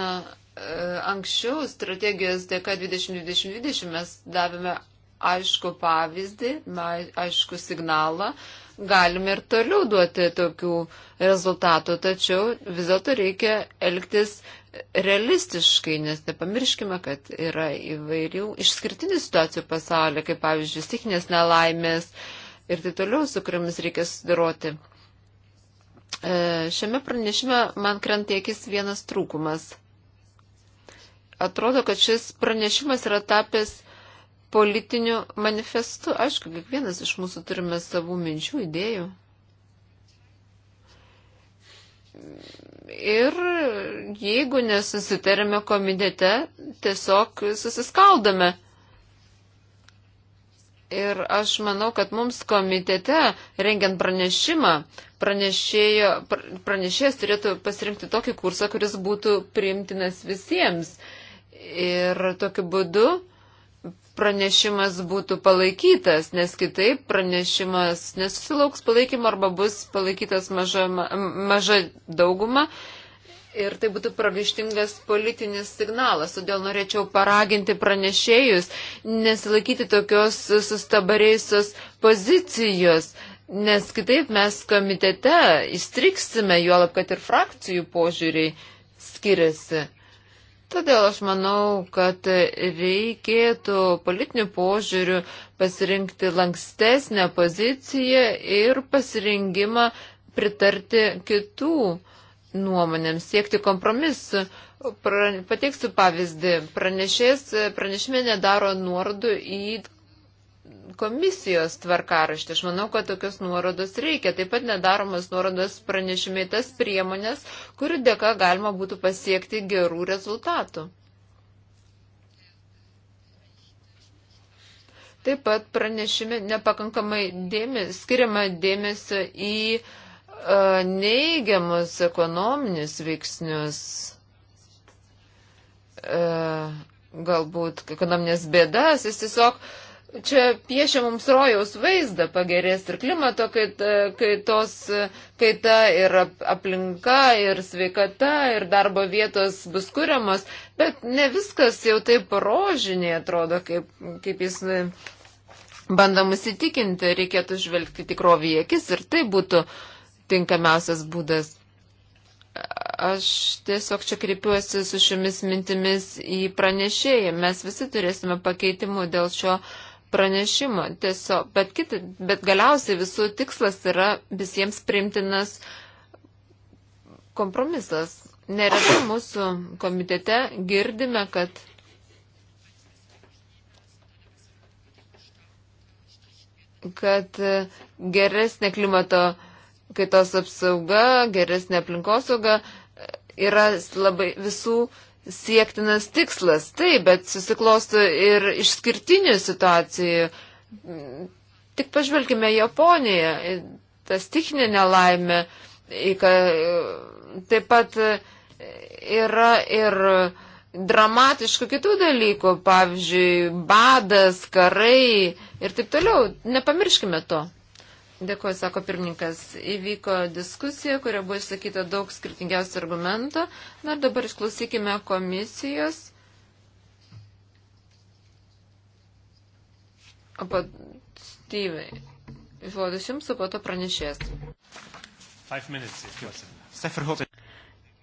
Na, e, anksčiau strategijos dėka 2020 mes davėme aišku pavyzdį, aišku signalą, galime ir toliau duoti tokių rezultatų, tačiau vis dėlto reikia elgtis realistiškai, nes nepamirškime, kad yra įvairių išskirtinių situacijų pasaulyje, kaip pavyzdžiui, stiknės nelaimės ir taip toliau, su kuriamis reikia sudaroti. E, šiame pranešime man krantėkis vienas trūkumas. Atrodo, kad šis pranešimas yra tapęs politiniu manifestu. Aišku, kiekvienas iš mūsų turime savų minčių, idėjų. Ir jeigu nesusitarime komitete, tiesiog susiskaldome. Ir aš manau, kad mums komitete, rengiant pranešimą, pranešėjo, pranešėjas turėtų pasirinkti tokį kursą, kuris būtų priimtinas visiems. Ir tokiu būdu pranešimas būtų palaikytas, nes kitaip pranešimas nesusilauks palaikymo arba bus palaikytas maža, maža dauguma. Ir tai būtų pragaištingas politinis signalas, todėl norėčiau paraginti pranešėjus nesilaikyti tokios sustabarėjusios pozicijos, nes kitaip mes komitete įstriksime, juolab kad ir frakcijų požiūriai skiriasi. Todėl aš manau, kad reikėtų politinių požiūrių pasirinkti lankstesnę poziciją ir pasirinkimą pritarti kitų nuomonėms, siekti kompromisu. Pateiksiu pavyzdį. Pranešės, pranešime nedaro nuorodų į komisijos tvarkaraštį. Aš manau, kad tokios nuorodos reikia. Taip pat nedaromas nuorodos pranešimai tas priemonės, kurių dėka galima būtų pasiekti gerų rezultatų. Taip pat pranešime nepakankamai dėmesio, skiriama dėmesio į uh, neigiamus ekonominius veiksnius. Uh, galbūt ekonominės bėdas, jis tiesiog uh, čia piešia mums rojaus vaizdą, pagerės ir klimato kaita, kaitos kaita, ir aplinka, ir sveikata, ir darbo vietos bus kuriamas, bet ne viskas jau taip rožinė atrodo, kaip, kaip jis e, bandamas įtikinti, reikėtų žvelgti tikrovį į akis ir tai būtų tinkamiausias būdas. Aš tiesiog čia kreipiuosi su šiomis mintimis į pranešėją. Mes visi turėsime pakeitimų dėl šio uh, pranešimo. Tiesiog, bet, kita, bet galiausiai visų tikslas yra visiems primtinas kompromisas. Neretai mūsų komitete girdime, kad kad geresnė klimato kaitos apsauga, geresnė aplinkosauga yra labai visų uh, siektinas tikslas, taip, bet susiklosto ir išskirtinių situacijų. Tik pažvelkime Japoniją, ta stichinė nelaimė, taip pat yra ir dramatiškų kitų dalykų, pavyzdžiui, badas, karai ir taip toliau. Nepamirškime to. Dėkuoju, sako pirmininkas. Įvyko diskusija, kuria buvo išsakyta daug skirtingiausių argumentų. Na ir dabar išklausykime komisijos. O pat Steve'ai. Žodis jums, o po to pranešės.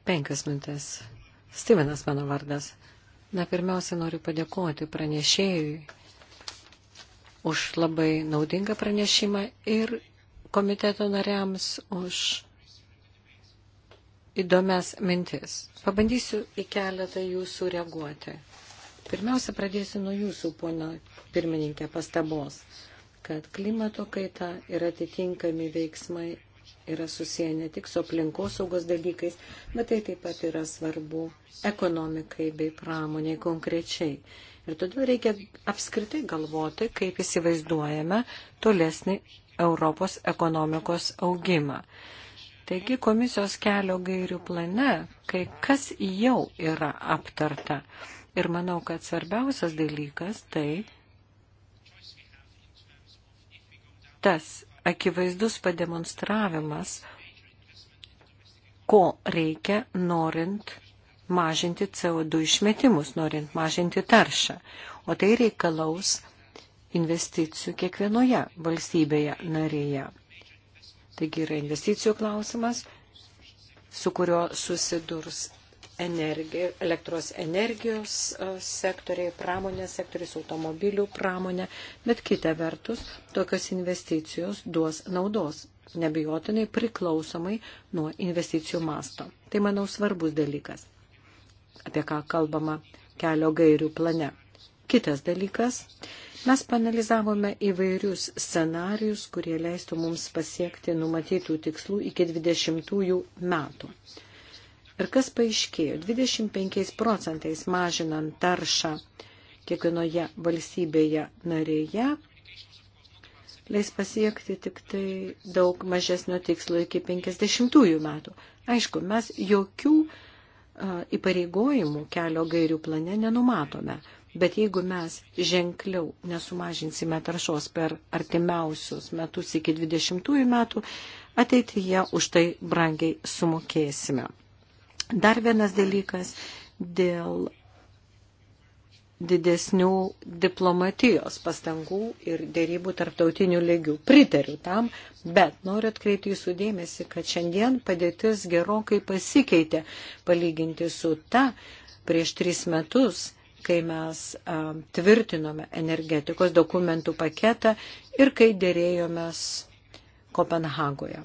Penkias minutės. Stevenas mano vardas. Na, pirmiausia, noriu padėkoti pranešėjui už labai naudingą pranešimą ir komiteto nariams už įdomias mintis. Pabandysiu į keletą jūsų reaguoti. Pirmiausia, pradėsiu nuo jūsų, pono pirmininkė, pastabos, kad klimato kaita ir atitinkami veiksmai yra susiję ne tik su aplinkosaugos dalykais, bet tai taip pat yra svarbu ekonomikai bei pramoniai konkrečiai. Ir todėl reikia apskritai galvoti, kaip įsivaizduojame tolesnį Europos ekonomikos augimą. Taigi komisijos kelio gairių plane, kai kas jau yra aptarta. Ir manau, kad svarbiausias dalykas tai tas akivaizdus pademonstravimas, ko reikia norint mažinti CO2 išmetimus, norint mažinti taršą. O tai reikalaus investicijų kiekvienoje valstybėje narėje. Taigi yra investicijų klausimas, su kurio susidurs energi, elektros energijos e, sektoriai, pramonės sektoriais, automobilių pramonė, bet kita vertus, tokios investicijos duos naudos, nebijotinai priklausomai nuo investicijų masto. Tai, manau, svarbus dalykas apie ką kalbama kelio gairių plane. Kitas dalykas, mes panalizavome įvairius scenarius, kurie leistų mums pasiekti numatytų tikslų iki 20 metų. Ir kas paaiškėjo, 25 procentais mažinant taršą kiekvienoje valstybėje narėje, leis pasiekti tik tai daug mažesnio tikslo iki 50 metų. Aišku, mes jokių įpareigojimų kelio gairių plane nenumatome. Bet jeigu mes ženkliau nesumažinsime taršos per artimiausius metus iki 20 metų, ateityje už tai brangiai sumokėsime. Dar vienas dalykas dėl didesnių diplomatijos pastangų ir dėrybų tarptautinių lygių. Pritariu tam, bet noriu atkreipti jūsų dėmesį, kad šiandien padėtis gerokai pasikeitė palyginti su ta prieš tris metus, kai mes a, tvirtinome energetikos dokumentų paketą ir kai dėrėjomės Kopenhagoje.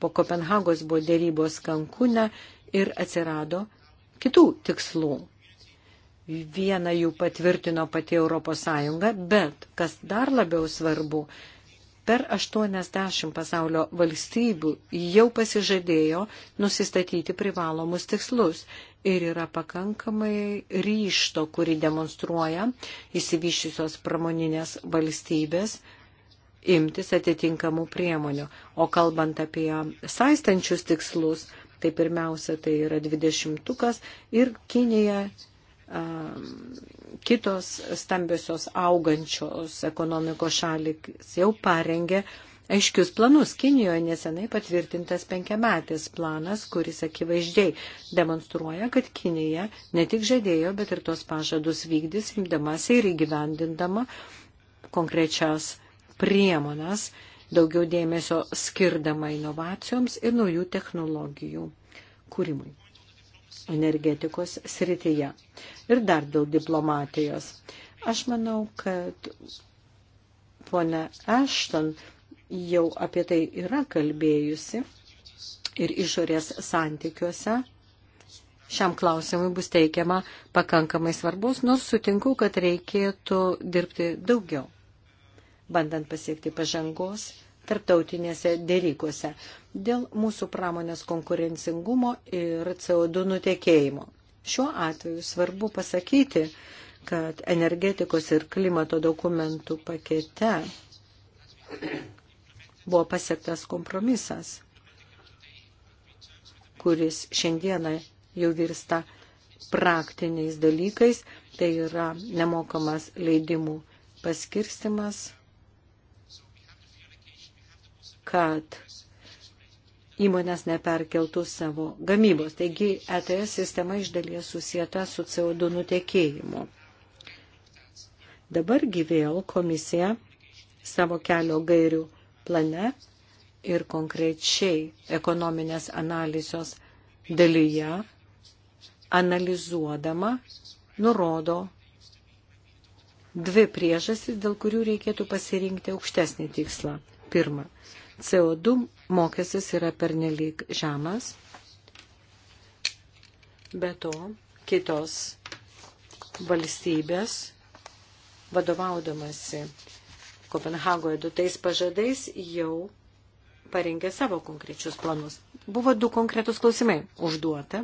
Po Kopenhagos buvo dėrybos Kankūne ir atsirado kitų tikslų Vieną jų patvirtino pati Europos Sąjunga, bet, kas dar labiau svarbu, per 80 pasaulio valstybių jau pasižadėjo nusistatyti privalomus tikslus ir yra pakankamai ryšto, kuri demonstruoja įsivyščiusios pramoninės valstybės imtis atitinkamų priemonių. O kalbant apie saistančius tikslus, tai pirmiausia tai yra dvidešimtukas ir Kinija kitos stambiosios augančios ekonomikos šalis jau parengė aiškius planus. Kinijoje nesenai patvirtintas penkiametis planas, kuris akivaizdžiai demonstruoja, kad Kinija ne tik žadėjo, bet ir tos pažadus vykdys, imdamasi ir įgyvendindama konkrečias priemonas, daugiau dėmesio skirdama inovacijoms ir naujų technologijų kūrimui energetikos srityje. Ir dar dėl diplomatijos. Aš manau, kad ponia Ashton jau apie tai yra kalbėjusi ir išorės santykiuose. Šiam klausimui bus teikiama pakankamai svarbus, nors sutinku, kad reikėtų dirbti daugiau, bandant pasiekti pažangos tarptautinėse dėrykose dėl mūsų pramonės konkurencingumo ir CO2 nutekėjimo. Šiuo atveju svarbu pasakyti, kad energetikos ir klimato dokumentų pakete buvo pasiektas kompromisas, kuris šiandieną jau virsta praktiniais dalykais, tai yra nemokamas leidimų paskirstimas kad įmonės neperkeltų savo gamybos. Taigi ETS sistema iš dalies susijęta su CO2 nutekėjimu. Dabargi vėl komisija savo kelio gairių plane ir konkrečiai ekonominės analizos dalyje analizuodama nurodo dvi priežastis, dėl kurių reikėtų pasirinkti aukštesnį tikslą. Pirma, CO2 mokestis yra pernelyg žemas. Be to, kitos valstybės, vadovaudamasi Kopenhagoje dutais pažadais, jau parengė savo konkrečius planus. Buvo du konkretus klausimai užduota.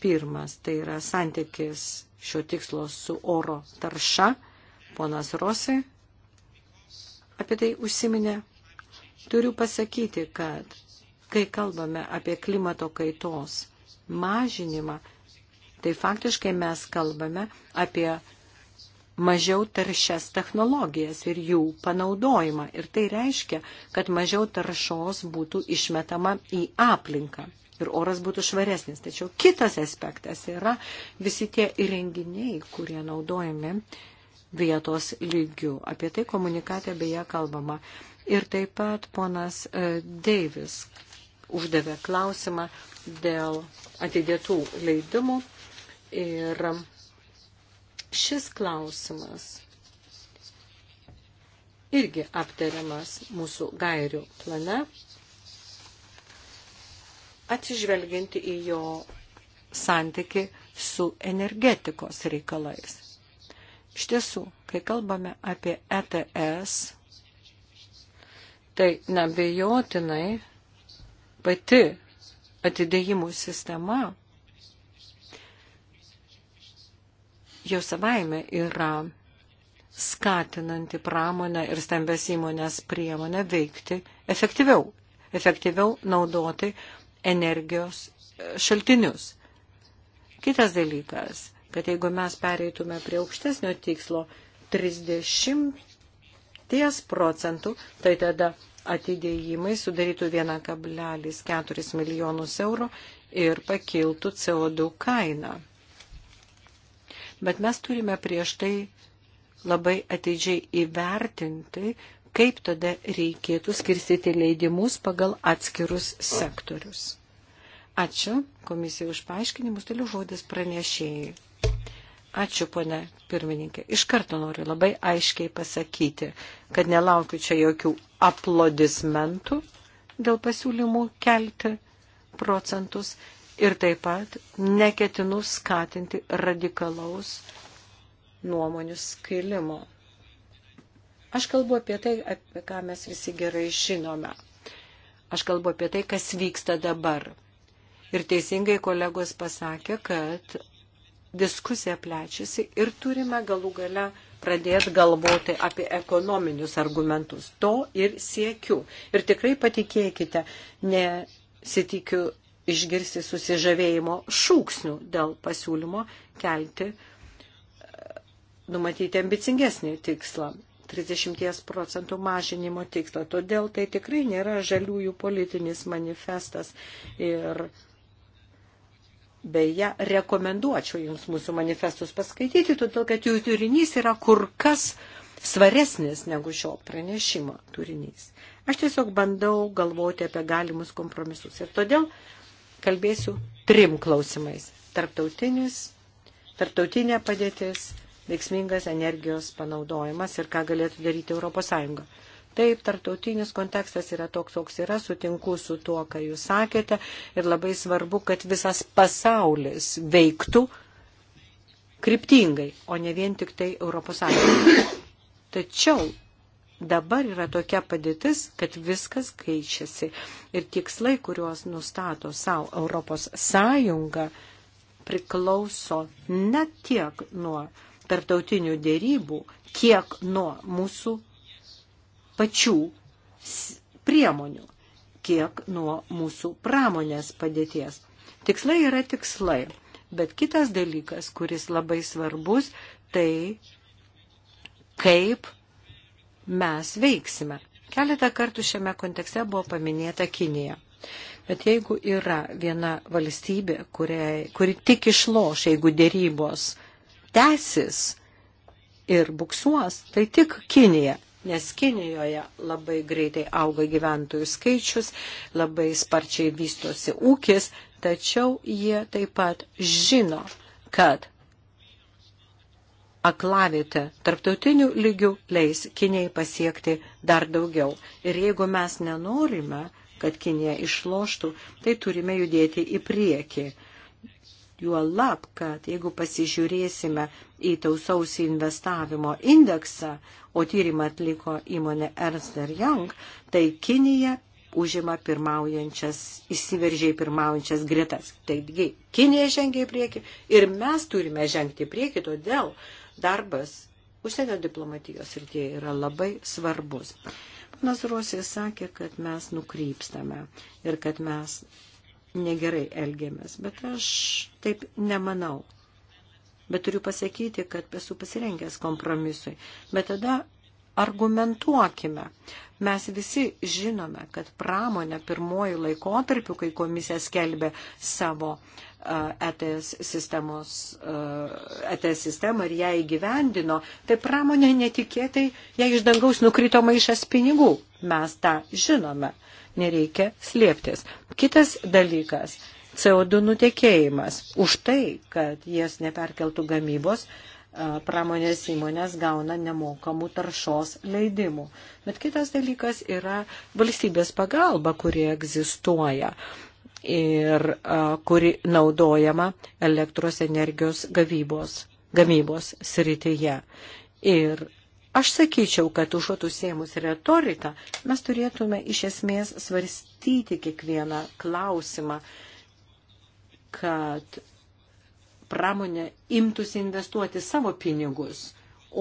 Pirmas tai yra santykis šio tikslo su oro tarša. Ponas Rosi apie tai užsiminė. Turiu pasakyti, kad kai kalbame apie klimato kaitos mažinimą, tai faktiškai mes kalbame apie mažiau taršias technologijas ir jų panaudojimą. Ir tai reiškia, kad mažiau taršos būtų išmetama į aplinką ir oras būtų švaresnis. Tačiau kitas aspektas yra visi tie įrenginiai, kurie naudojami vietos lygių. Apie tai komunikate beje kalbama. Ir taip pat ponas e, Deivis uždavė klausimą dėl atidėtų leidimų. Ir šis klausimas irgi aptariamas mūsų gairių plane, atsižvelginti į jo santyki su energetikos reikalais. Iš tiesų, kai kalbame apie ETS, Tai nebejotinai pati atidėjimų sistema jau savaime yra skatinanti pramonę ir stambės įmonės priemonę veikti efektyviau, efektyviau naudoti energijos e, šaltinius. Kitas dalykas, kad jeigu mes pereitume prie aukštesnio tikslo 30 procentų, tai tada atidėjimai sudarytų 1,4 milijonus eurų ir pakiltų CO2 kainą. Bet mes turime prieš tai labai ateidžiai įvertinti, kaip tada reikėtų skirstyti leidimus pagal atskirus sektorius. Ačiū komisijai už paaiškinimus, toliau žodis pranešėjai. Ačiū, ponė pirmininkė. Iš karto noriu labai aiškiai pasakyti, kad nelaukiu čia jokių aplodismentų dėl pasiūlymų kelti procentus ir taip pat neketinu skatinti radikalaus nuomonių skilimo. Aš kalbu apie tai, apie ką mes visi gerai žinome. Aš kalbu apie tai, kas vyksta dabar. Ir teisingai kolegos pasakė, kad diskusija plečiasi ir turime galų gale pradėti galvoti apie ekonominius argumentus. To ir siekiu. Ir tikrai patikėkite, nesitikiu išgirsti susižavėjimo šūksnių dėl pasiūlymo kelti, e, numatyti ambicingesnį tikslą. 30 procentų mažinimo tikslą. Todėl tai tikrai nėra žaliųjų politinis manifestas ir Beje, rekomenduočiau jums mūsų manifestus paskaityti, todėl kad jų turinys yra kur kas svaresnis negu šio pranešimo turinys. Aš tiesiog bandau galvoti apie galimus kompromisus. Ir todėl kalbėsiu trim klausimais. Tarptautinis, tarptautinė padėtis, veiksmingas energijos panaudojimas ir ką galėtų daryti ES. Taip, tartautinis kontekstas yra toks, koks yra, sutinku su tuo, ką jūs sakėte, ir labai svarbu, kad visas pasaulis veiktų kryptingai, o ne vien tik tai Europos Sąjunga. Tačiau dabar yra tokia padėtis, kad viskas keičiasi ir tikslai, kuriuos nustato savo Europos Sąjunga, priklauso ne tiek nuo tarptautinių dėrybų, kiek nuo mūsų pačių priemonių, kiek nuo mūsų pramonės padėties. Tikslai yra tikslai, bet kitas dalykas, kuris labai svarbus, tai kaip mes veiksime. Keletą kartų šiame kontekste buvo paminėta Kinija. Bet jeigu yra viena valstybė, kuriai, kuri tik išloš, jeigu dėrybos tesis ir buksuos, tai tik Kinija nes Kinijoje labai greitai auga gyventojų skaičius, labai sparčiai vystosi ūkis, tačiau jie taip pat žino, kad aklavite tarptautinių lygių leis Kinijai pasiekti dar daugiau. Ir jeigu mes nenorime, kad Kinija išloštų, tai turime judėti į priekį. Juolab, kad jeigu pasižiūrėsime į tausaus investavimo indeksą, o tyrimą atliko įmonė Ernst Young, tai Kinija užima pirmaujančias, įsiveržiai pirmaujančias gretas. Taigi, Kinija žengia į priekį ir mes turime žengti į priekį, todėl darbas užsienio diplomatijos srityje yra labai svarbus. Panas Rusija sakė, kad mes nukrypstame ir kad mes negerai elgėmės, bet aš taip nemanau. Bet turiu pasakyti, kad esu pasirengęs kompromisui. Bet tada argumentuokime. Mes visi žinome, kad pramonė pirmojų laikotarpių, kai komisija skelbė savo ETS, sistemos, ETS sistemą ir ją įgyvendino, tai pramonė netikėtai, jei iš dangaus nukrito maišas pinigų. Mes tą žinome nereikia slėptis. Kitas dalykas - CO2 nutekėjimas. Už tai, kad jas neperkeltų gamybos, pramonės įmonės gauna nemokamų taršos leidimų. Bet kitas dalykas yra valstybės pagalba, kurie egzistuoja ir a, kuri naudojama elektros energijos gavybos, gamybos srityje. Ir Aš sakyčiau, kad užuot užsiemus retoriką, mes turėtume iš esmės svarstyti kiekvieną klausimą, kad pramonė imtųsi investuoti savo pinigus,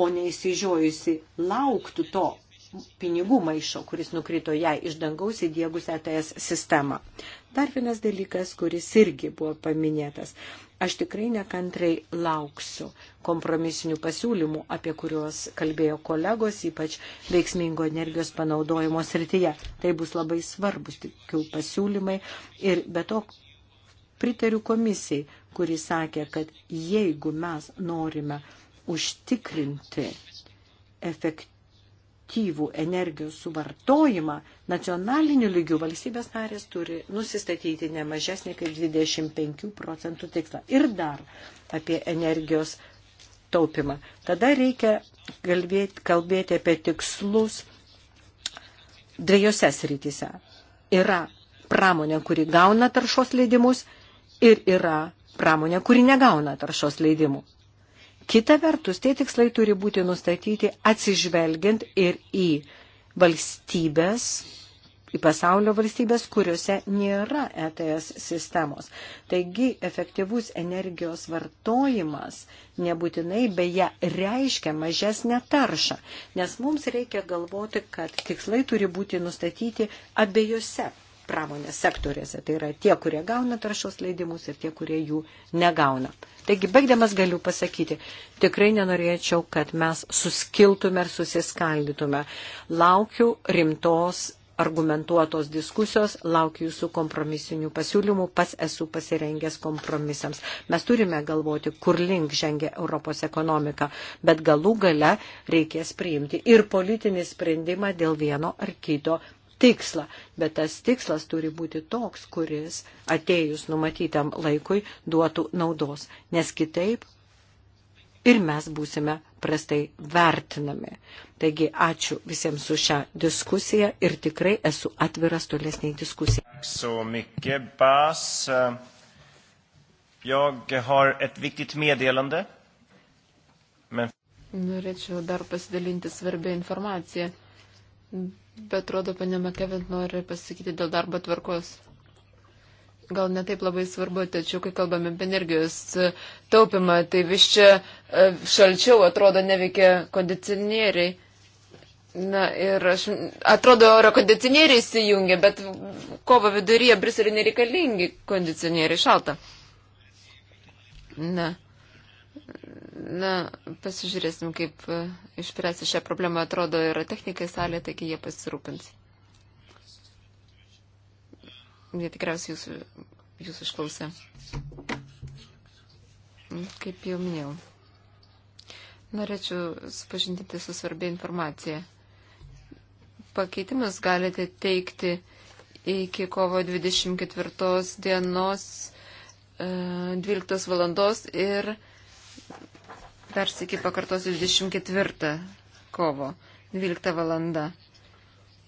o neįsižiojusi lauktų to pinigų maišo, kuris nukrito jai iš dangaus įdėgus ETS sistemą. Dar vienas dalykas, kuris irgi buvo paminėtas. Aš tikrai nekantrai lauksiu kompromisinių pasiūlymų, apie kuriuos kalbėjo kolegos, ypač veiksmingo energijos panaudojimo srityje. Tai bus labai svarbus tikiu pasiūlymai ir be to pritariu komisijai, kuri sakė, kad jeigu mes norime užtikrinti efektyvų efektyvų energijos suvartojimą nacionaliniu lygiu valstybės narės turi nusistatyti ne mažesnį kaip 25 procentų tikslą. Ir dar apie energijos taupimą. Tada reikia kalbėti, kalbėti apie tikslus dviejose srityse. Yra pramonė, kuri gauna taršos leidimus ir yra pramonė, kuri negauna taršos leidimų. Kita vertus, tie tikslai turi būti nustatyti atsižvelgiant ir į valstybės, į pasaulio valstybės, kuriuose nėra ETS sistemos. Taigi, efektyvus energijos vartojimas nebūtinai beje reiškia mažesnę taršą, nes mums reikia galvoti, kad tikslai turi būti nustatyti abiejose pramonės sektoriuose. Tai yra tie, kurie gauna taršos leidimus ir tie, kurie jų negauna. Taigi, baigdamas galiu pasakyti, tikrai nenorėčiau, kad mes suskiltume ir susiskaldytume. Laukiu rimtos argumentuotos diskusijos, laukiu jūsų kompromisinių pasiūlymų, pas esu pasirengęs kompromisams. Mes turime galvoti, kur link žengia Europos ekonomika, bet galų gale reikės priimti ir politinį sprendimą dėl vieno ar kito tikslą, bet tas tikslas turi būti toks, kuris atėjus numatytam laikui duotų naudos, nes kitaip ir mes būsime prastai vertinami. Taigi ačiū visiems su šią diskusiją ir tikrai esu atviras tolesniai diskusijai. So, Jag har ett viktigt meddelande. Men... Norėčiau dar pasidalinti svarbią informaciją. Bet atrodo, panė Makevint nori pasakyti dėl darbo tvarkos. Gal netaip labai svarbu, tačiau kai kalbame apie energijos taupimą, tai vis čia e, šalčiau atrodo neveikia kondicionieriai. Na ir aš, atrodo, oro kondicionieriai įsijungia, bet kovo viduryje Briselį nereikalingi kondicionieriai šalta. Na. Na, pasižiūrėsim, kaip e, išspręsti šią problemą. Atrodo, yra technikai salė, taigi jie pasirūpins. Jie tikriausiai jūsų, jūsų išklausė. Nu, kaip jau minėjau. Norėčiau supažinti su svarbia informacija. Pakeitimus galite teikti iki kovo 24 dienos 12 e, valandos ir Dar sėki pakartosiu 24 kovo 12 valanda.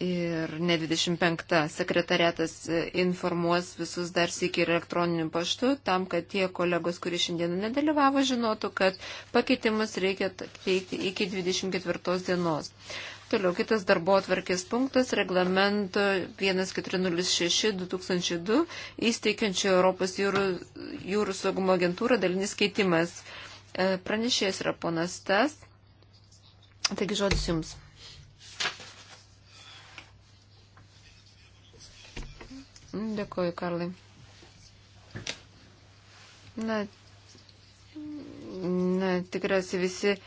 Ir ne 25. Sekretariatas informuos visus dar sėki ir elektroniniu paštu, tam, kad tie kolegos, kurie šiandien nedalyvavo, žinotų, kad pakeitimus reikia teikti iki 24 dienos. Toliau kitas darbo atvarkės punktas - reglamento 1406-2002 įsteikiančio Europos jūrų, jūrų saugumo agentūrą dalinis keitimas. E, pranešėjas yra ponas Tas. Taigi žodis jums. Dėkuoju, Karlai. Na, na tikriausiai visi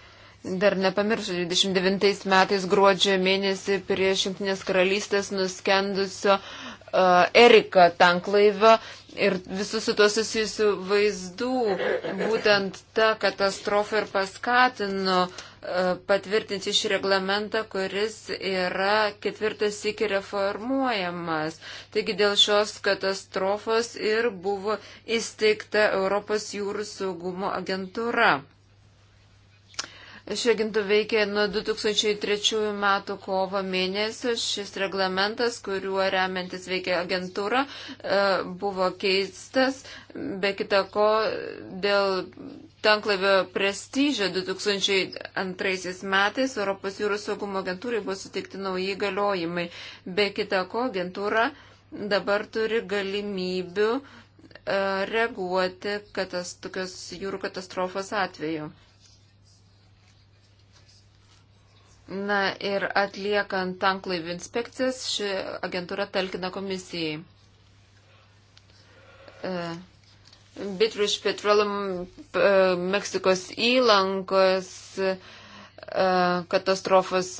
Dar nepamiršau, 29 metais gruodžio mėnesį prieš Junktinės karalystės nuskendusio uh, e, Erika tanklaivio ir visų su to susijusių vaizdų. Būtent ta katastrofa ir paskatino uh, patvirtinti šį reglamentą, kuris yra ketvirtas iki reformuojamas. Taigi dėl šios katastrofos ir buvo įsteigta Europos jūrų saugumo agentūra. Šio gintų veikia nuo 2003 metų kovo mėnesio. Šis reglamentas, kuriuo remiantis veikia agentūra, e, buvo keistas, be kita ko, dėl tanklaivio prestižio 2002 metais Europos jūrų saugumo agentūrai buvo suteikti nauji galiojimai. Be kita ko, agentūra dabar turi galimybių e, reaguoti katas, tokios jūrų katastrofos atveju. Na ir atliekant tanklaivių inspekcijas, ši agentūra talkina komisijai. Uh, e, Bitrish Petroleum uh, Meksikos įlankos uh, katastrofos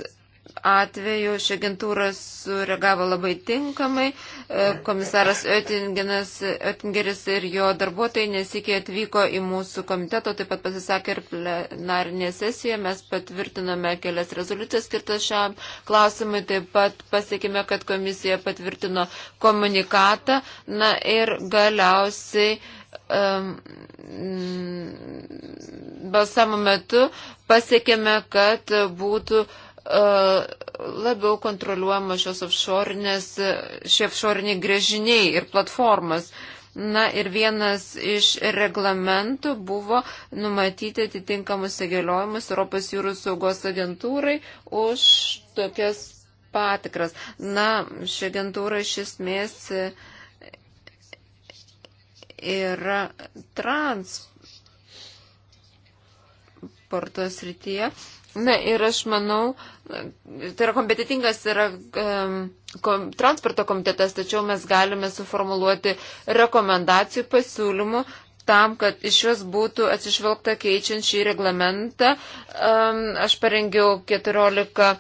atveju ši agentūra sureagavo labai tinkamai. E, komisaras Oettingeris ir jo darbuotojai nesikiai atvyko į mūsų komiteto, taip pat pasisakė ir plenarinė sesija. Mes patvirtinome kelias rezoliucijas skirtas šiam klausimui, taip pat pasiekime, kad komisija patvirtino komunikatą. Na ir galiausiai balsamo metu pasiekėme, kad būtų E, labiau kontroliuojama šios offshore'inės, šie offshore'iniai grėžiniai ir platformas. Na ir vienas iš reglamentų buvo numatyti atitinkamus įgaliojimus Europos jūrų saugos agentūrai už tokias patikras. Na, ši agentūra iš esmės yra transporto srityje. Na ir aš manau, tai yra kompetitingas tai yra um, kom, transporto komitetas, tačiau mes galime suformuluoti rekomendacijų pasiūlymų tam, kad iš juos būtų atsižvelgta keičiant šį reglamentą. Um, aš parengiau 14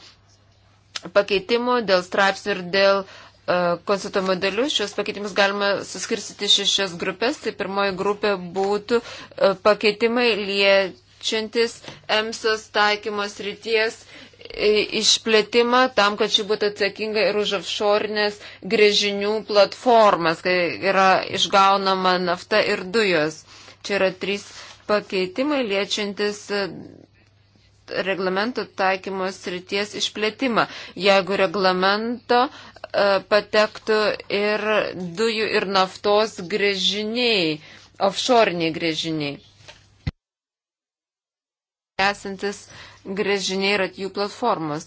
pakeitimų dėl straipsnių ir dėl uh, konsulto modelių. Šios pakeitimus galima suskirstyti šešias grupės. Tai pirmoji grupė būtų uh, pakeitimai liečiantis EMSOS taikymos ryties uh, išplėtimą tam, kad ši būtų atsakinga ir už offshore'nės grėžinių platformas, kai yra išgaunama nafta ir dujos. Čia yra trys pakeitimai liečiantis e, reglamento taikymos ryties išplėtimą. Jeigu reglamento e, patektų ir dujų ir naftos grėžiniai, offshore'niai grėžiniai. Esantis uh, grėžiniai ir jų platformos.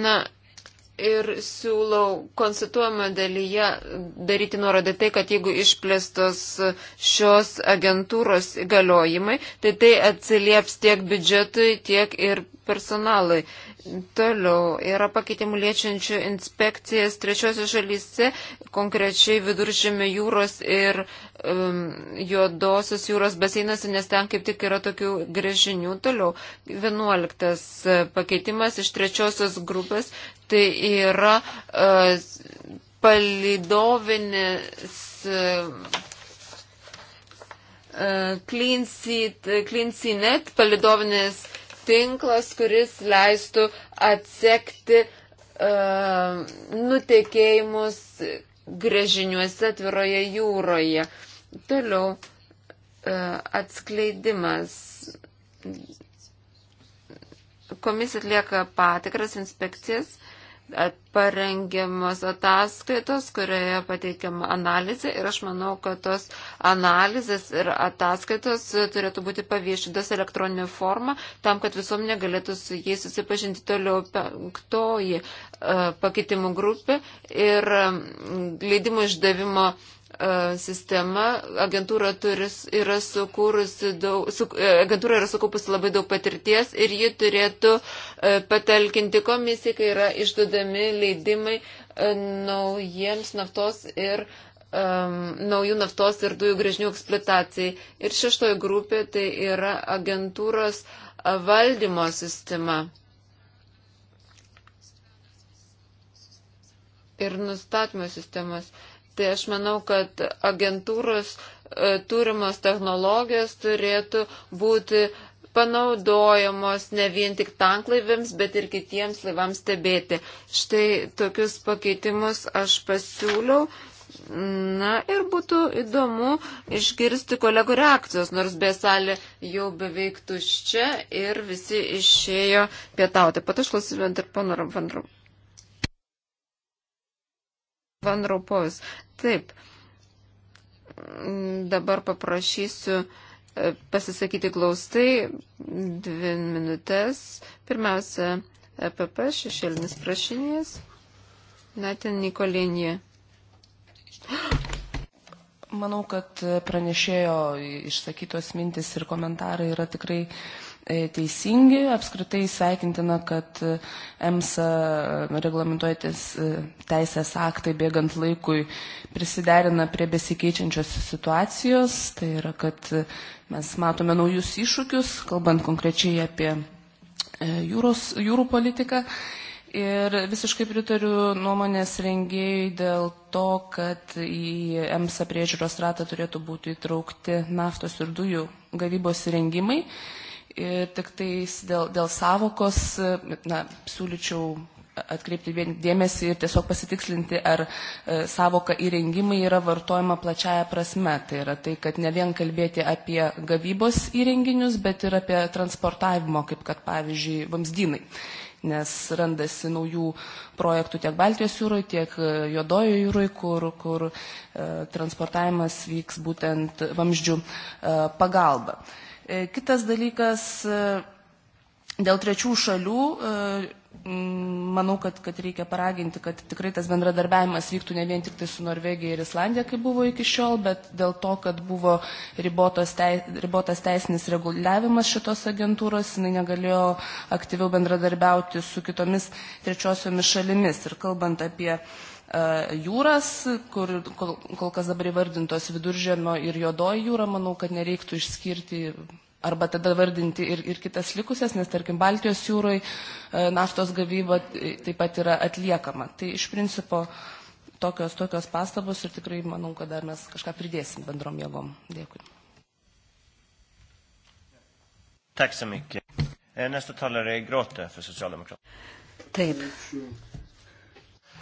Na, ir siūlau konstatuojamą dalyje daryti nuorodą tai, kad jeigu išplėstos šios agentūros įgaliojimai, tai tai atsilieps tiek biudžetui, tiek ir personalui. Toliau yra pakeitimų liečiančių inspekcijas trečiosios šalyse, konkrečiai viduržėmio jūros ir um, juodosios jūros baseinose, nes ten kaip tik yra tokių grėžinių. Toliau, vienuoliktas uh, pakeitimas iš trečiosios grupės, tai yra e, palidovinis e, CleanSeaNet palidovinis tinklas, kuris leistų atsekti uh, nutekėjimus grėžiniuose atviroje jūroje. Toliau uh, atskleidimas. Komisija atlieka patikras inspekcijas. Uh, parengiamos ataskaitos, kurioje pateikiama analizė ir aš manau, kad tos analizės ir ataskaitos turėtų būti paviešintos elektroninė forma, tam, kad visuomenė galėtų su jais susipažinti toliau penktoji e, pakeitimų grupė ir leidimo išdavimo E, sistema. Agentūra, turis, yra daug, su, e, agentūra yra sukūpusi labai daug patirties ir ji turėtų e, patalkinti komisijai, kai yra išduodami leidimai naujiems naftos ir um, naujų naftos ir dujų grėžinių eksploatacijai. Ir šeštoji grupė tai yra agentūros valdymo sistema. Ir nustatymo sistemas. Uh, Tai aš manau, kad agentūros e, turimos technologijos turėtų būti panaudojamos ne vien tik tanklaivėms, bet ir kitiems laivams stebėti. Štai tokius pakeitimus aš pasiūliau. Na ir būtų įdomu išgirsti kolegų reakcijos, nors besalė jau beveik tuščia ir visi išėjo pietauti. Pat išklausysime ir panoram vandrum. Van Raupojus. Taip, dabar paprašysiu e, pasisakyti glaustai dvi minutės. Pirmiausia, EPP šešėlinis prašinys. Natin Nikolinė. Manau, kad pranešėjo išsakytos mintis ir komentarai yra tikrai uh, E, teisingi. Apskritai sveikintina, kad e, EMSA e, reglamentuojantis teisės aktai bėgant laikui prisiderina prie besikeičiančios situacijos. Tai yra, kad mes matome naujus iššūkius, kalbant konkrečiai apie jūros, jūrų politiką. Ir visiškai pritariu nuomonės rengėjai dėl to, kad į EMSA priežiūros ratą turėtų būti įtraukti naftos ir dujų gavybos įrengimai. Ir tik tais dėl, dėl savokos, na, siūlyčiau atkreipti dėmesį ir tiesiog pasitikslinti, ar e, savoka įrengimai yra vartojama plačiaja prasme. Tai yra tai, kad ne vien kalbėti apie gavybos įrenginius, bet ir apie transportavimo, kaip kad pavyzdžiui vamzdynai. Nes randasi naujų projektų tiek Baltijos jūroje, tiek e, Jodojo jūroje, kur, kur e, transportavimas vyks būtent vamzdžių e, pagalba. E, E, kitas dalykas, e, dėl trečių šalių, e, manau, kad, kad reikia paraginti, kad tikrai tas bendradarbiavimas vyktų ne vien tik tai su Norvegija ir Islandija, kaip buvo iki šiol, bet dėl to, kad buvo ribotos teis, ribotas teisinis reguliavimas šitos agentūros, jinai negalėjo aktyviau bendradarbiauti su kitomis trečiosiomis šalimis. Ir kalbant apie uh, E, jūras, kur kol, kol kas dabar įvardintos viduržėmio ir jodoji jūra, manau, kad nereiktų išskirti arba tada vardinti ir, ir kitas likusias, nes tarkim Baltijos jūroje naftos gavyba taip pat yra atliekama. Tai iš principo tokios, tokios pastabos ir tikrai manau, kad dar mes kažką pridėsim bendrom jėgom. Dėkui. Tack så mycket. Eh, nästa talare är Grote för Socialdemokraterna. Taip.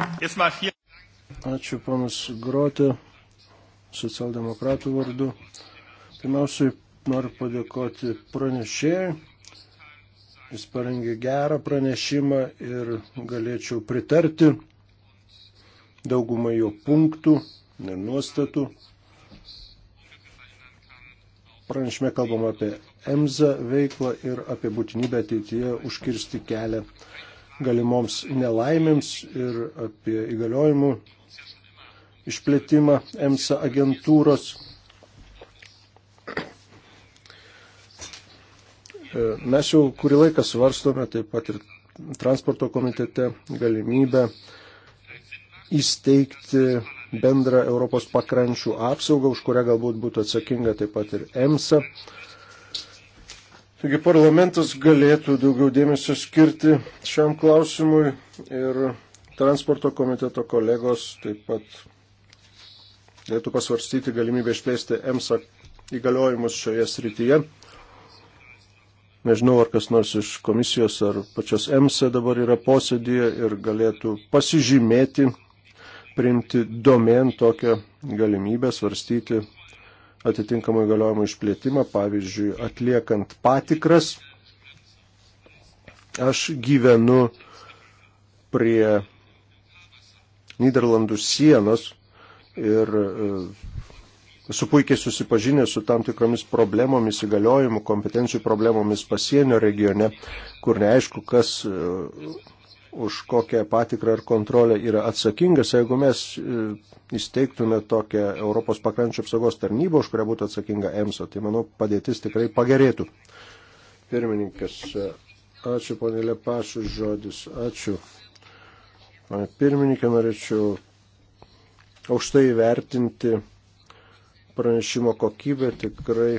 Ačiū panas Grotė, socialdemokratų vardu. Pirmiausiai noriu padėkoti pranešėjai. Jis parengė gerą pranešimą ir galėčiau pritarti daugumą jo punktų ir nuostatų. Pranešime kalbam apie EMZA veiklą ir apie būtinybę ateityje užkirsti kelią galimoms nelaimėms ir apie įgaliojimų išplėtimą EMSA agentūros. E, mes jau kurį laiką svarstome taip pat ir transporto komitete galimybę įsteigti bendrą Europos pakrančių apsaugą, už kurią galbūt būtų atsakinga taip pat ir EMSA. Taigi parlamentas galėtų daugiau dėmesio skirti šiam klausimui ir transporto komiteto kolegos taip pat galėtų pasvarstyti galimybę išplėsti EMSA įgaliojimus šioje srityje. Nežinau, ar kas nors iš komisijos ar pačios EMSA dabar yra posėdėje ir galėtų pasižymėti, priimti domen tokią galimybę svarstyti atitinkamą įgaliojimą išplėtimą, pavyzdžiui, atliekant patikras. Aš gyvenu prie Niderlandų sienos ir e, esu puikiai susipažinęs su tam tikromis problemomis, įgaliojimų, kompetencijų problemomis pasienio regione, kur neaišku, kas e, už kokią patikrą ir kontrolę yra atsakingas. Jeigu mes e, įsteigtume tokią Europos pakrančio apsaugos tarnybą, už kurią būtų atsakinga EMSA, tai manau padėtis tikrai pagerėtų. Pirmininkas, e, ačiū ponė Lepašų žodis, ačiū. Pane pirmininkė, norėčiau aukštai įvertinti pranešimo kokybę, tikrai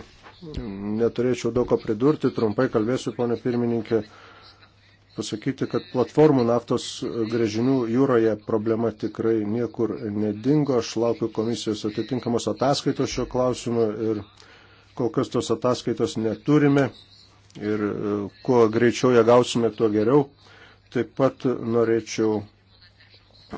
neturėčiau daug ko pridurti, trumpai kalbėsiu, ponė pirmininkė pasakyti, kad platformų naftos grėžinių jūroje problema tikrai niekur nedingo. Aš laukiu komisijos atitinkamos ataskaitos šio klausimu ir kol kas tos ataskaitos neturime ir e, kuo greičiau ją gausime, tuo geriau. Taip pat norėčiau,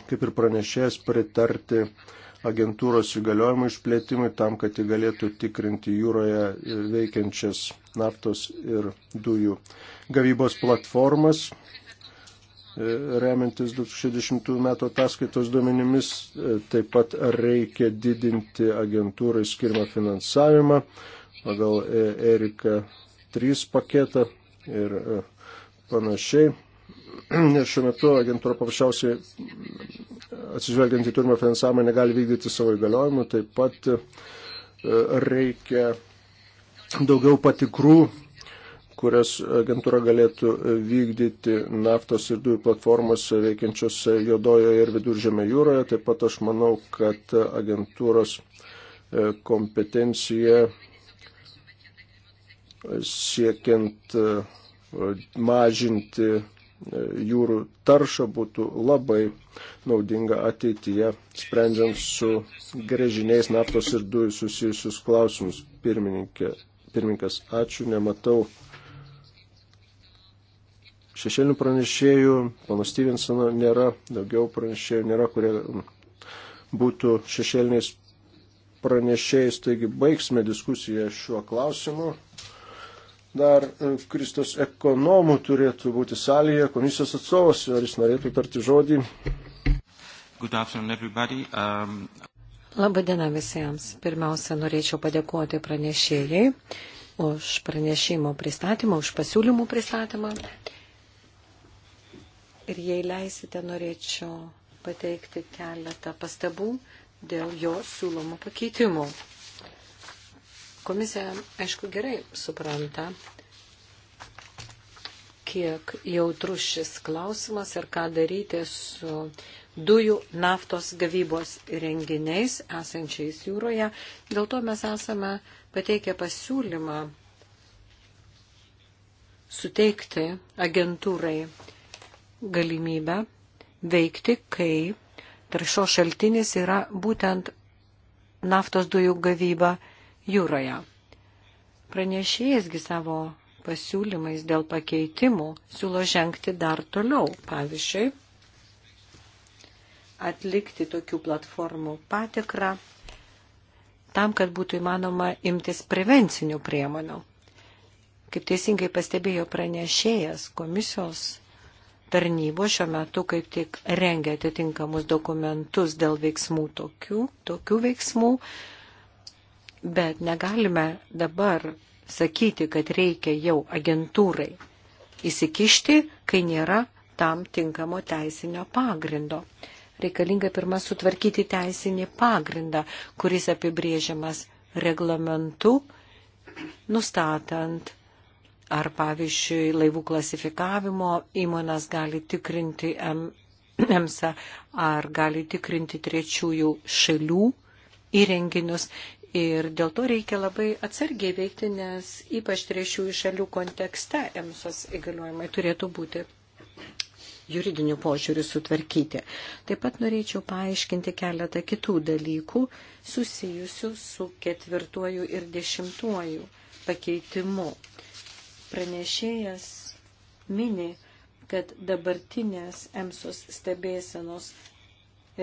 kaip ir pranešėjas, pritarti uh, agentūros įgaliojimų išplėtimui tam, kad ji galėtų tikrinti jūroje veikiančias naftos ir dujų gavybos platformas. E, remiantis 2010 metų ataskaitos duomenimis, e, taip pat reikia didinti agentūrai skirimą finansavimą pagal e, Erika 3 paketą ir panašiai nes šiuo metu agentūra paprasčiausiai atsižvelgiant į turimą finansavimą negali vykdyti savo įgaliojimų, taip pat e, reikia daugiau patikrų, kurias agentūra galėtų vykdyti naftos ir dujų platformose veikiančiose Jodojoje ir Viduržėme jūroje. Taip pat aš manau, kad agentūros e, kompetencija e, siekiant mažinti E, jūrų taršą būtų labai naudinga ateityje, sprendžiant su grėžiniais naftos ir dujų susijusius klausimus. Pirmininkė, pirmininkas, ačiū, nematau. Šešėlinių pranešėjų, pano Stevensono nėra, daugiau pranešėjų nėra, kurie būtų šešėliniais pranešėjais, taigi baigsime diskusiją šiuo klausimu dar e, Kristos ekonomų turėtų būti salėje, komisijos atstovas, ar jis norėtų tarti žodį. Um... Labadiena visiems. Pirmiausia, norėčiau padėkoti pranešėjai už pranešimo pristatymą, už pasiūlymų pristatymą. Ir jei leisite, norėčiau pateikti keletą pastabų dėl jo siūlomų pakeitimų. Komisija, aišku, gerai supranta, kiek jautrus šis klausimas ir ką daryti su dujų naftos gavybos renginiais esančiais jūroje. Dėl to mes esame pateikę pasiūlymą suteikti agentūrai galimybę veikti, kai taršo šaltinis yra būtent naftos dujų gavyba jūroje. Pranešėjasgi savo pasiūlymais dėl pakeitimų siūlo žengti dar toliau. Pavyzdžiui, atlikti tokių platformų patikrą tam, kad būtų įmanoma imtis prevencinių priemonių. Kaip teisingai pastebėjo pranešėjas, komisijos tarnybo šiuo metu kaip tik rengia atitinkamus dokumentus dėl veiksmų tokių, tokių veiksmų, Bet negalime dabar sakyti, kad reikia jau agentūrai įsikišti, kai nėra tam tinkamo teisinio pagrindo. Reikalinga pirmą sutvarkyti teisinį pagrindą, kuris apibrėžiamas reglamentu, nustatant, ar pavyzdžiui laivų klasifikavimo įmonas gali tikrinti EMSA, ar gali tikrinti trečiųjų šalių įrenginius Ir dėl to reikia labai atsargiai veikti, nes ypač trečiųjų šalių kontekste EMSOS įgaliojimai turėtų būti juridinių požiūrių sutvarkyti. Taip pat norėčiau paaiškinti keletą kitų dalykų susijusių su ketvirtuoju ir dešimtuoju pakeitimu. Pranešėjas mini, kad dabartinės EMSOS stebėsenos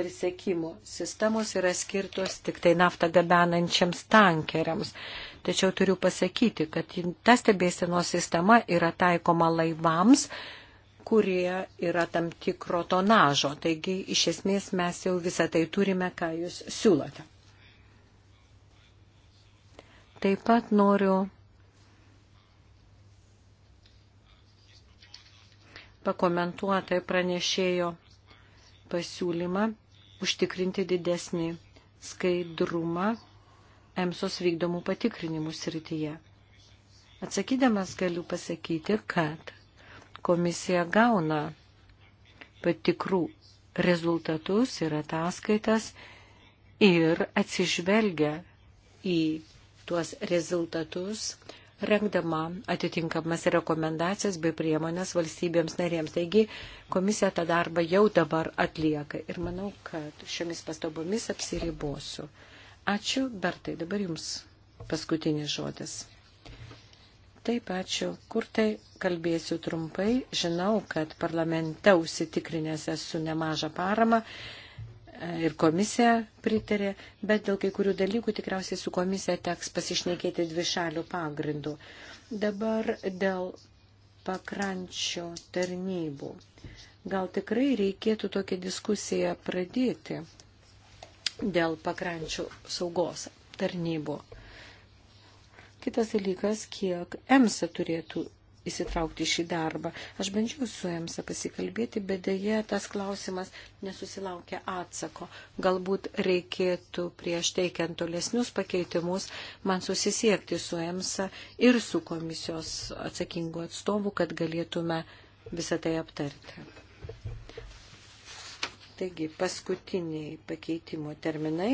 ir sekimo sistemos yra skirtos tik tai naftą gabenančiams tankeriams. Tačiau turiu pasakyti, kad ta stebėsienos sistema yra taikoma laivams, kurie yra tam tikro tonažo. Taigi, iš esmės, mes jau visą tai turime, ką jūs siūlote. Taip pat noriu pakomentuoti pranešėjo pasiūlymą užtikrinti didesnį skaidrumą EMSOS vykdomų patikrinimų srityje. Atsakydamas galiu pasakyti, kad komisija gauna patikrų rezultatus ir ataskaitas ir atsižvelgia į tuos rezultatus rengdama atitinkamas rekomendacijas bei priemonės valstybėms narėms. Taigi komisija tą darbą jau dabar atlieka ir manau, kad šiomis pastabomis apsiribosiu. Ačiū, Bertai, dabar jums paskutinis žodis. Taip, ačiū. Kur tai kalbėsiu trumpai. Žinau, kad parlamente užsitikrinęs esu nemažą paramą ir komisija pritarė, bet dėl kai kurių dalykų tikriausiai su komisija teks pasišnekėti dvi šalių pagrindų. Dabar dėl pakrančio tarnybų. Gal tikrai reikėtų tokią diskusiją pradėti dėl pakrančių saugos tarnybų. Kitas dalykas, kiek EMSA turėtų įsitraukti šį darbą. Aš bandžiau su jiems pasikalbėti, bet dėje tas klausimas nesusilaukė atsako. Galbūt reikėtų prieš teikiant tolesnius pakeitimus man susisiekti su jiems ir su komisijos atsakingų atstovų, kad galėtume visą tai aptarti. Taigi, paskutiniai pakeitimo terminai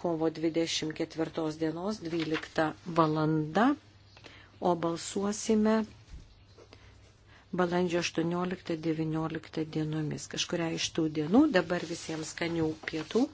kovo 24 dienos 12 valanda, o balsuosime balandžio 18-19 dienomis. Kažkuria iš tų dienų dabar visiems skanių pietų